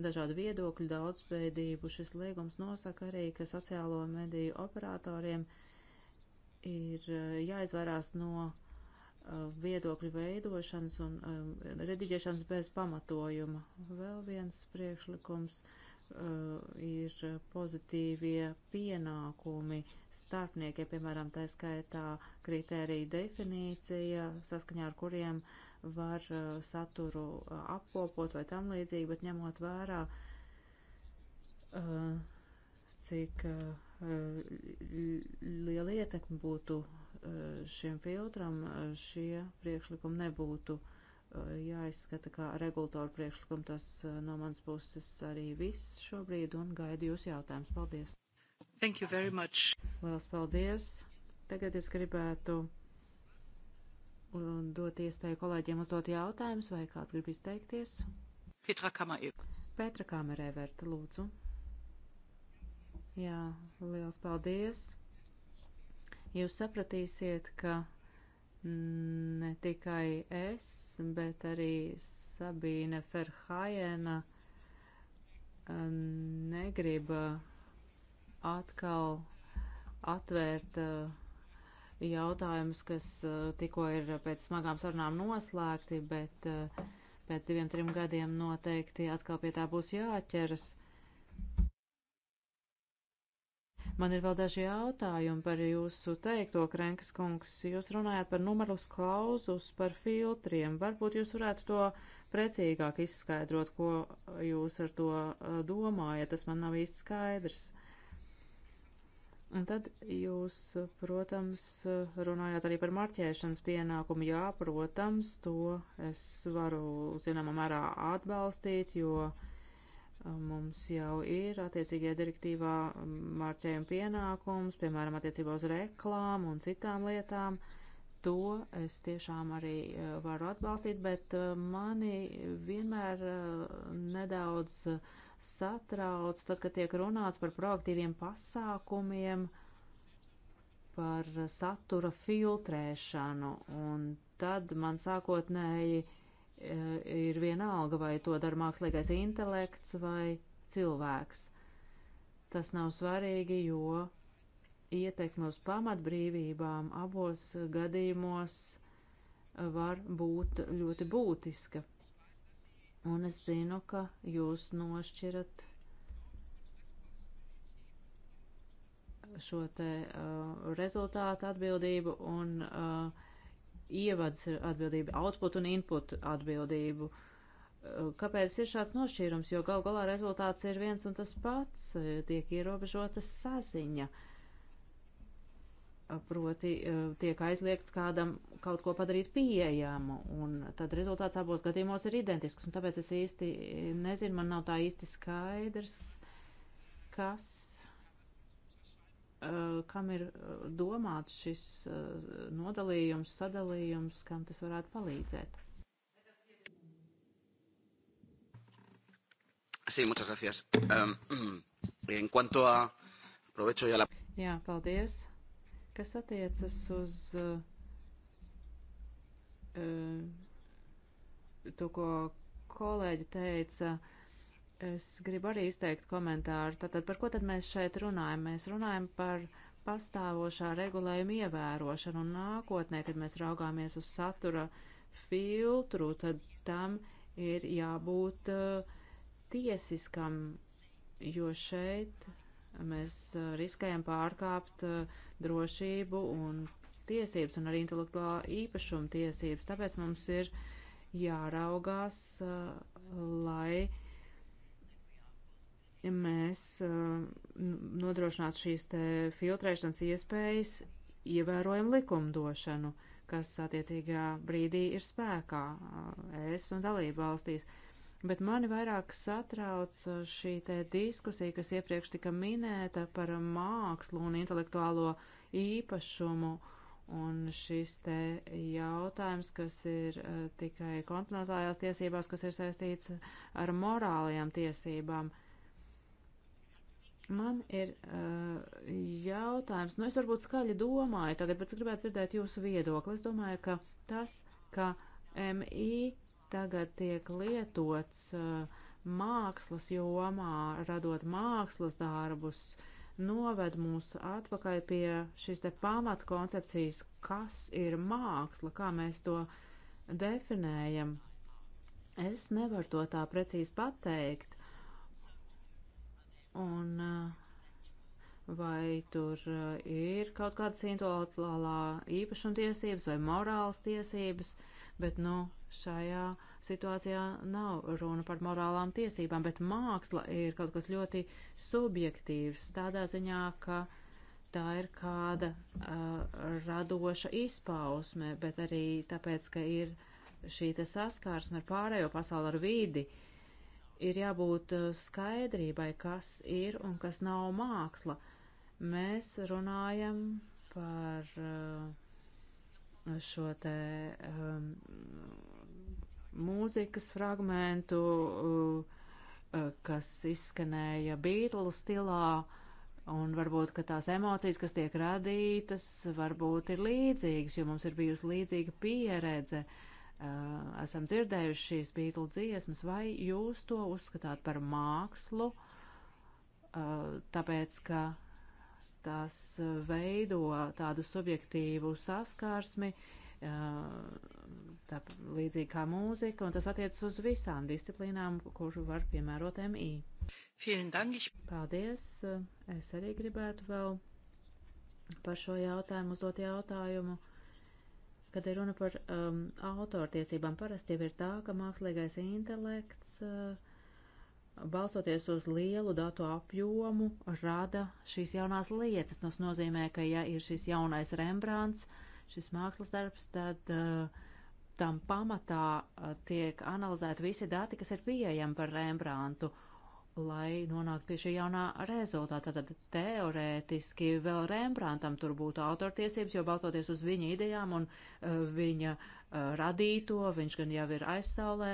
dažādu viedokļu daudzveidību, šis liegums nosaka arī, ka sociālo mediju operatoriem ir uh, jāizvairās no viedokļu veidošanas un um, rediģēšanas bez pamatojuma. Vēl viens priekšlikums uh, ir pozitīvie pienākumi uh, starpniekiem, piemēram, tā skaitā kritēriju definīcija, saskaņā ar kuriem var uh, saturu uh, apkopot vai tam līdzīgi, bet ņemot vērā, uh, cik uh, liela ietekme būtu uh, šiem filtram, uh, šie priekšlikumi nebūtu jāizskata kā regulatoru priekšlikumu. Tas no manas puses arī viss šobrīd un gaidu jūs jautājums. Paldies! Thank you very much. Lielas paldies. Tagad es gribētu um, dot iespēju kolēģiem uzdot jautājumus, vai kāds grib izteikties. Petra Kamerēverta. Petra Kamerēverta, lūdzu. Jā, liels paldies. Jūs sapratīsiet, ka mm, ne tikai es, bet arī Sabīne Ferhajena uh, negriba uh, atkal atvērt uh, jautājumus, kas uh, tikko ir pēc smagām sarunām noslēgti, bet uh, pēc diviem, trim gadiem noteikti atkal pie tā būs jāķeras. Man ir vēl daži jautājumi par jūsu teikto, Krenkas kungs. Jūs runājāt par numerus klauzus, par filtriem. Varbūt jūs varētu to precīgāk izskaidrot, ko jūs ar to domājat. Tas man nav īsti skaidrs. Uh, Un tad jūs, protams, runājāt arī par marķēšanas pienākumu. Jā, protams, to es varu zināmā mērā atbalstīt, jo um, mums jau ir attiecīgajā direktīvā um, marķējuma pienākums, piemēram, attiecībā uz reklāmu un citām lietām. To es tiešām arī uh, varu atbalstīt, bet uh, mani vienmēr uh, nedaudz uh, satrauc, tad, kad tiek runāts par proaktīviem pasākumiem, par satura filtrēšanu, un tad man sākotnēji e, ir vienalga, vai to dara mākslīgais intelekts vai cilvēks. Tas nav svarīgi, jo ietekme uz pamatbrīvībām abos gadījumos var būt ļoti būtiska. Un es zinu, ka jūs nošķirat šo te uh, rezultātu atbildību un uh, ievads atbildību, output un input atbildību. Uh, kāpēc ir šāds nošķīrums? Jo gal galā rezultāts ir viens un tas pats, tiek ierobežota saziņa. Uh, proti e, tiek aizliegts kādam kaut ko padarīt pieejamu, un tad rezultāts abos gadījumos ir identisks, un tāpēc es īsti nezinu, man nav tā īsti skaidrs, kas, e, kam ir domāts šis e, nodalījums, sadalījums, kam tas varētu palīdzēt. Sí, muchas gracias. Um, en cuanto a provecho ya la. Jā, paldies. Kas attiecas uz uh, to, ko kolēģi teica, es gribu arī izteikt komentāru. Tātad par ko tad mēs šeit runājam? Mēs runājam par pastāvošā regulējuma ievērošanu un nākotnē, kad mēs raugāmies uz satura filtru, tad tam ir jābūt uh, tiesiskam, jo šeit mēs riskējam pārkāpt drošību un tiesības un arī intelektuālā īpašuma tiesības. Tāpēc mums ir jāraugās, lai mēs nodrošinātu šīs te filtrēšanas iespējas, ievērojam likumdošanu, kas attiecīgā brīdī ir spēkā es un dalību valstīs. Uh, Bet mani vairāk satrauc uh, šī te diskusija, kas iepriekš tika minēta par mākslu un intelektuālo īpašumu. Un šis te jautājums, kas ir uh, tikai kontinentārajās tiesībās, kas ir saistīts ar morālajām tiesībām. Man ir uh, jautājums, nu es varbūt skaļi domāju tagad, bet es gribētu dzirdēt jūsu viedokli. Es domāju, ka tas, ka MI tagad tiek lietots uh, mākslas jomā, radot mākslas darbus, noved mūs atpakaļ pie šīs te pamatkoncepcijas, kas ir māksla, kā mēs to definējam. Es nevaru to tā precīzi pateikt. Un uh, vai tur uh, ir kaut kādas intelektuālā īpašuma tiesības vai morāls tiesības, bet, nu, šajā situācijā nav runa par morālām tiesībām, bet māksla ir kaut kas ļoti subjektīvs tādā ziņā, ka tā ir kāda uh, radoša izpausme, bet arī tāpēc, ka ir šī te saskārsme ar pārējo pasauli, ar vidi, ir jābūt skaidrībai, kas ir un kas nav māksla. Mēs runājam par uh, šo te um, mūzikas fragmentu, uh, uh, kas izskanēja Beatlu stilā, un varbūt, ka tās emocijas, kas tiek radītas, varbūt ir līdzīgas, jo mums ir bijusi līdzīga pieredze. Uh, esam dzirdējuši šīs Beatlu dziesmas, vai jūs to uzskatāt par mākslu, tāpēc, ka tas veido tādu subjektīvu saskarsmi, uh, tā līdzīgi kā mūzika, un tas attiecas uz visām disciplīnām, kuru var piemērot MI. Paldies! Es arī gribētu vēl par šo jautājumu uzdot jautājumu. Kad ir runa par um, autortiesībām, parasti jau ir tā, ka mākslīgais intelekts, uh, balstoties uz lielu datu apjomu, rada šīs jaunās lietas. Tas nozīmē, ka ja ir šis jaunais Rembrandts, uh, šis mākslas darbs, tad uh, tam pamatā uh, tiek analizēti visi dati, kas ir pieejami par Rembrantu, lai nonāktu pie šī jaunā rezultāta. Tad teorētiski vēl Rembrantam tur būtu autortiesības, jo balstoties uz viņa idejām un uh, viņa radīto, viņš gan jau ir aizsaulē,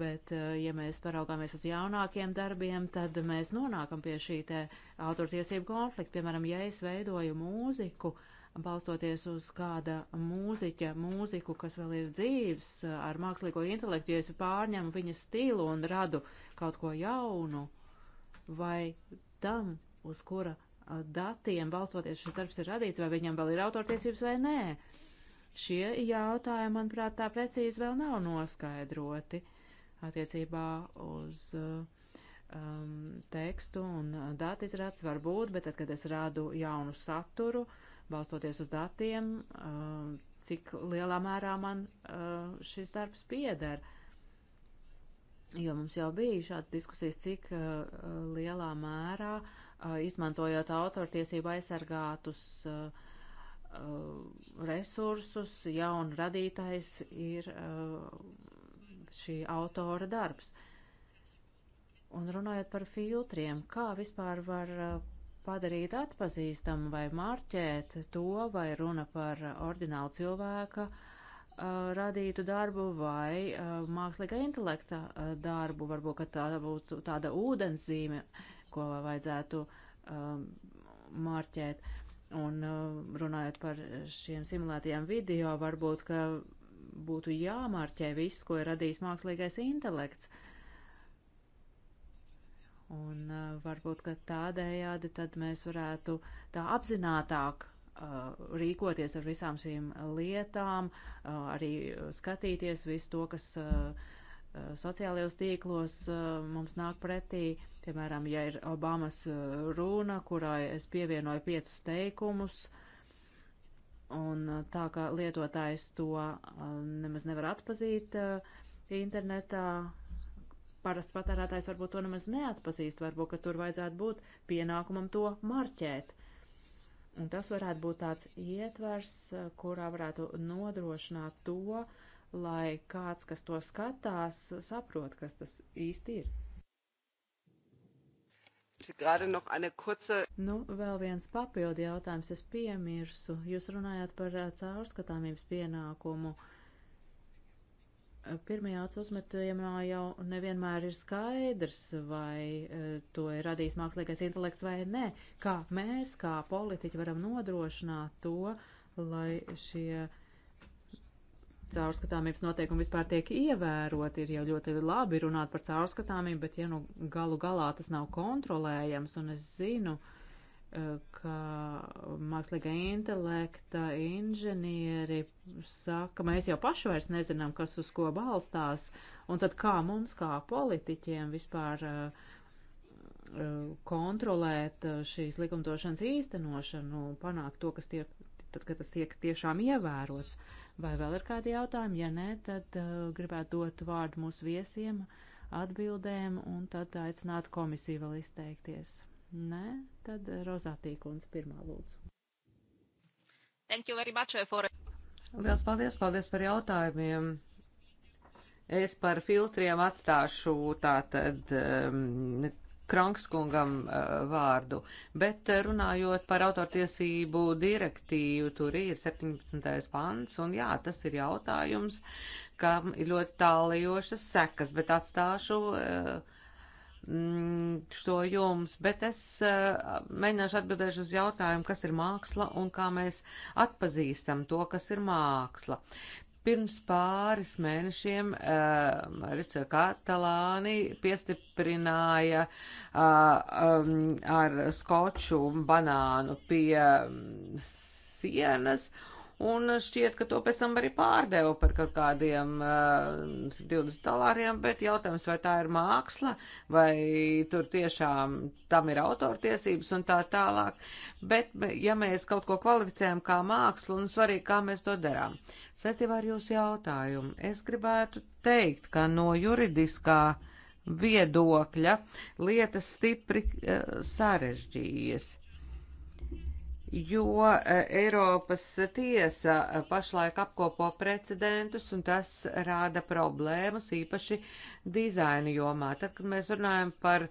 bet, ja mēs paraugāmies uz jaunākiem darbiem, tad mēs nonākam pie šī te autortiesību konflikta. Piemēram, ja es veidoju mūziku, uh, balstoties uz kāda mūziķa mūziku, kas vēl ir dzīves ar mākslīgo intelektu, ja es pārņemu viņa stilu un radu kaut ko jaunu, vai tam, uz kura datiem balstoties šis darbs ir radīts, vai viņam vēl ir autortiesības vai nē. Šie jautājumi, manuprāt, tā precīzi vēl nav noskaidroti attiecībā uz uh, um, tekstu un dati izrādes var būt, bet tad, kad es rādu jaunu saturu, balstoties uz datiem, um, cik lielā mērā man uh, šis darbs pieder. Jo mums jau bija šāds diskusijas, cik uh, lielā mērā, uh, izmantojot autortiesību aizsargātus resursus, jaun radītais ir šī autora darbs. Un runājot par filtriem, kā vispār var padarīt atpazīstamu vai marķēt to, vai runa par ordinālu cilvēka uh, radītu darbu vai uh, mākslīgā intelekta uh, darbu. Varbūt, ka tā būtu tāda ūdenszīme, ko vajadzētu um, marķēt. Un uh, runājot par šiem simulētajiem video, varbūt, ka būtu jāmārķē viss, ko ir radījis mākslīgais intelekts. Uh, Un uh, varbūt, ka tādējādi tad mēs varētu tā apzinātāk uh, rīkoties ar visām šīm lietām, uh, arī skatīties visu to, kas uh, uh sociālajos tīklos uh, mums nāk pretī. Piemēram, ja ir Obamas uh, runa, kurai es pievienoju piecus teikumus, un uh, tā kā lietotājs to uh, nemaz nevar atpazīt uh, internetā, Parasti patērētājs varbūt to nemaz neatpazīst, varbūt, ka tur vajadzētu būt pienākumam to marķēt. Un tas varētu būt tāds ietvers, eh, kurā varētu nodrošināt to, lai kāds, kas to skatās, saprot, kas tas īsti ir. Nu, vēl viens papildi jautājums, es piemirsu. Jūs runājāt par eh, caurskatāmības pienākumu. Uh, Pirmajā uzmetījumā jau nevienmēr ir skaidrs, vai e, to ir radījis mākslīgais intelekts vai nē. Kā mēs, kā politiķi, varam nodrošināt to, lai šie caurskatāmības noteikumi vispār tiek ievēroti, ir jau ļoti labi runāt par caurskatāmību, bet ja nu galu galā tas nav kontrolējams, un es zinu, uh, ka mākslīgā intelekta inženieri saka, mēs jau paši vairs nezinām, kas uz ko balstās, un tad kā mums, kā politiķiem, vispār uh, uh kontrolēt uh, šīs likumdošanas īstenošanu, panākt to, kas tiek, tad, kad tas tiek tiešām ievērots. Vai vēl ir kādi jautājumi? Ja nē, tad uh, gribētu dot vārdu mūsu viesiem atbildēm un tad aicināt komisiju vēl izteikties. Nē, tad eh, Rozātīkons pirmā lūdzu. Thank you very much eh, for. Liels paldies, paldies par jautājumiem. Es par filtriem atstāšu tātad um, ehm, Krankskungam uh, eh, vārdu, bet runājot par autortiesību direktīvu, tur ir 17. pants, un jā, tas ir jautājums, kam ir ļoti tālajošas sekas, bet atstāšu. Uh, Mm, to jums, bet es uh, mēģināšu atbildēt uz jautājumu, kas ir māksla un kā mēs atpazīstam to, kas ir māksla. Pirms pāris mēnešiem uh, eh, Marica Katalāni piestiprināja uh, um, ar skoču banānu pie um, sienas. Uh, un šķiet, ka to pēc tam arī pārdeva par kaut kādiem uh, eh, 20 dolāriem, bet jautājums, vai tā ir māksla, vai tur tiešām tam ir autortiesības un tā tālāk, bet ja mēs kaut ko kvalificējam kā mākslu un svarīgi, kā mēs to darām. Saistībā ar jūsu jautājumu, es gribētu teikt, ka no juridiskā viedokļa lietas stipri uh, sarežģījies jo e, Eiropas tiesa e, pašlaik apkopo precedentus, un tas rāda problēmas, īpaši dizaina jomā. Tad, kad mēs runājam par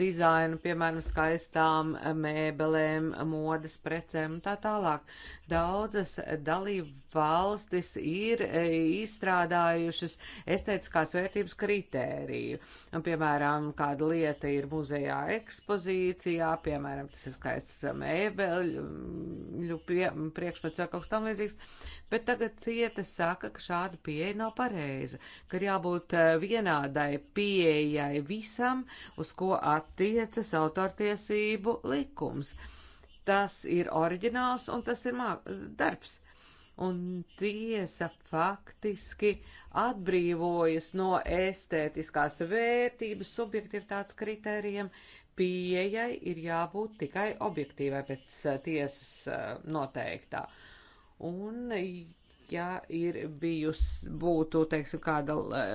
dizainu, piemēram, skaistām mēbelēm, modes precēm un tā tālāk. Daudzas dalību valstis ir e, izstrādājušas estētiskās vērtības kritēriju. Un, piemēram, kāda lieta ir muzejā ekspozīcijā, piemēram, tas ir skaists mēbeļu pie, priekšmets vai kaut kas tam līdzīgs, bet tagad cieta saka, ka šāda pieeja nav pareiza, ka ir jābūt e, vienādai pieejai visam, uz ko atcīmēt attiecas autortiesību likums. Tas ir oriģināls un tas ir darbs. Un tiesa faktiski atbrīvojas no estētiskās vērtības subjektivitātes kritērijiem, pieejai ir jābūt tikai objektīvai pēc eh, tiesas eh, noteiktā. Un ja ir bijus, būtu, teiksim, kāda e,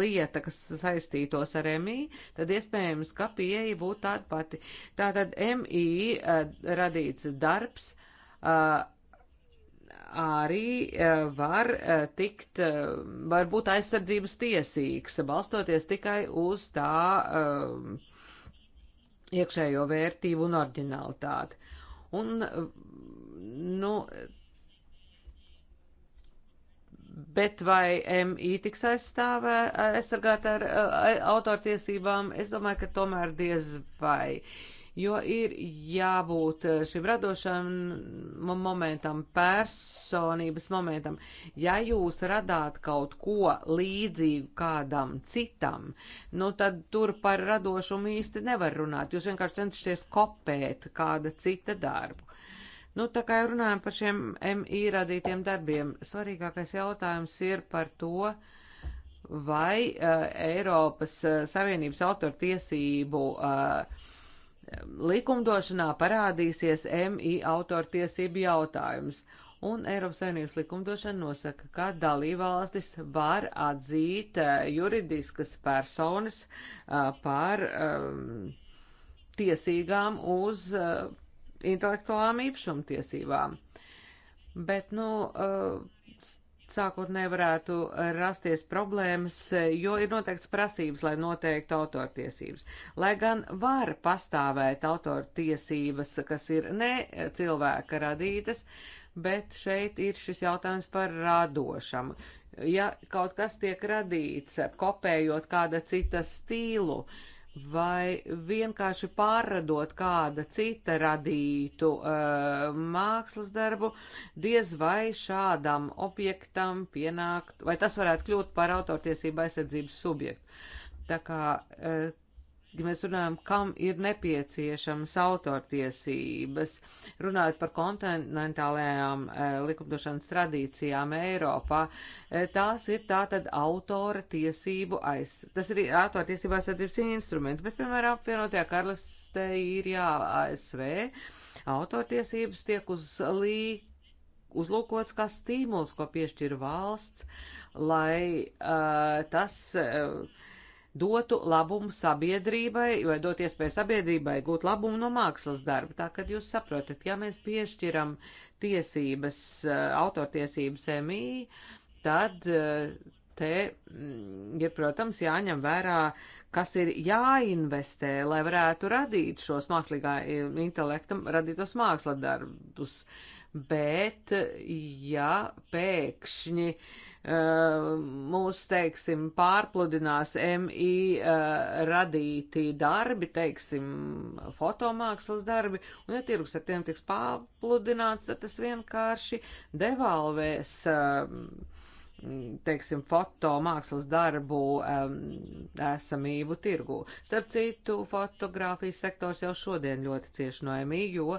lieta, kas saistītos ar MI, tad iespējams, ka pieeja būtu tāda pati. Tātad MI e, radīts darbs e, arī var tikt, var būt aizsardzības tiesīgs, balstoties tikai uz tā um, iekšējo vērtību un originalitāti. Un, nu, Bet vai MI tiks aizstāvē, aizsargāt ar autortiesībām? Es domāju, ka tomēr diez vai. Jo ir jābūt šim radošam momentam, personības momentam. Ja jūs radāt kaut ko līdzīgu kādam citam, nu tad tur par radošumu īsti nevar runāt. Jūs vienkārši cenšaties kopēt kāda cita darbu. Nu, tā kā runājam par šiem MI radītiem darbiem, svarīgākais jautājums ir par to, vai uh, Eiropas uh, Savienības autortiesību uh, likumdošanā parādīsies MI autortiesību jautājums. Un Eiropas Savienības likumdošana nosaka, ka dalībvalstis var atzīt uh, juridiskas personas uh, par um, tiesīgām uz uh, intelektuālām īpašumtiesībām. Bet, nu, eh, sākotnēji varētu rasties problēmas, jo ir noteikts prasības, lai noteiktu autortiesības. Lai gan var pastāvēt autortiesības, kas ir ne cilvēka radītas, bet šeit ir šis jautājums par radošam. Ja kaut kas tiek radīts, kopējot kāda cita stīlu, uh, vai vienkārši pārradot kāda cita radītu uh, mākslas darbu, diez vai šādam objektam pienākt, vai tas varētu kļūt par autortiesību aizsardzības subjektu. Tā kā uh, ja mēs runājam, kam ir nepieciešamas autortiesības, runājot par kontinentālajām e, likumdošanas tradīcijām Eiropā, e, tās ir tātad autora tiesību aiz, tas ir autora tiesību aizsardzības instruments, bet, piemēram, apvienotajā karalistē ir jā, ASV, autortiesības tiek uzlī, uzlūkots kā stimuls, ko piešķir valsts, lai uh, e, tas. Uh, dotu labumu sabiedrībai vai dot iespēju sabiedrībai gūt labumu no mākslas darba. Tā kad jūs saprotat, ja mēs piešķiram tiesības, eh, autortiesības MI, tad eh, te mm, ir, protams, jāņem vērā, kas ir jāinvestē, lai varētu radīt šos mākslīgā eh, intelekta radītos māksla darbus. Bet, ja pēkšņi uh, Eh, mūs, teiksim, pārpludinās MI eh, radīti darbi, teiksim, fotomākslas darbi, un ja tirgus ar tiem tiks pārpludināts, tad tas vienkārši devalvēs eh, teiksim, fotomākslas darbu um, esamību tirgū. Starp citu, fotografijas sektors jau šodien ļoti cieši no MI, jo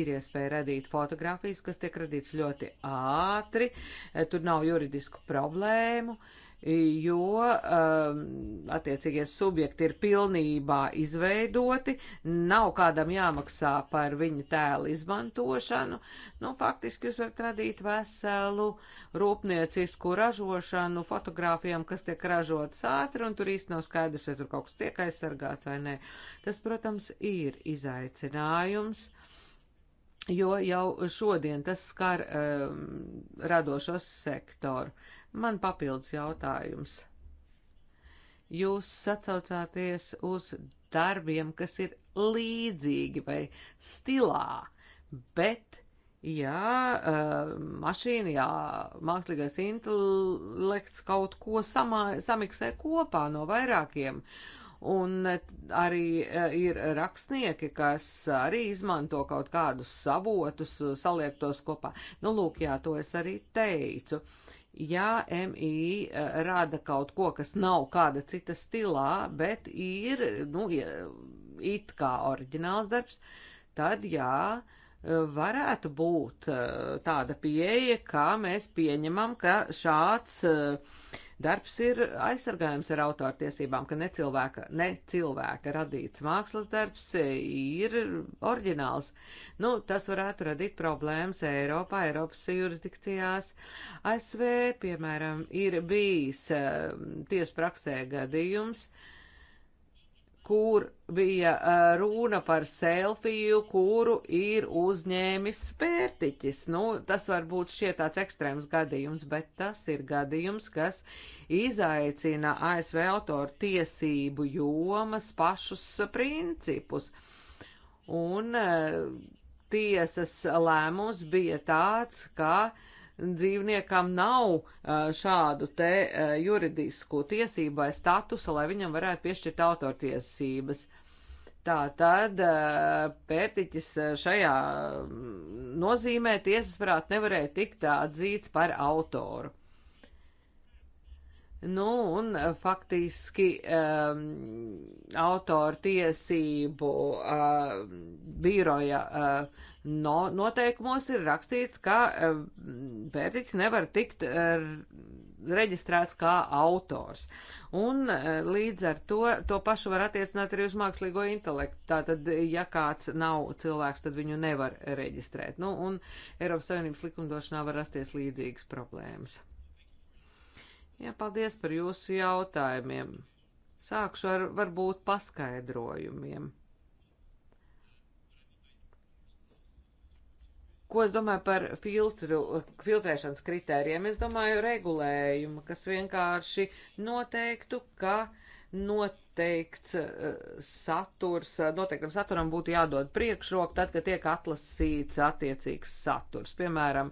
ir iespēja radīt fotografijas, kas tiek radīts ļoti ātri, e, tur nav juridisku problēmu. Uh, jo ehm, attiecīgie subjekti ir pilnībā izveidoti, nav kādam jāmaksā par viņa tēlu izmantošanu. Nu, faktiski jūs varat radīt veselu rūpniecisku ražošanu fotogrāfijām, kas tiek ražotas ātri, un tur īsti nav skaidrs, vai tur kaut kas tiek aizsargāts vai nē. Tas, protams, ir izaicinājums. Jo jau šodien tas skar um, radošo sektoru. Uh, Man papildus jautājums. Jūs sacaucāties uz darbiem, kas ir līdzīgi vai stilā, bet, ja uh, mašīna, ja mākslīgais intelekts kaut ko samā, samiksē kopā no vairākiem, un arī ir rakstnieki, kas arī izmanto kaut kādus savotus, saliek tos kopā. Nu, lūk, jā, to es arī teicu. Uh, ja MI eh, rada kaut ko, kas nav kāda cita stilā, bet ir, nu, it kā oriģināls darbs, tad jā, eh, varētu būt eh, tāda pieeja, kā mēs pieņemam, ka šāds uh, darbs ir aizsargājums ar autortiesībām, ka ne cilvēka, ne cilvēka radīts mākslas darbs ir oriģināls. Nu, tas varētu radīt problēmas Eiropā, Eiropas jurisdikcijās. ASV, piemēram, ir bijis eh, tiespraksē gadījums, uh, kur bija eh, runa par selfiju, kuru ir uzņēmis pērtiķis. Nu, tas varbūt šķiet tāds ekstrēms gadījums, bet tas ir gadījums, kas izaicina ASV autoru tiesību jomas pašus principus. Un eh, tiesas lēmums bija tāds, ka uh, dzīvniekam nav šādu te juridisku tiesību vai statusu, lai viņam varētu piešķirt autortiesības. Tā tad pētiķis šajā nozīmē tiesas varētu nevarēja tikt atzīts par autoru. Nu, un eh, faktiski um, ehm, autoru tiesību uh, eh, biroja uh, no, noteikumos ir rakstīts, ka uh, pērtiķis nevar tikt uh, reģistrēts kā autors. Un uh, līdz ar to to pašu var attiecināt arī uz mākslīgo intelektu. Tātad, ja kāds nav cilvēks, tad viņu nevar reģistrēt. Nu, un Eiropas Savienības likumdošanā var rasties līdzīgas problēmas. Jā, paldies par jūsu jautājumiem. Sākšu ar varbūt paskaidrojumiem. Ko es domāju par filtru, filtrēšanas kritērijiem? Es domāju regulējumu, kas vienkārši noteiktu, ka uh, noteikts eh, saturs, eh, noteiktam saturam būtu jādod priekšroka tad, kad tiek atlasīts attiecīgs saturs. Piemēram,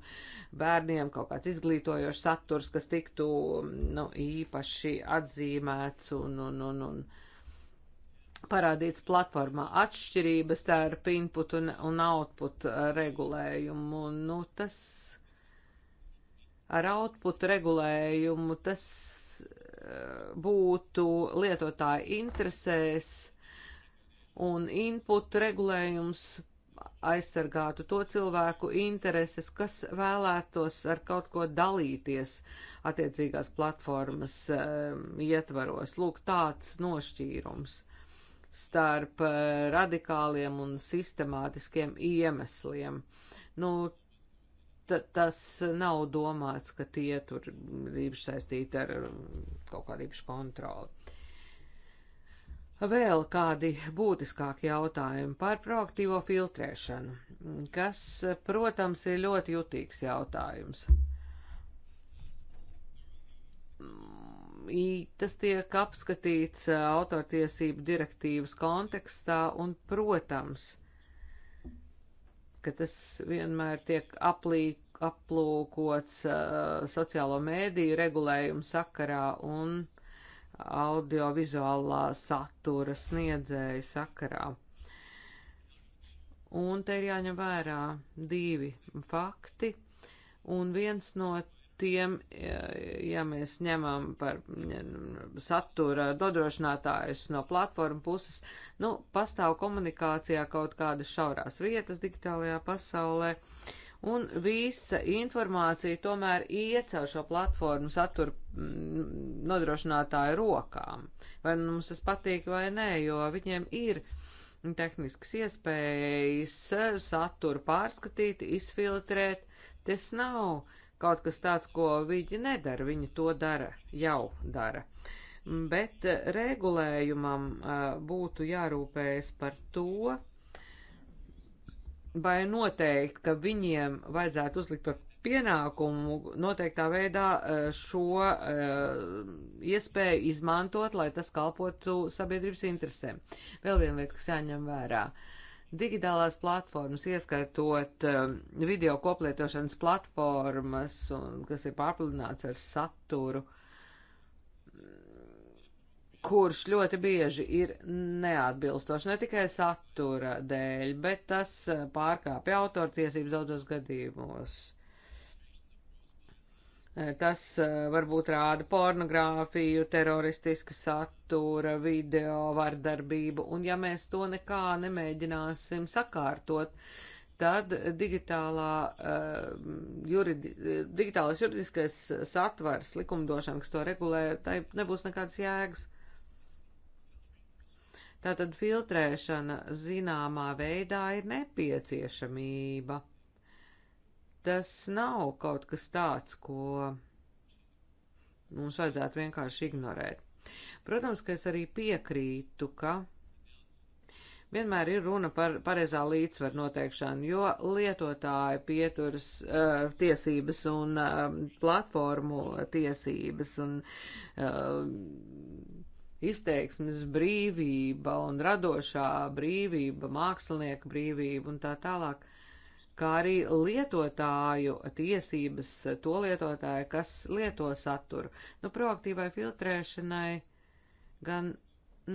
bērniem kaut kāds izglītojošs saturs, kas tiktu nu, īpaši atzīmēts un, un, un, un parādīts platformā atšķirības starp input un, un output eh, regulējumu. Nu, tas ar output regulējumu tas būtu lietotāja interesēs un inputu regulējums aizsargātu to cilvēku intereses, kas vēlētos ar kaut ko dalīties attiecīgās platformas um, ietvaros. Lūk, tāds nošķīrums starp eh, radikāliem un sistemātiskiem iemesliem. Nu, tas nav domāts, ka tie tur īpaši saistīti ar kaut kādu īpašu kontroli. Vēl kādi būtiskāki jautājumi par proaktīvo filtrēšanu, kas, protams, ir ļoti jutīgs jautājums. Tas tiek apskatīts autortiesību direktīvas kontekstā un, protams, ka tas vienmēr tiek aplīk, aplūkots uh, sociālo mēdīju regulējumu sakarā un audiovizuālā satura sniedzēju sakarā. Un te ir jāņem vērā divi fakti, un viens no tiem, ja, ja mēs ņemam par satura dodrošinātājus no platformu puses, nu, pastāv komunikācijā kaut kādas šaurās vietas digitālajā pasaulē, un visa informācija tomēr iet caur šo platformu satura mm, nodrošinātāju rokām. Vai nu mums tas patīk vai nē, jo viņiem ir tehniskas iespējas saturu pārskatīt, izfiltrēt. Tas nav uh, kaut kas tāds, ko viņi nedara, viņi to dara, jau dara. Bet eh, regulējumam eh, būtu jārūpējas par to, vai noteikt, ka viņiem vajadzētu uzlikt par pienākumu noteiktā veidā eh, šo iespēju izmantot, lai tas kalpotu sabiedrības interesēm. Vēl viena lieta, kas jāņem vērā. Uh, Digitālās platformas, ieskaitot um, video koplietošanas platformas, un, kas ir pārpludināts ar saturu, kurš ļoti bieži ir neatbilstošs ne tikai satura dēļ, bet tas uh, pārkāpja autortiesības daudzos gadījumos. Eh, tas eh, varbūt rāda pornogrāfiju, teroristiska satura, video, vardarbību, un ja mēs to nekā nemēģināsim sakārtot, tad digitālā, uh, juridi, digitālais juridiskais satvars, likumdošana, kas to regulē, tai nebūs nekāds jēgas. Tātad filtrēšana zināmā veidā ir nepieciešamība tas nav kaut kas tāds, ko mums vajadzētu vienkārši ignorēt. Protams, ka es arī piekrītu, ka vienmēr ir runa par pareizā līdzsvaru noteikšanu, jo lietotāja pieturas uh, tiesības un uh, platformu tiesības un uh, izteiksmes brīvība un radošā brīvība, mākslinieka brīvība un tā tālāk kā arī lietotāju tiesības to lietotāju, kas lieto saturu. Nu, proaktīvai filtrēšanai gan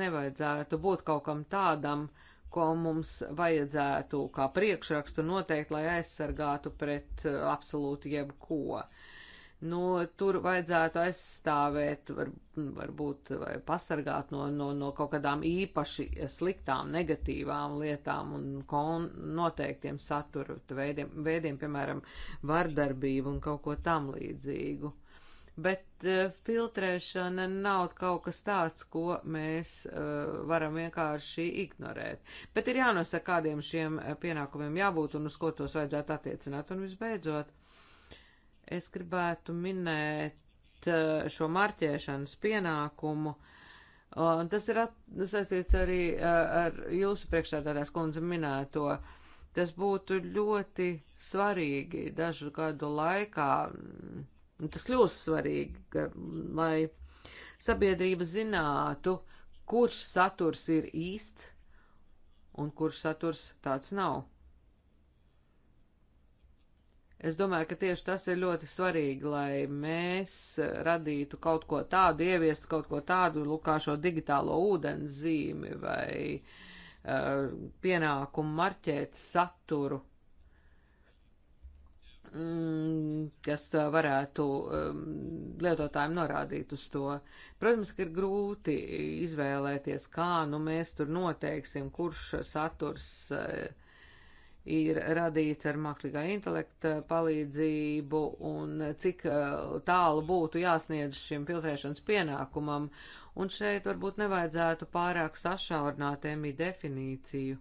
nevajadzētu būt kaut kam tādam, ko mums vajadzētu kā priekšrakstu noteikt, lai aizsargātu pret eh, absolūti jebko. Uh, no tur vajadzētu aizstāvēt, var, varbūt vai pasargāt no, no, no kaut kādām īpaši sliktām, negatīvām lietām un kon, noteiktiem satura veidiem, veidiem, piemēram, vardarbību un kaut ko tam līdzīgu. Bet uh, filtrēšana nav kaut kas tāds, ko mēs uh, varam vienkārši ignorēt. Bet ir jānosaka, kādiem šiem eh, pienākumiem jābūt un uz ko tos vajadzētu attiecināt. Un visbeidzot, uh, Es gribētu minēt eh, šo marķēšanas pienākumu. Un tas ir saistīts arī eh, ar jūsu priekšstādātās kundze minēto. Tas būtu ļoti svarīgi dažu gadu laikā. Tas kļūst svarīgi, lai sabiedrība zinātu, kurš saturs ir īsts un kurš saturs tāds nav. Es domāju, ka tieši tas ir ļoti svarīgi, lai mēs radītu kaut ko tādu, ieviestu kaut ko tādu, lukā šo digitālo ūdens zīmi vai uh, pienākumu marķēt saturu, mm, kas varētu um, lietotājiem norādīt uz to. Protams, ka ir grūti izvēlēties, kā nu mēs tur noteiksim, kurš saturs. Uh, ir radīts ar mākslīgā intelekta palīdzību un cik eh, tālu būtu jāsniedz šim filtrēšanas pienākumam, un šeit varbūt nevajadzētu pārāk sašaurināt EMI definīciju.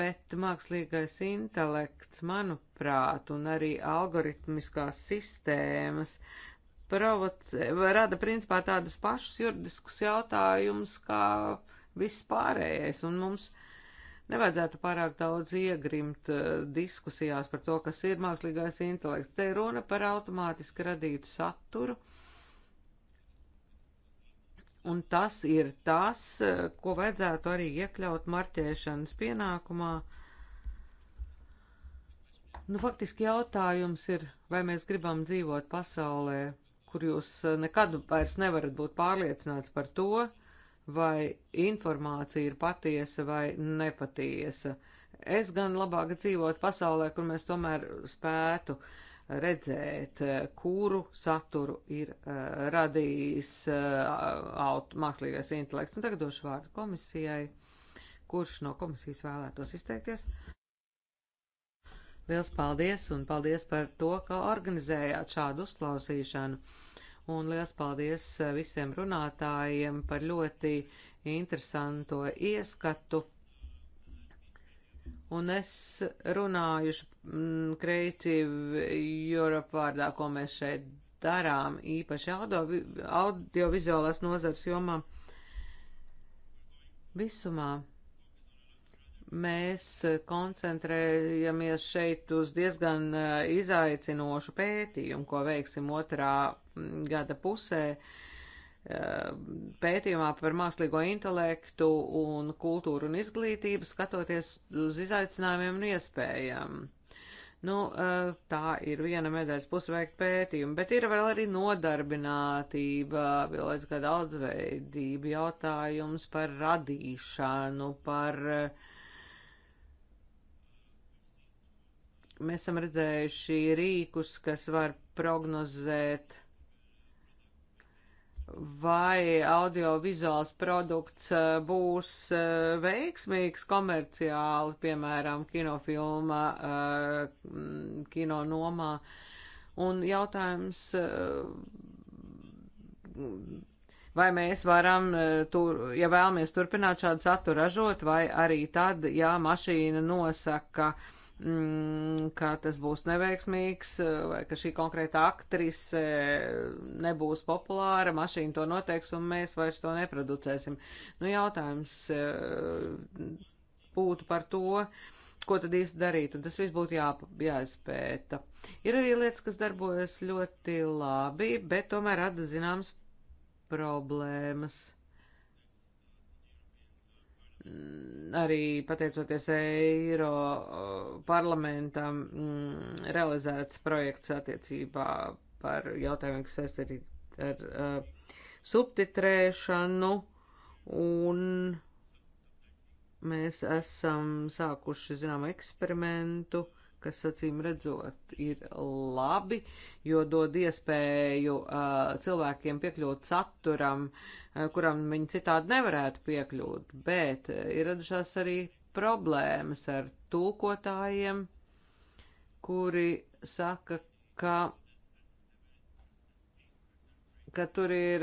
Bet mākslīgais intelekts, manuprāt, un arī algoritmiskās sistēmas provocē, rada principā tādus pašus juridiskus jautājumus kā viss pārējais, un mums uh, Nevajadzētu pārāk daudz iegrimt uh, diskusijās par to, kas ir mākslīgais intelekts. Te ir runa par automātiski radītu saturu. Un tas ir tas, eh, ko vajadzētu arī iekļaut marķēšanas pienākumā. Nu, faktiski jautājums ir, vai mēs gribam dzīvot pasaulē, kur jūs eh, nekad vairs nevarat būt pārliecināts par to, uh, vai informācija ir patiesa vai nepatiesa. Es gan labāk dzīvotu pasaulē, kur mēs tomēr spētu redzēt, kuru saturu ir uh, radījis uh, mākslīgais intelekts. Un tagad došu vārdu komisijai, kurš no komisijas vēlētos izteikties. Liels paldies un paldies par to, ka organizējāt šādu uzklausīšanu un liels paldies eh, visiem runātājiem par ļoti interesanto ieskatu. Un es runājuši mm, Creative Europe vārdā, ko mēs šeit darām, īpaši audiovizuālās audio nozars jomā. Visumā mēs koncentrējamies šeit uz diezgan eh, izaicinošu pētījumu, ko veiksim otrā gada pusē eh, pētījumā par mākslīgo intelektu un kultūru un izglītību, skatoties uz izaicinājumiem un iespējām. Nu, eh, tā ir viena medaļas pusveikta pētījuma, bet ir vēl arī nodarbinātība, bioloģiskā daudzveidība, jautājums par radīšanu, par. Eh, mēs esam redzējuši rīkus, kas var prognozēt uh, vai audiovizuāls produkts eh, būs eh, veiksmīgs komerciāli, piemēram, kinofilma, eh, kino nomā. Un jautājums, vai mēs varam, tur, ja vēlamies turpināt šādu saturu ražot, vai arī tad, ja mašīna nosaka, uh, Mm, ka tas būs neveiksmīgs vai ka šī konkrēta aktrise nebūs populāra, mašīna to noteiks un mēs vairs to neproducēsim. Nu, jautājums eh, būtu par to, ko tad īsti darīt, un tas viss būtu jā, jāizpēta. Ir arī lietas, kas darbojas ļoti labi, bet tomēr rada zināmas problēmas. Mm, arī pateicoties Eiro uh, parlamentam m, mm, realizēts projekts attiecībā par jautājumiem, kas saistīti ar uh, subtitrēšanu, un mēs esam sākuši, zinām, eksperimentu uh, kas acīm redzot ir labi, jo dod iespēju uh, cilvēkiem piekļūt saturam, uh, kuram viņi citādi nevarētu piekļūt, bet ir radušās arī problēmas ar tūkotājiem, kuri saka, ka ka tur ir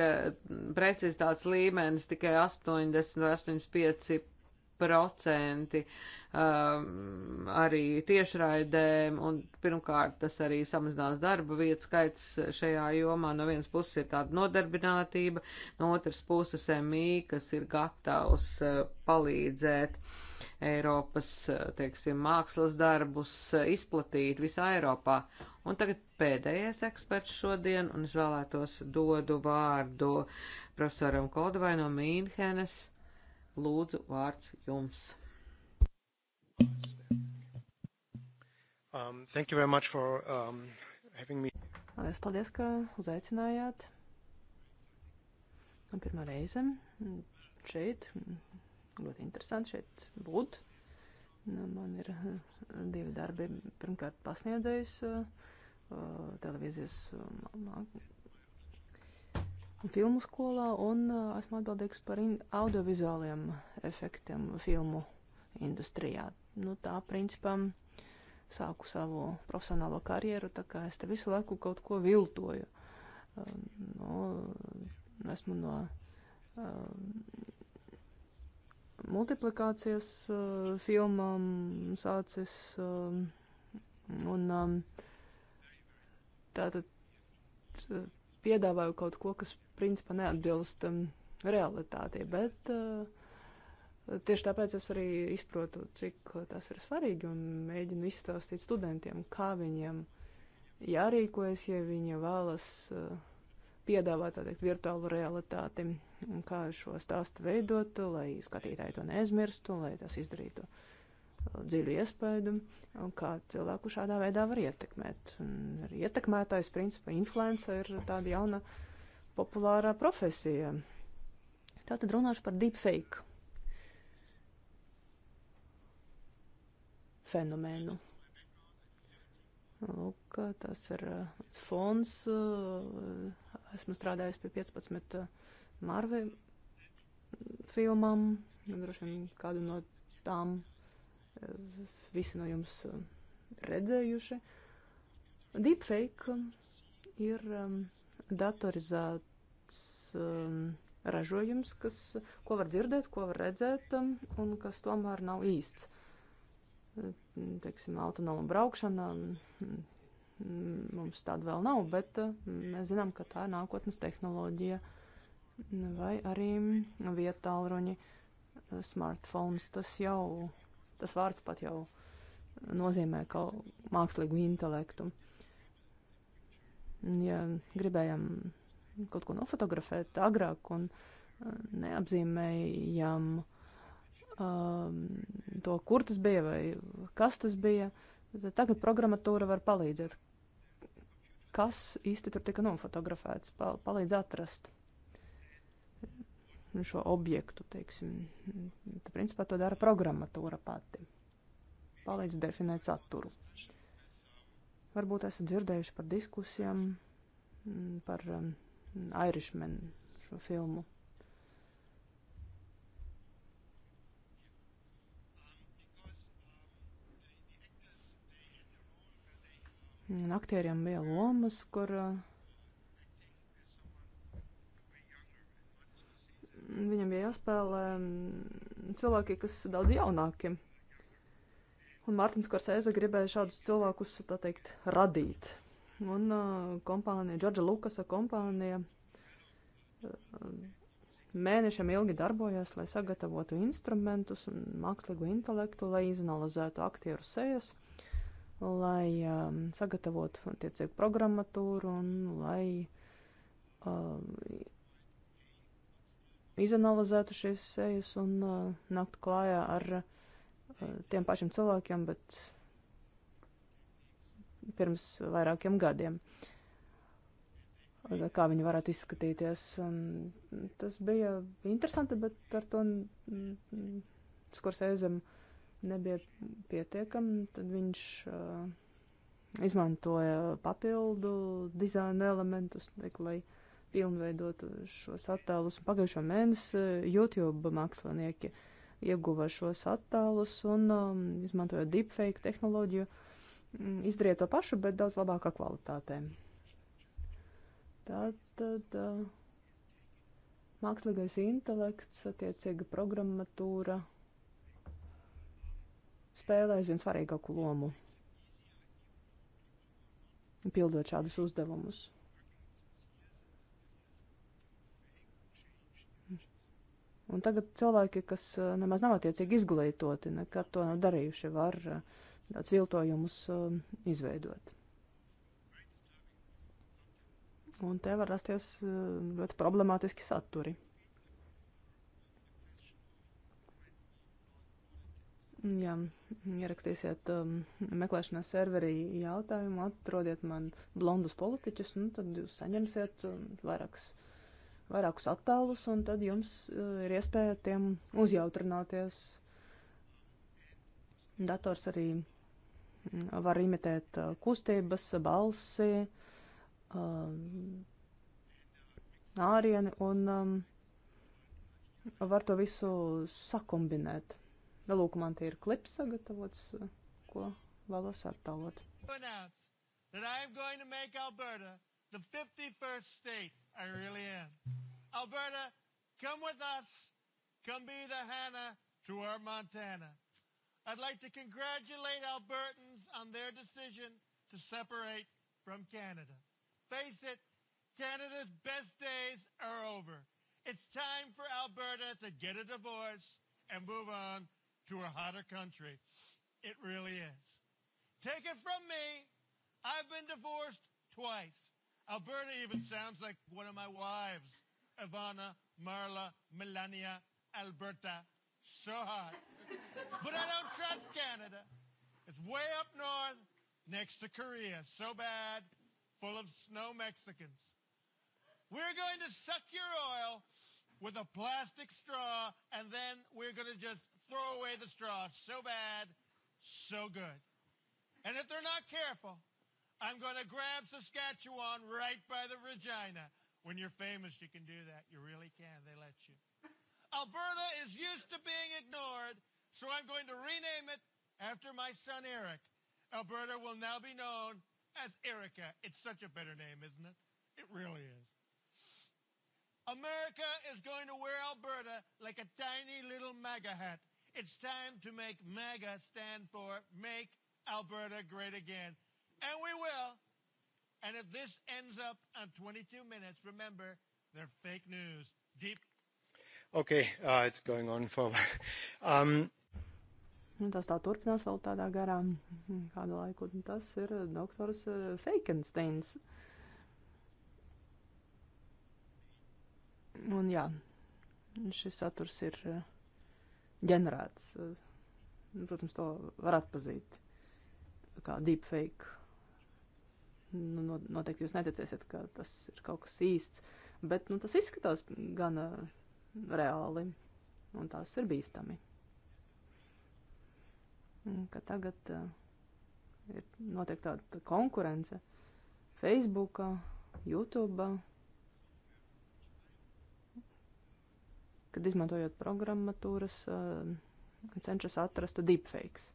precizitātes līmenis tikai 80 vai 85 procenti um, arī tiešraidēm, un pirmkārt tas arī samazinās darba vietas skaits šajā jomā. No vienas puses ir tāda nodarbinātība, no otras puses MI, kas ir gatavs uh, palīdzēt. Eiropas, uh, teiksim, mākslas darbus uh, izplatīt visā Eiropā. Un tagad pēdējais eksperts šodien, un es vēlētos dodu vārdu profesoram Koldovai no Mīnhenes. Lūdzu, vārds jums. Um, thank you very much for um, having me. Lielas paldies, ka uzaicinājāt. Un nu, pirmā reize mm, šeit, mm, ļoti interesanti šeit būt. Nu, man ir eh, divi darbi. Pirmkārt, pasniedzējs eh, eh, televīzijas filmu skolā un esmu atbildīgs par audiovizuāliem efektiem filmu industrijā. Nu, tā principā sāku savu profesionālo karjeru, tā kā es te visu laiku kaut ko viltoju. Nu, esmu no uh, multiplikācijas uh, filmām sācis uh, un um, tātad piedāvāju kaut ko, kas principā neatbilst um, realitātei, bet uh, tieši tāpēc es arī izprotu, cik uh, tas ir svarīgi un mēģinu izstāstīt studentiem, kā viņiem jārīkojas, ja viņi vēlas uh, piedāvāt tādu virtuālu realitāti, un kā šo stāstu veidot, lai skatītāji to neaizmirstu, lai tas izdarītu uh, dziļu iespaidu, un kā cilvēku šādā veidā var ietekmēt. Un ietekmētājs, principā, influence ir tāda jauna uh, populārā profesija. Tātad runāšu par deepfake fenomenu. Lūk, tas ir mans uh, fons. Uh, esmu strādājis pie 15 uh, Marvel filmām. Droši vien kādu no tām visi no jums redzējuši. Deepfake ir um, datorizēta milzīgs um, ražojums, kas, ko var dzirdēt, ko var redzēt, um, un kas tomēr nav īsts. Teiksim, autonoma braukšana mm, mums tāda vēl nav, bet uh, mēs zinām, ka tā ir nākotnes tehnoloģija vai arī mm, vietālruņi, uh, smartphones. Tas jau, tas vārds pat jau nozīmē kaut mākslīgu intelektu. Ja gribējam kaut ko nofotografēt agrāk un uh, neapzīmējām um, to, kur tas bija vai kas tas bija. Tad tagad programmatūra var palīdzēt, kas īsti tur tika nofotografēts, pal palīdz atrast šo objektu, teiksim. Tad, principā, to dara programmatūra pati. Palīdz definēt saturu. Varbūt esat dzirdējuši par diskusijām, par um, Irishman šo filmu. Un aktieriem bija lomas, kur uh, viņam bija jāspēlē um, cilvēki, kas daudz jaunāki. Un Mārtiņš Korsēze gribēja šādus cilvēkus, tā teikt, radīt. Un uh, kompānija, Džordža Lukasa kompānija uh, mēnešiem ilgi darbojās, lai sagatavotu instrumentus un mākslīgo intelektu, lai izanalizētu aktieru sejas, lai um, sagatavotu attiecīgu programmatūru un lai um, izanalizētu šīs sejas un uh, nākt klājā ar uh, tiem pašiem cilvēkiem, bet pirms vairākiem gadiem. Kā viņi varētu izskatīties. Un tas bija interesanti, bet ar to mm, skursēzam nebija pietiekami. Tad viņš uh, izmantoja papildu dizaina elementus, liek, lai pilnveidotu šos attēlus. Pagājušo mēnesi YouTube mākslinieki ieguva šos attēlus un um, izmantoja deepfake tehnoloģiju. Uh, Mm, izdariet to pašu, bet daudz labākā kvalitātē. Tātad mākslīgais intelekts, attiecīga programmatūra spēlē aizvien svarīgāku lomu, pildot šādus uzdevumus. Un tagad cilvēki, kas nemaz nav attiecīgi izglītoti, nekad to nav darījuši, var uh, tāds viltojumus um, izveidot. Un te var rasties um, ļoti problemātiski saturi. Jā, ierakstīsiet um, meklēšanas serverī jautājumu, atrodiet man blondus politiķus, un nu, tad jūs saņemsiet um, vairākas, vairākus attēlus, un tad jums uh, ir iespēja tiem uzjautrināties. Dators arī var imitēt uh, kustības, balsi, um, ārieni un um, var to visu sakombinēt. Nu, lūk, man tie ir klips sagatavots, uh, ko vēlos attēlot. That I am going to make Alberta the 51st state. I really am. Alberta, come with us. Come be the Hannah to our Montana. I'd like to congratulate Albertans on their decision to separate from Canada. Face it, Canada's best days are over. It's time for Alberta to get a divorce and move on to a hotter country. It really is. Take it from me, I've been divorced twice. Alberta even sounds like one of my wives, Ivana, Marla, Melania, Alberta. So hot. but I don't trust Canada was way up north next to Korea, so bad, full of snow Mexicans. We're going to suck your oil with a plastic straw, and then we're going to just throw away the straw. So bad, so good. And if they're not careful, I'm going to grab Saskatchewan right by the Regina. When you're famous, you can do that. You really can. They let you. Alberta is used to being ignored, so I'm going to rename it After my son Eric, Alberta will now be known as Erica. It's such a better name, isn't it? It really is. America is going to wear Alberta like a tiny little MAGA hat. It's time to make MAGA stand for Make Alberta Great Again. And we will. And if this ends up on 22 minutes, remember, they're fake news. Deep. Okay, uh, it's going on for. [LAUGHS] um, Nu, tas tā turpinās vēl tādā garā kādu laiku. Tas ir doktors eh, Feikensteins. Un jā, šis saturs ir eh, ģenerēts. Eh, protams, to var atpazīt kā deepfake. Nu, noteikti jūs neticēsiet, ka tas ir kaut kas īsts, bet nu, tas izskatās gana reāli, un tas ir bīstami ka tagad eh, ir notiek tāda konkurence Facebookā, YouTube. Kad izmantojot programmatūras, eh, cenšas atrast deepfakes.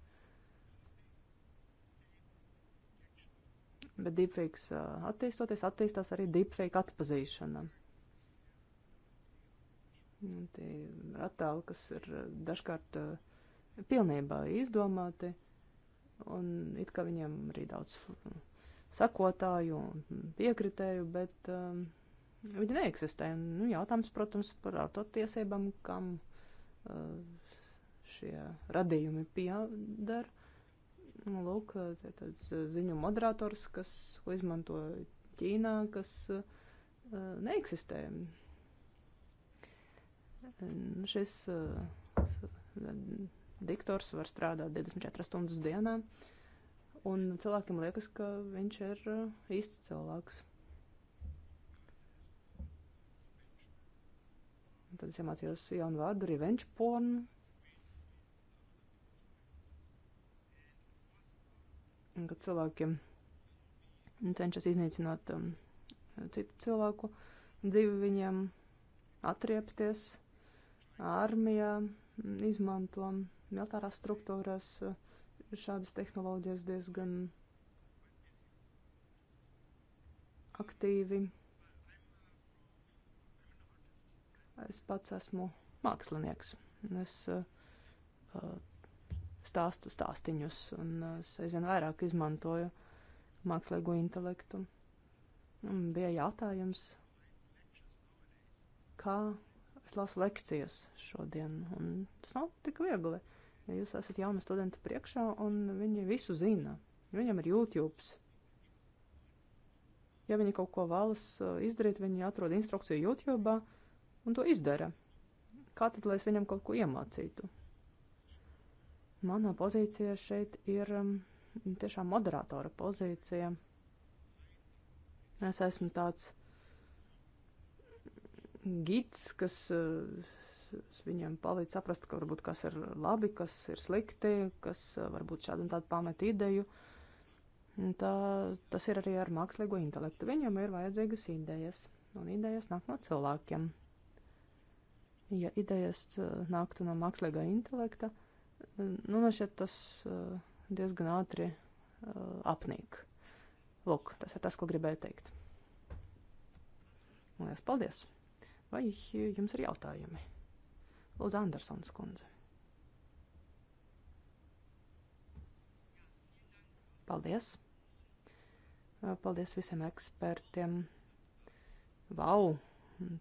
Bet deepfakes eh, attīstoties, attīstās arī deepfake atpazīšana. Un tie ir attēli, kas ir dažkārt uh, pilnībā izdomāti, un it kā viņiem arī daudz sakotāju un piekritēju, bet um, viņi neeksistē. Nu, jautājums, protams, par autotiesībām, kam uh, šie radījumi piedara. Nu, lūk, tā ir tāds ziņu moderators, kas, ko izmanto Ķīnā, kas uh, neeksistē. Un šis uh, diktors var strādāt 24 stundas dienā, un cilvēkiem liekas, ka viņš ir eh, īsts cilvēks. Un tad es iemācījos jaunu vārdu, revenge porn. Un, kad cilvēkiem cenšas iznīcināt um, citu cilvēku dzīvi viņiem, atriepties, armijā izmantojam militārās struktūrās šādas tehnoloģijas diezgan aktīvi. Es pats esmu mākslinieks. Es uh, stāstu stāstīņus, un uh, es aizvien vairāk izmantoju mākslīgo intelektu. Un bija jautājums, kā es lasu lekcijas šodien, un tas nav tik viegli. Uh, Ja jūs esat jauna studenta priekšā un viņi visu zina. Viņam ir YouTube. Ja viņi kaut ko vēlas uh, izdarīt, viņi atrod instrukciju YouTube un to izdara. Kā tad, lai es viņam kaut ko iemācītu? Manā pozīcijā šeit ir um, tiešām moderatora pozīcija. Es esmu tāds gids, kas uh, viņiem palīdz saprast, ka varbūt kas ir labi, kas ir slikti, kas varbūt šādu un tādu pamet ideju. Tā, tas ir arī ar mākslīgo intelektu. Viņam ir vajadzīgas idejas, un idejas nāk no cilvēkiem. Ja idejas nāktu no mākslīgā intelekta, nu, man šķiet tas diezgan ātri apnīk. Lūk, tas ir tas, ko gribēju teikt. Lielas paldies! Vai jums ir jautājumi? Lūdzu, Andersons kundze. Paldies! Paldies visiem ekspertiem! Vau!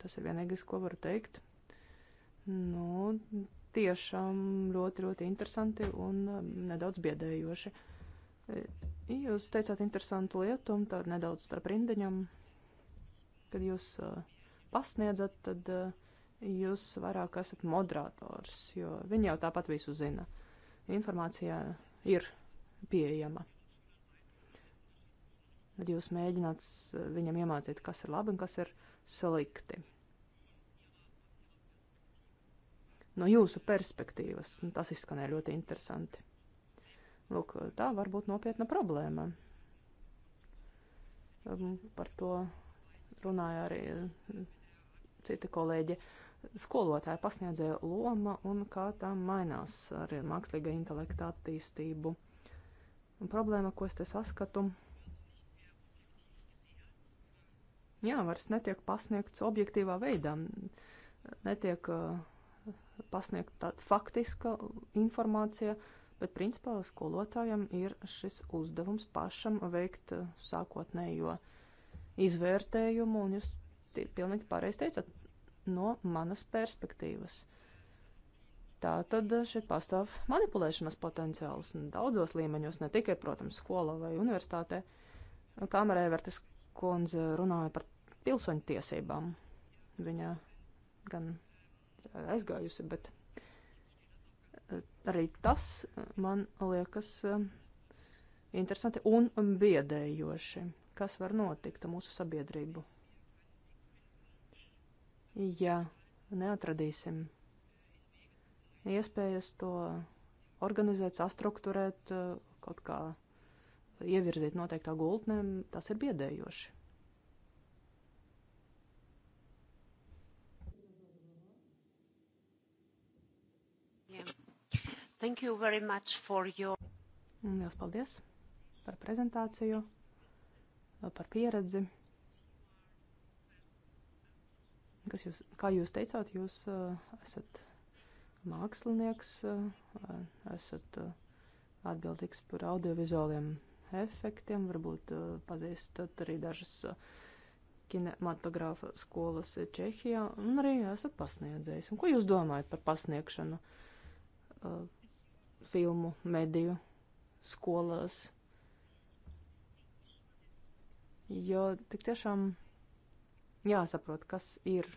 Tas ir vienīgais, ko varu teikt. Nu, tiešām ļoti, ļoti interesanti un um, nedaudz biedējoši. Jūs teicāt interesantu lietu, un tā nedaudz starp rindiņam. Kad jūs uh, pasniedzat, tad uh, jūs vairāk esat moderators, jo viņi jau tāpat visu zina. Informācija ir pieejama. Tad jūs mēģināt eh, viņam iemācīt, kas ir labi un kas ir slikti. No jūsu perspektīvas nu, tas izskanēja ļoti interesanti. Lūk, tā var būt nopietna problēma. Par to runāja arī mm, citi kolēģi. Uh, skolotāja pasniedzēja loma un kā tā mainās ar mākslīgā intelekta attīstību. Un problēma, ko es te saskatu, jā, vairs netiek pasniegts objektīvā veidā, netiek uh, pasniegta faktiska informācija, bet principā skolotājam ir šis uzdevums pašam veikt uh, sākotnējo izvērtējumu, un jūs pilnīgi pareizi teicat, no manas perspektīvas. Tā tad šeit pastāv manipulēšanas potenciāls daudzos līmeņos, ne tikai, protams, skolā vai universitātē. Kamerē Vertes kundze runāja par pilsoņu tiesībām. Viņa gan aizgājusi, bet eh, arī tas eh, man liekas eh, interesanti un biedējoši, kas var notikt mūsu sabiedrību ja neatradīsim iespējas to organizēt, sastruktūrēt, kaut kā ievirzīt noteiktā gultnē, tas ir biedējoši. Yeah. Thank you very much for your. Lielas paldies par prezentāciju, par pieredzi. Kas jūs, kā jūs teicāt, jūs uh, esat mākslinieks, uh, esat uh, atbildīgs par audiovizuāliem efektiem, varbūt pazīstat arī dažas kinematogrāfa skolas Čehijā, un arī esat pasniedzējis. Un ko jūs domājat par pasniegšanu uh, filmu mediju skolās? Jo tik tiešām jāsaprot, kas ir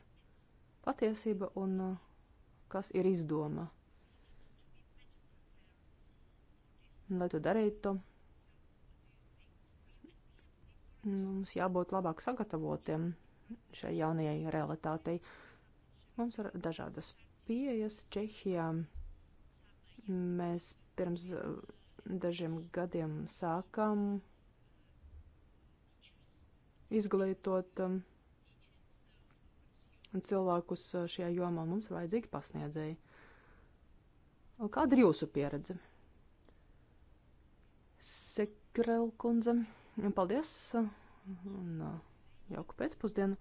patiesība un uh, kas ir izdoma. Lai to darītu, mums jābūt labāk sagatavotiem šai jaunajai realitātei. Mums ir dažādas pieejas Čehijā. Mēs pirms uh, dažiem gadiem sākām izglītot um, un cilvēkus uh, šajā jomā. Mums ir vajadzīgi pasniedzēji. Kāda ir jūsu pieredze? Sekrel kundze, paldies un uh, jauku pēcpusdienu.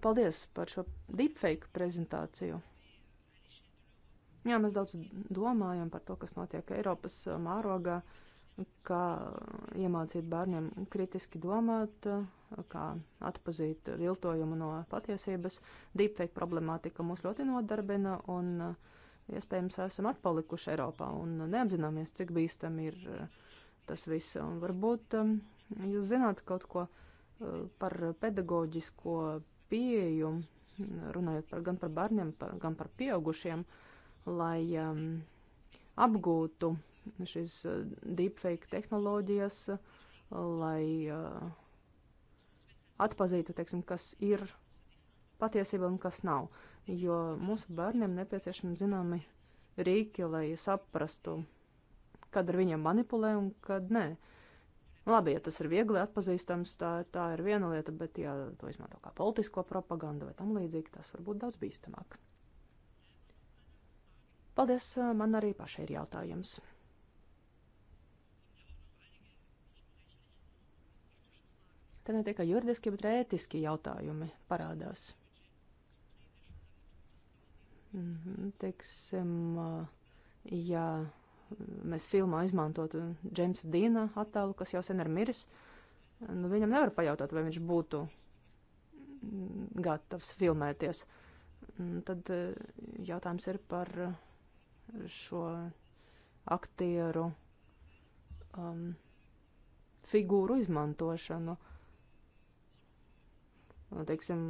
Paldies par šo deepfake prezentāciju. Jā, mēs daudz domājam par to, kas notiek Eiropas uh, mārogā. Uh, kā iemācīt bērniem kritiski domāt, kā atpazīt viltojumu no patiesības. Deepfake problemātika mūs ļoti nodarbina un eh, iespējams esam atpalikuši Eiropā un neapzināmies, cik bīstam ir eh, tas viss. Un varbūt eh, jūs zināt kaut ko par pedagoģisko pieeju, runājot par, gan par bērniem, par, gan par pieaugušiem, lai um, apgūtu šīs eh, deepfake tehnoloģijas, eh, lai eh, atpazītu, teiksim, kas ir patiesība un kas nav. Jo mūsu bērniem nepieciešami zināmi rīki, lai saprastu, kad ar viņiem manipulē un kad nē. Labi, ja tas ir viegli atpazīstams, tā, tā ir viena lieta, bet, ja to izmanto kā politisko propagandu vai tam līdzīgi, tas var būt daudz bīstamāk. Paldies, man arī pašai ir jautājums. Te ne tikai juridiski, bet arī ētiski jautājumi parādās. Mhm, teiksim, ja mēs filmā izmantotu Džeimsa Dīna attēlu, kas jau sen ir miris, nu viņam nevar pajautāt, vai viņš būtu gatavs filmēties. Mhm, tad eh, jautājums ir par eh, šo aktieru um, figūru izmantošanu. Uh, teiksim,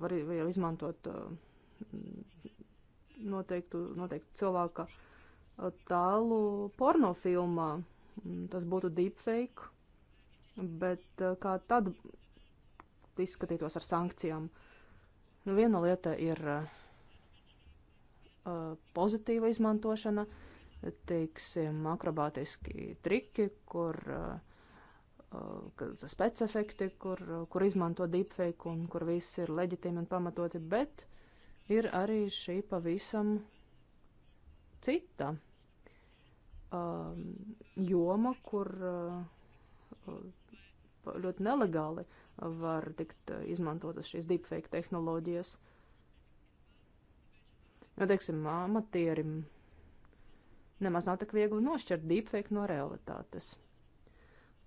var, var izmantot eh, noteiktu, noteiktu cilvēka eh, tēlu pornofilmā. Mm, tas būtu deepfake, bet eh, kā tad izskatītos ar sankcijām? Nu, viena lieta ir pozitīva izmantošana, teiksim, akrobātiski triki, kur uh, Uh, specefekti, kur, uh, kur izmanto deepfake un kur viss ir leģitīmi un pamatoti, bet ir arī šī pavisam cita uh, joma, kur uh, uh, ļoti nelegāli var tikt izmantotas šīs deepfake tehnoloģijas. Jo, teiksim, amatierim nemaz nav tik viegli nošķirt deepfake no realitātes.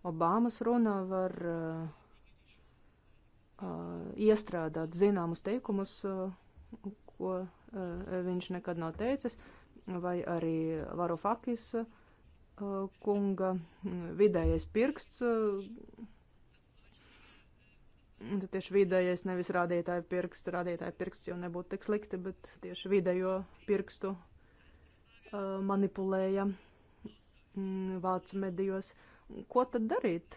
Obamas runā var uh, uh, iestrādāt zināmus teikumus, uh, ko uh, viņš nekad nav teicis, vai arī Varofakis uh, kunga vidējais pirksts. Uh, Tad tieši vidējais, nevis rādītāja pirksts. Rādītāja pirksts jau nebūtu tik slikti, bet tieši vidējo pirkstu uh, manipulēja mm, vācu medijos. Uh, Ko tad darīt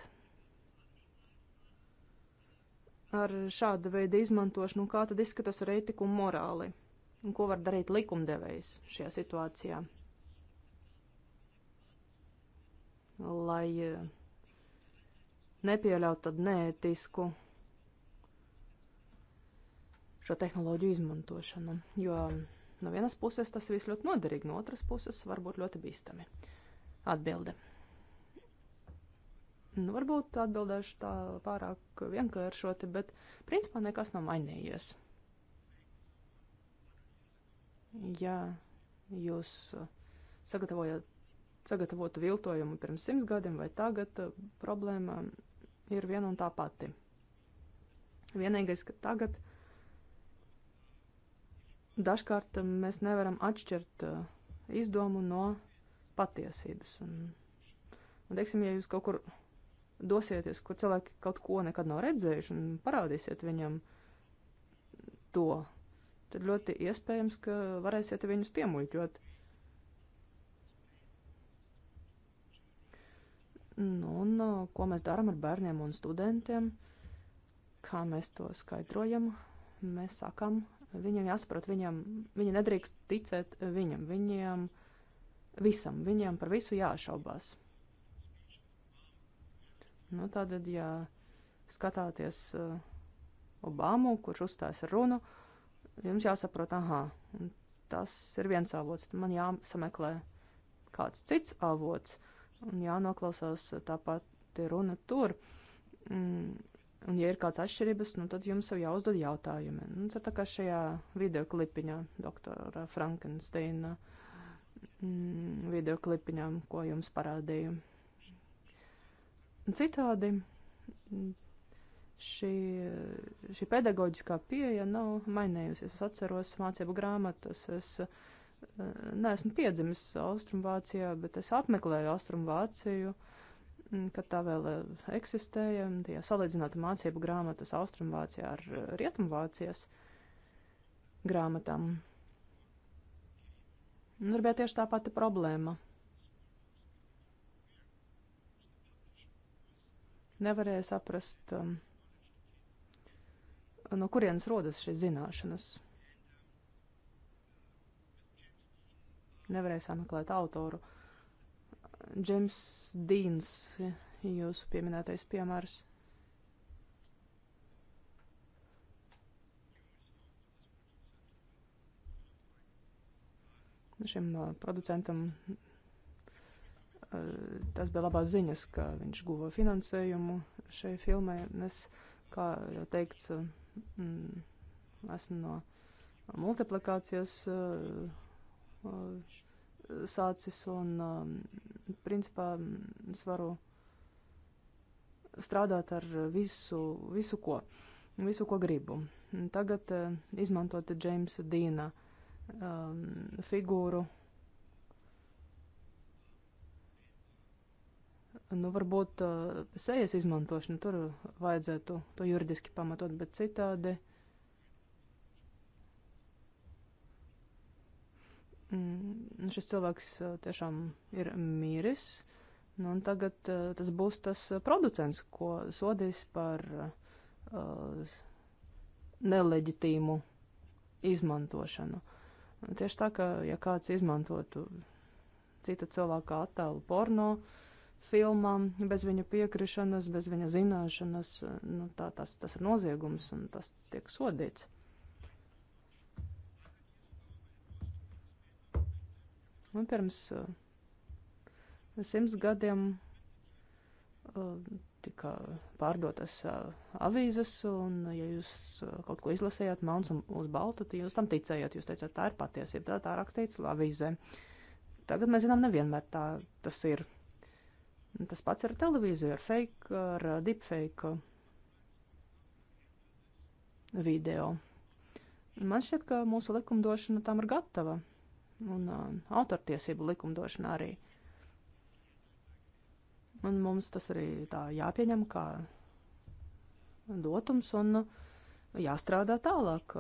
ar šāda veida izmantošanu? Kā tad izskatās ar ētiku un morāli? Un ko var darīt likumdevējs šajā situācijā? Lai eh, nepieļaut tad neētisku šo tehnoloģiju izmantošanu, jo no vienas puses tas viss ļoti noderīgi, no otras puses varbūt ļoti bīstami. Atbilde. Nu, varbūt atbildēšu tā pārāk vienkāršoti, bet principā nekas nav mainījies. Ja jūs uh, sagatavojat, sagatavotu viltojumu pirms simts gadiem vai tagad, uh, problēma ir viena un tā pati. Vienīgais, ka tagad dažkārt um, mēs nevaram atšķirt uh, izdomu no patiesības. Un, un teiksim, ja jūs kaut kur dosieties, kur cilvēki kaut ko nekad nav redzējuši, un parādīsiet viņam to. Tad ļoti iespējams, ka varēsiet viņus piemuļķot. Nu, un nu, ko mēs darām ar bērniem un studentiem? Kā mēs to skaidrojam? Mēs sakam, viņiem jāsaprot, viņam, viņi nedrīkst ticēt viņam, viņiem visam, viņiem par visu jāšaubās. Nu, tātad, ja skatāties uh, Obamu, kurš uzstājas ar runu, jums jāsaprot, aha, tas ir viens avots, man jāsameklē kāds cits avots un jānoklausās tāpat runa tur. Mm, un, ja ir kāds atšķirības, nu, tad jums jau jāuzdod jautājumi. Nu, tā kā šajā video klipiņā, doktora Frankensteina mm, video klipiņā, ko jums parādīju. Citādi šī, šī pedagoģiskā pieeja nav mainījusies. Es atceros mācību grāmatas. Es eh, neesmu piedzimis Austrumvācijā, bet es apmeklēju Austrumvāciju, mm, kad tā vēl eh, eksistēja. Tie salīdzinātu mācību grāmatas Austrumvācijā ar eh, Rietumvācijas grāmatām. Un varbūt tieši tā pati problēma nevarēja saprast, um, no kurienes rodas šīs zināšanas. Nevarēja sameklēt autoru. Džims Dīns, jūsu pieminētais piemērs. Šim uh, producentam Tas bija labās ziņas, ka viņš guva finansējumu šai filmai. Es, kā jau teikts, mm, esmu no multiplikācijas sācis un, principā, mm, es varu strādāt ar visu, visu ko, visu, ko gribu. Tagad izmantot Džeimsa Dīna um, figūru Nu, varbūt uh, sejas izmantošana tur vajadzētu to juridiski pamatot, bet citādi. Mm, nu, šis cilvēks uh, tiešām ir mīris. Nu, un tagad uh, tas būs tas producents, ko sodīs par uh, neleģitīmu izmantošanu. Tieši tā, ka ja kāds izmantotu cita cilvēka attēlu porno, uh, filmām, bez viņa piekrišanas, bez viņa zināšanas. Nu, tā, tas, tas ir noziegums un tas tiek sodīts. Un pirms uh, simts gadiem uh, tika pārdotas uh, avīzes, un, ja jūs uh, kaut ko izlasījāt melns uz balta, tad jūs tam ticējāt. Jūs teicāt, tā ir patiesība, tā, tā rakstīts avīzē. Tagad mēs zinām, nevienmēr tā tas ir. Tas pats ar televīziju, ar fake, ar uh, deepfake uh, video. Man šķiet, ka mūsu likumdošana tam ir gatava, un uh, autortiesību likumdošana arī. Un mums tas arī tā jāpieņem kā dotums un uh, jāstrādā tālāk.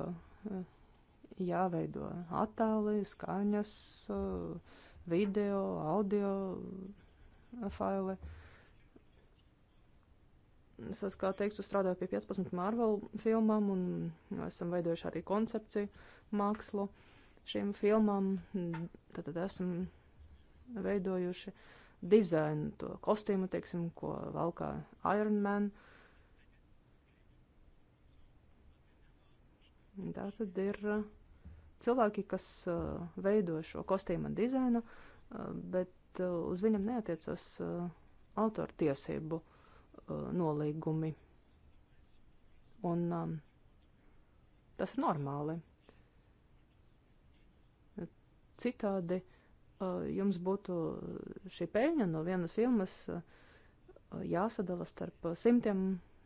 Jāveido attēli, skaņas, video, audio faili. Es, kā teiktu, strādāju pie 15 Marvel filmām un esam veidojuši arī koncepciju mākslu šīm filmām. Tad, tad esam veidojuši dizainu, to kostīmu, teiksim, ko valkā Iron Man. Tā tad ir uh, cilvēki, kas uh, veido šo kostīmu dizainu, uh, bet bet eh, uz viņam neatiecas eh, autortiesību eh, nolīgumi. Un tas ir normāli. Citādi jums būtu šī peļņa no vienas filmas jāsadala starp simtiem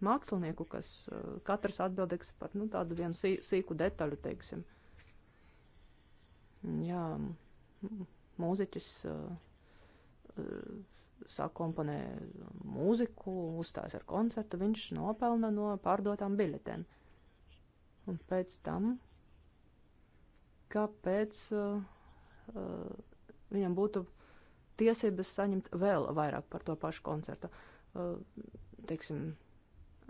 mākslinieku, kas katrs atbildīgs par nu, tādu vienu sī, sīku detaļu, teiksim. Jā, mūziķis uh, sakomponē mūziku, uzstājas ar koncertu, viņš nopelna no pārdotām biļetēm. Un pēc tam, kāpēc uh, uh viņam būtu tiesības saņemt vēl vairāk par to pašu koncertu? Uh, teiksim,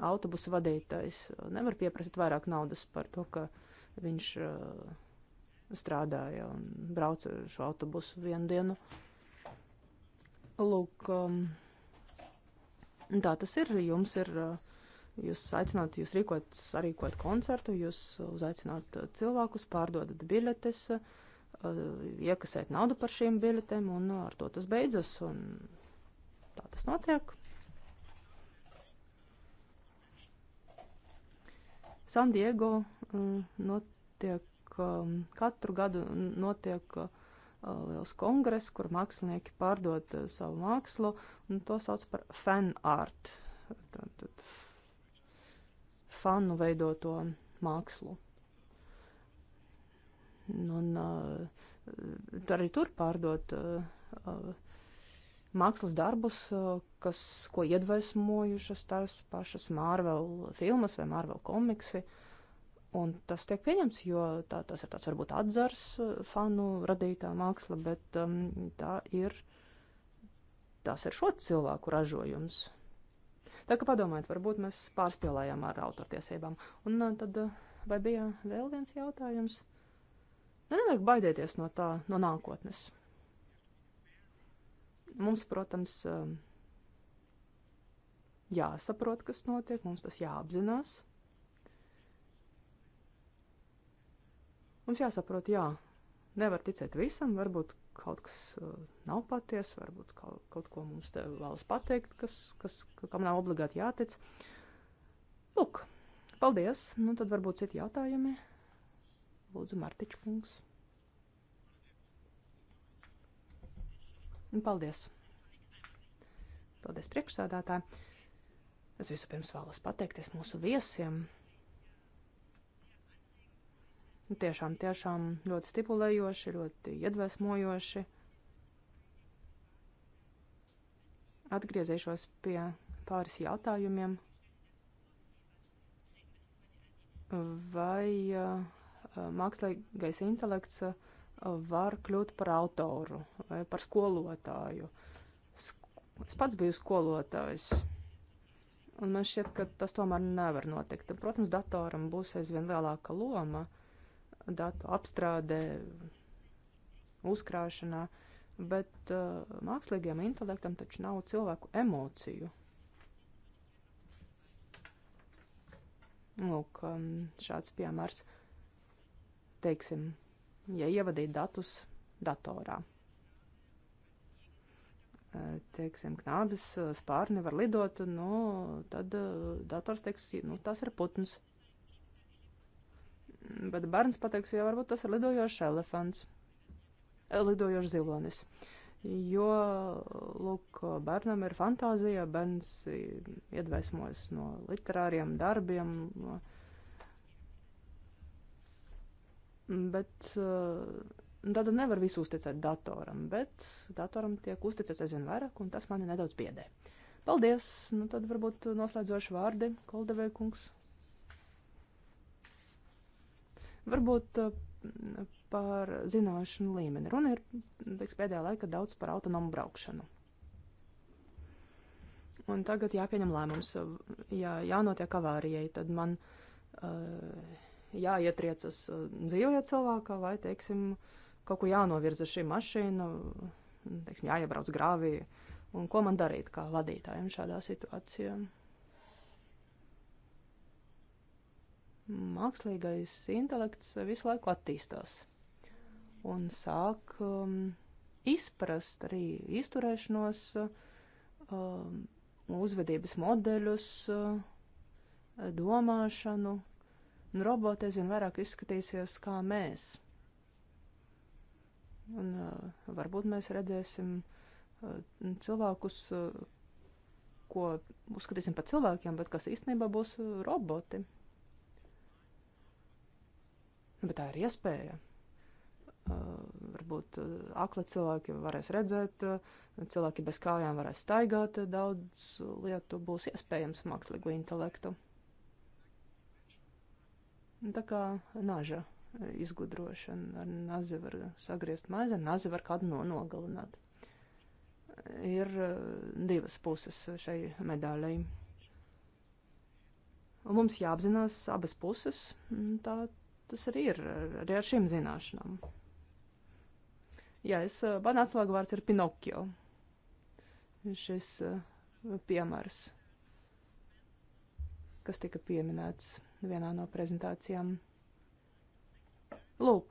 autobusa vadītājs nevar pieprasīt vairāk naudas par to, ka viņš uh, strādāja un brauca šo autobusu vienu dienu. Uh, Lūk, um, tā tas ir. Jums ir, uh, jūs aicināt, jūs rīkot, sarīkot koncertu, jūs uzaicināt uh, cilvēkus, pārdodat biļetes, uh, iekasēt naudu par šīm biļetēm, un ar to tas beidzas, un tā tas notiek. San Diego notiek, um, katru gadu notiek liels kongress, kur mākslinieki pārdod savu mākslu, un to sauc par fan art, tātad fanu veidoto mākslu. Un arī tur pārdot mākslas darbus, kas, ko iedvesmojušas tās pašas Marvel filmas vai Marvel komiksi. Uh, Un tas tiek pieņemts, jo tā, tas ir tāds varbūt atzars eh, fanu radītā māksla, bet um, tā ir, tas ir šo cilvēku ražojums. Tā kā padomājiet, varbūt mēs pārspēlējām ar autortiesībām. Un uh, tad eh, vai bija vēl viens jautājums? Ne, nu, nevajag baidēties no tā, no nākotnes. Mums, protams, jāsaprot, kas notiek, mums tas jāapzinās. Mums jāsaprot, jā, nevar ticēt visam, varbūt kaut kas uh, nav patiesa, varbūt kaut, kaut ko mums te vēlas pateikt, kas, kas, kam nav obligāti jātic. Lūk, paldies. Nu, tad varbūt citi jautājumi. Lūdzu, Martičkungs. Un paldies. Paldies priekšsādātāji. Es visu pirms vēlos pateikties mūsu viesiem. Nu, tiešām, tiešām ļoti stimulējoši, ļoti iedvesmojoši. Atgriezīšos pie pāris jautājumiem. Vai uh, mākslīgais intelekts uh, var kļūt par autoru vai par skolotāju? Sk es pats biju skolotājs. Un man šķiet, ka tas tomēr nevar notikt. Protams, datoram būs aizvien lielāka loma. Uh, datu apstrādē, uzkrāšanā, bet uh, mākslīgiem intelektam taču nav cilvēku emociju. Lūk, um, šāds piemērs, teiksim, ja ievadīt datus datorā. Uh, teiksim, knābis uh, spārni var lidot, nu, tad uh, dators teiks, nu, tas ir putns, Bet bērns pateiks, jā, varbūt tas ir lidojošs elefants, eh, lidojošs zilonis. Jo, lūk, bērnam ir fantāzija, bērns iedvesmojas no literāriem darbiem. Bet eh, tad nevar visu uzticēt datoram, bet datoram tiek uzticēts aizvien vairāk, un tas mani nedaudz biedē. Paldies! Nu, tad varbūt noslēdzoši vārdi, Koldevei kungs. Varbūt eh, par zināšanu līmeni. Runa ir teiks, pēdējā laika daudz par autonomu braukšanu. Un tagad jāpieņem lēmums. Eh, ja jānotiek avārijai, tad man uh, jāietriecas dzīvajā cilvēkā vai, teiksim, kaut kur jānovirza šī mašīna, teiksim, jāiebrauc grāvī. Un ko man darīt kā vadītājiem šādā situācijā? mākslīgais intelekts visu laiku attīstās un sāk um, izprast arī izturēšanos, um, uzvedības modeļus, uh, domāšanu, un roboti aizvien vairāk izskatīsies kā mēs. Un uh, varbūt mēs redzēsim uh, cilvēkus, uh, ko uzskatīsim par cilvēkiem, bet kas īstenībā būs uh, roboti. Bet tā ir iespēja. Uh, varbūt uh, akli cilvēki varēs redzēt, uh, cilvēki bez kājām varēs staigāt, uh, daudz lietu būs iespējams mākslīgo intelektu. Tā kā naža izgudrošana, ar nazi var sagriezt maizi, ar nazi var kādu no nogalināt. Ir uh, divas puses šai medaļai. Un mums jāapzinās abas puses, tā tas arī ir arī ar šīm zināšanām. Jā, es, man eh, atslēgu vārds ir Pinokio. Šis eh, piemērs, kas tika pieminēts vienā no prezentācijām. Lūk,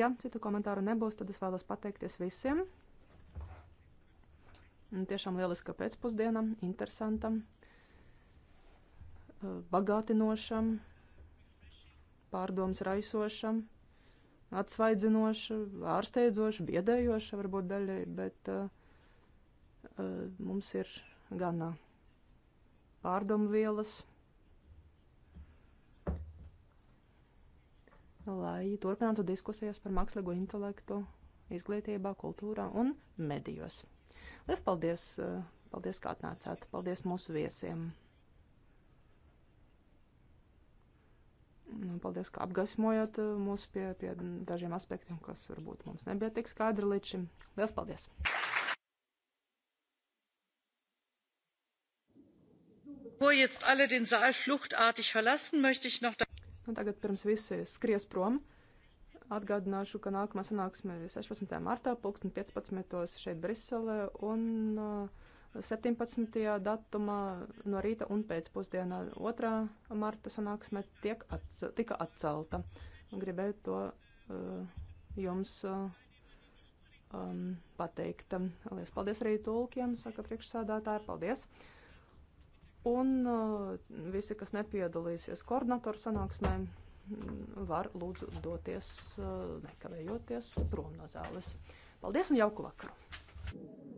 ja citu komentāru nebūs, tad es vēlos pateikties visiem. Un tiešām lieliska pēcpusdiena, interesanta, eh, bagātinoša pārdoms raisoša, atsvaidzinoša, ārsteidzoša, biedējoša varbūt daļai, bet uh, mums ir ganā pārdomu vielas, lai turpinātu diskusijas par mākslīgo intelektu izglītībā, kultūrā un medijos. Lies paldies, eh, paldies, ka atnācāt, paldies mūsu viesiem! Nu, paldies, ka apgaismojāt eh, mūs pie, pie dažiem aspektiem, kas varbūt mums nebija tik skaidri līdz šim. Lielas paldies! Nu, tagad pirms visi skries prom, atgādināšu, ka nākamā sanāksme ir 16. martā, 2015. šeit Briselē, un uh, 17. datumā no rīta un pēcpusdienā 2. marta sanāksme tiek atc tika atcelta. Gribēju to uh, jums uh, um, pateikt. Lies paldies arī tulkiem, saka priekšsādātāja, paldies. Un uh, visi, kas nepiedalīsies koordinatoru sanāksmē, var lūdzu doties uh, nekavējoties prom no zāles. Paldies un jauku vakaru!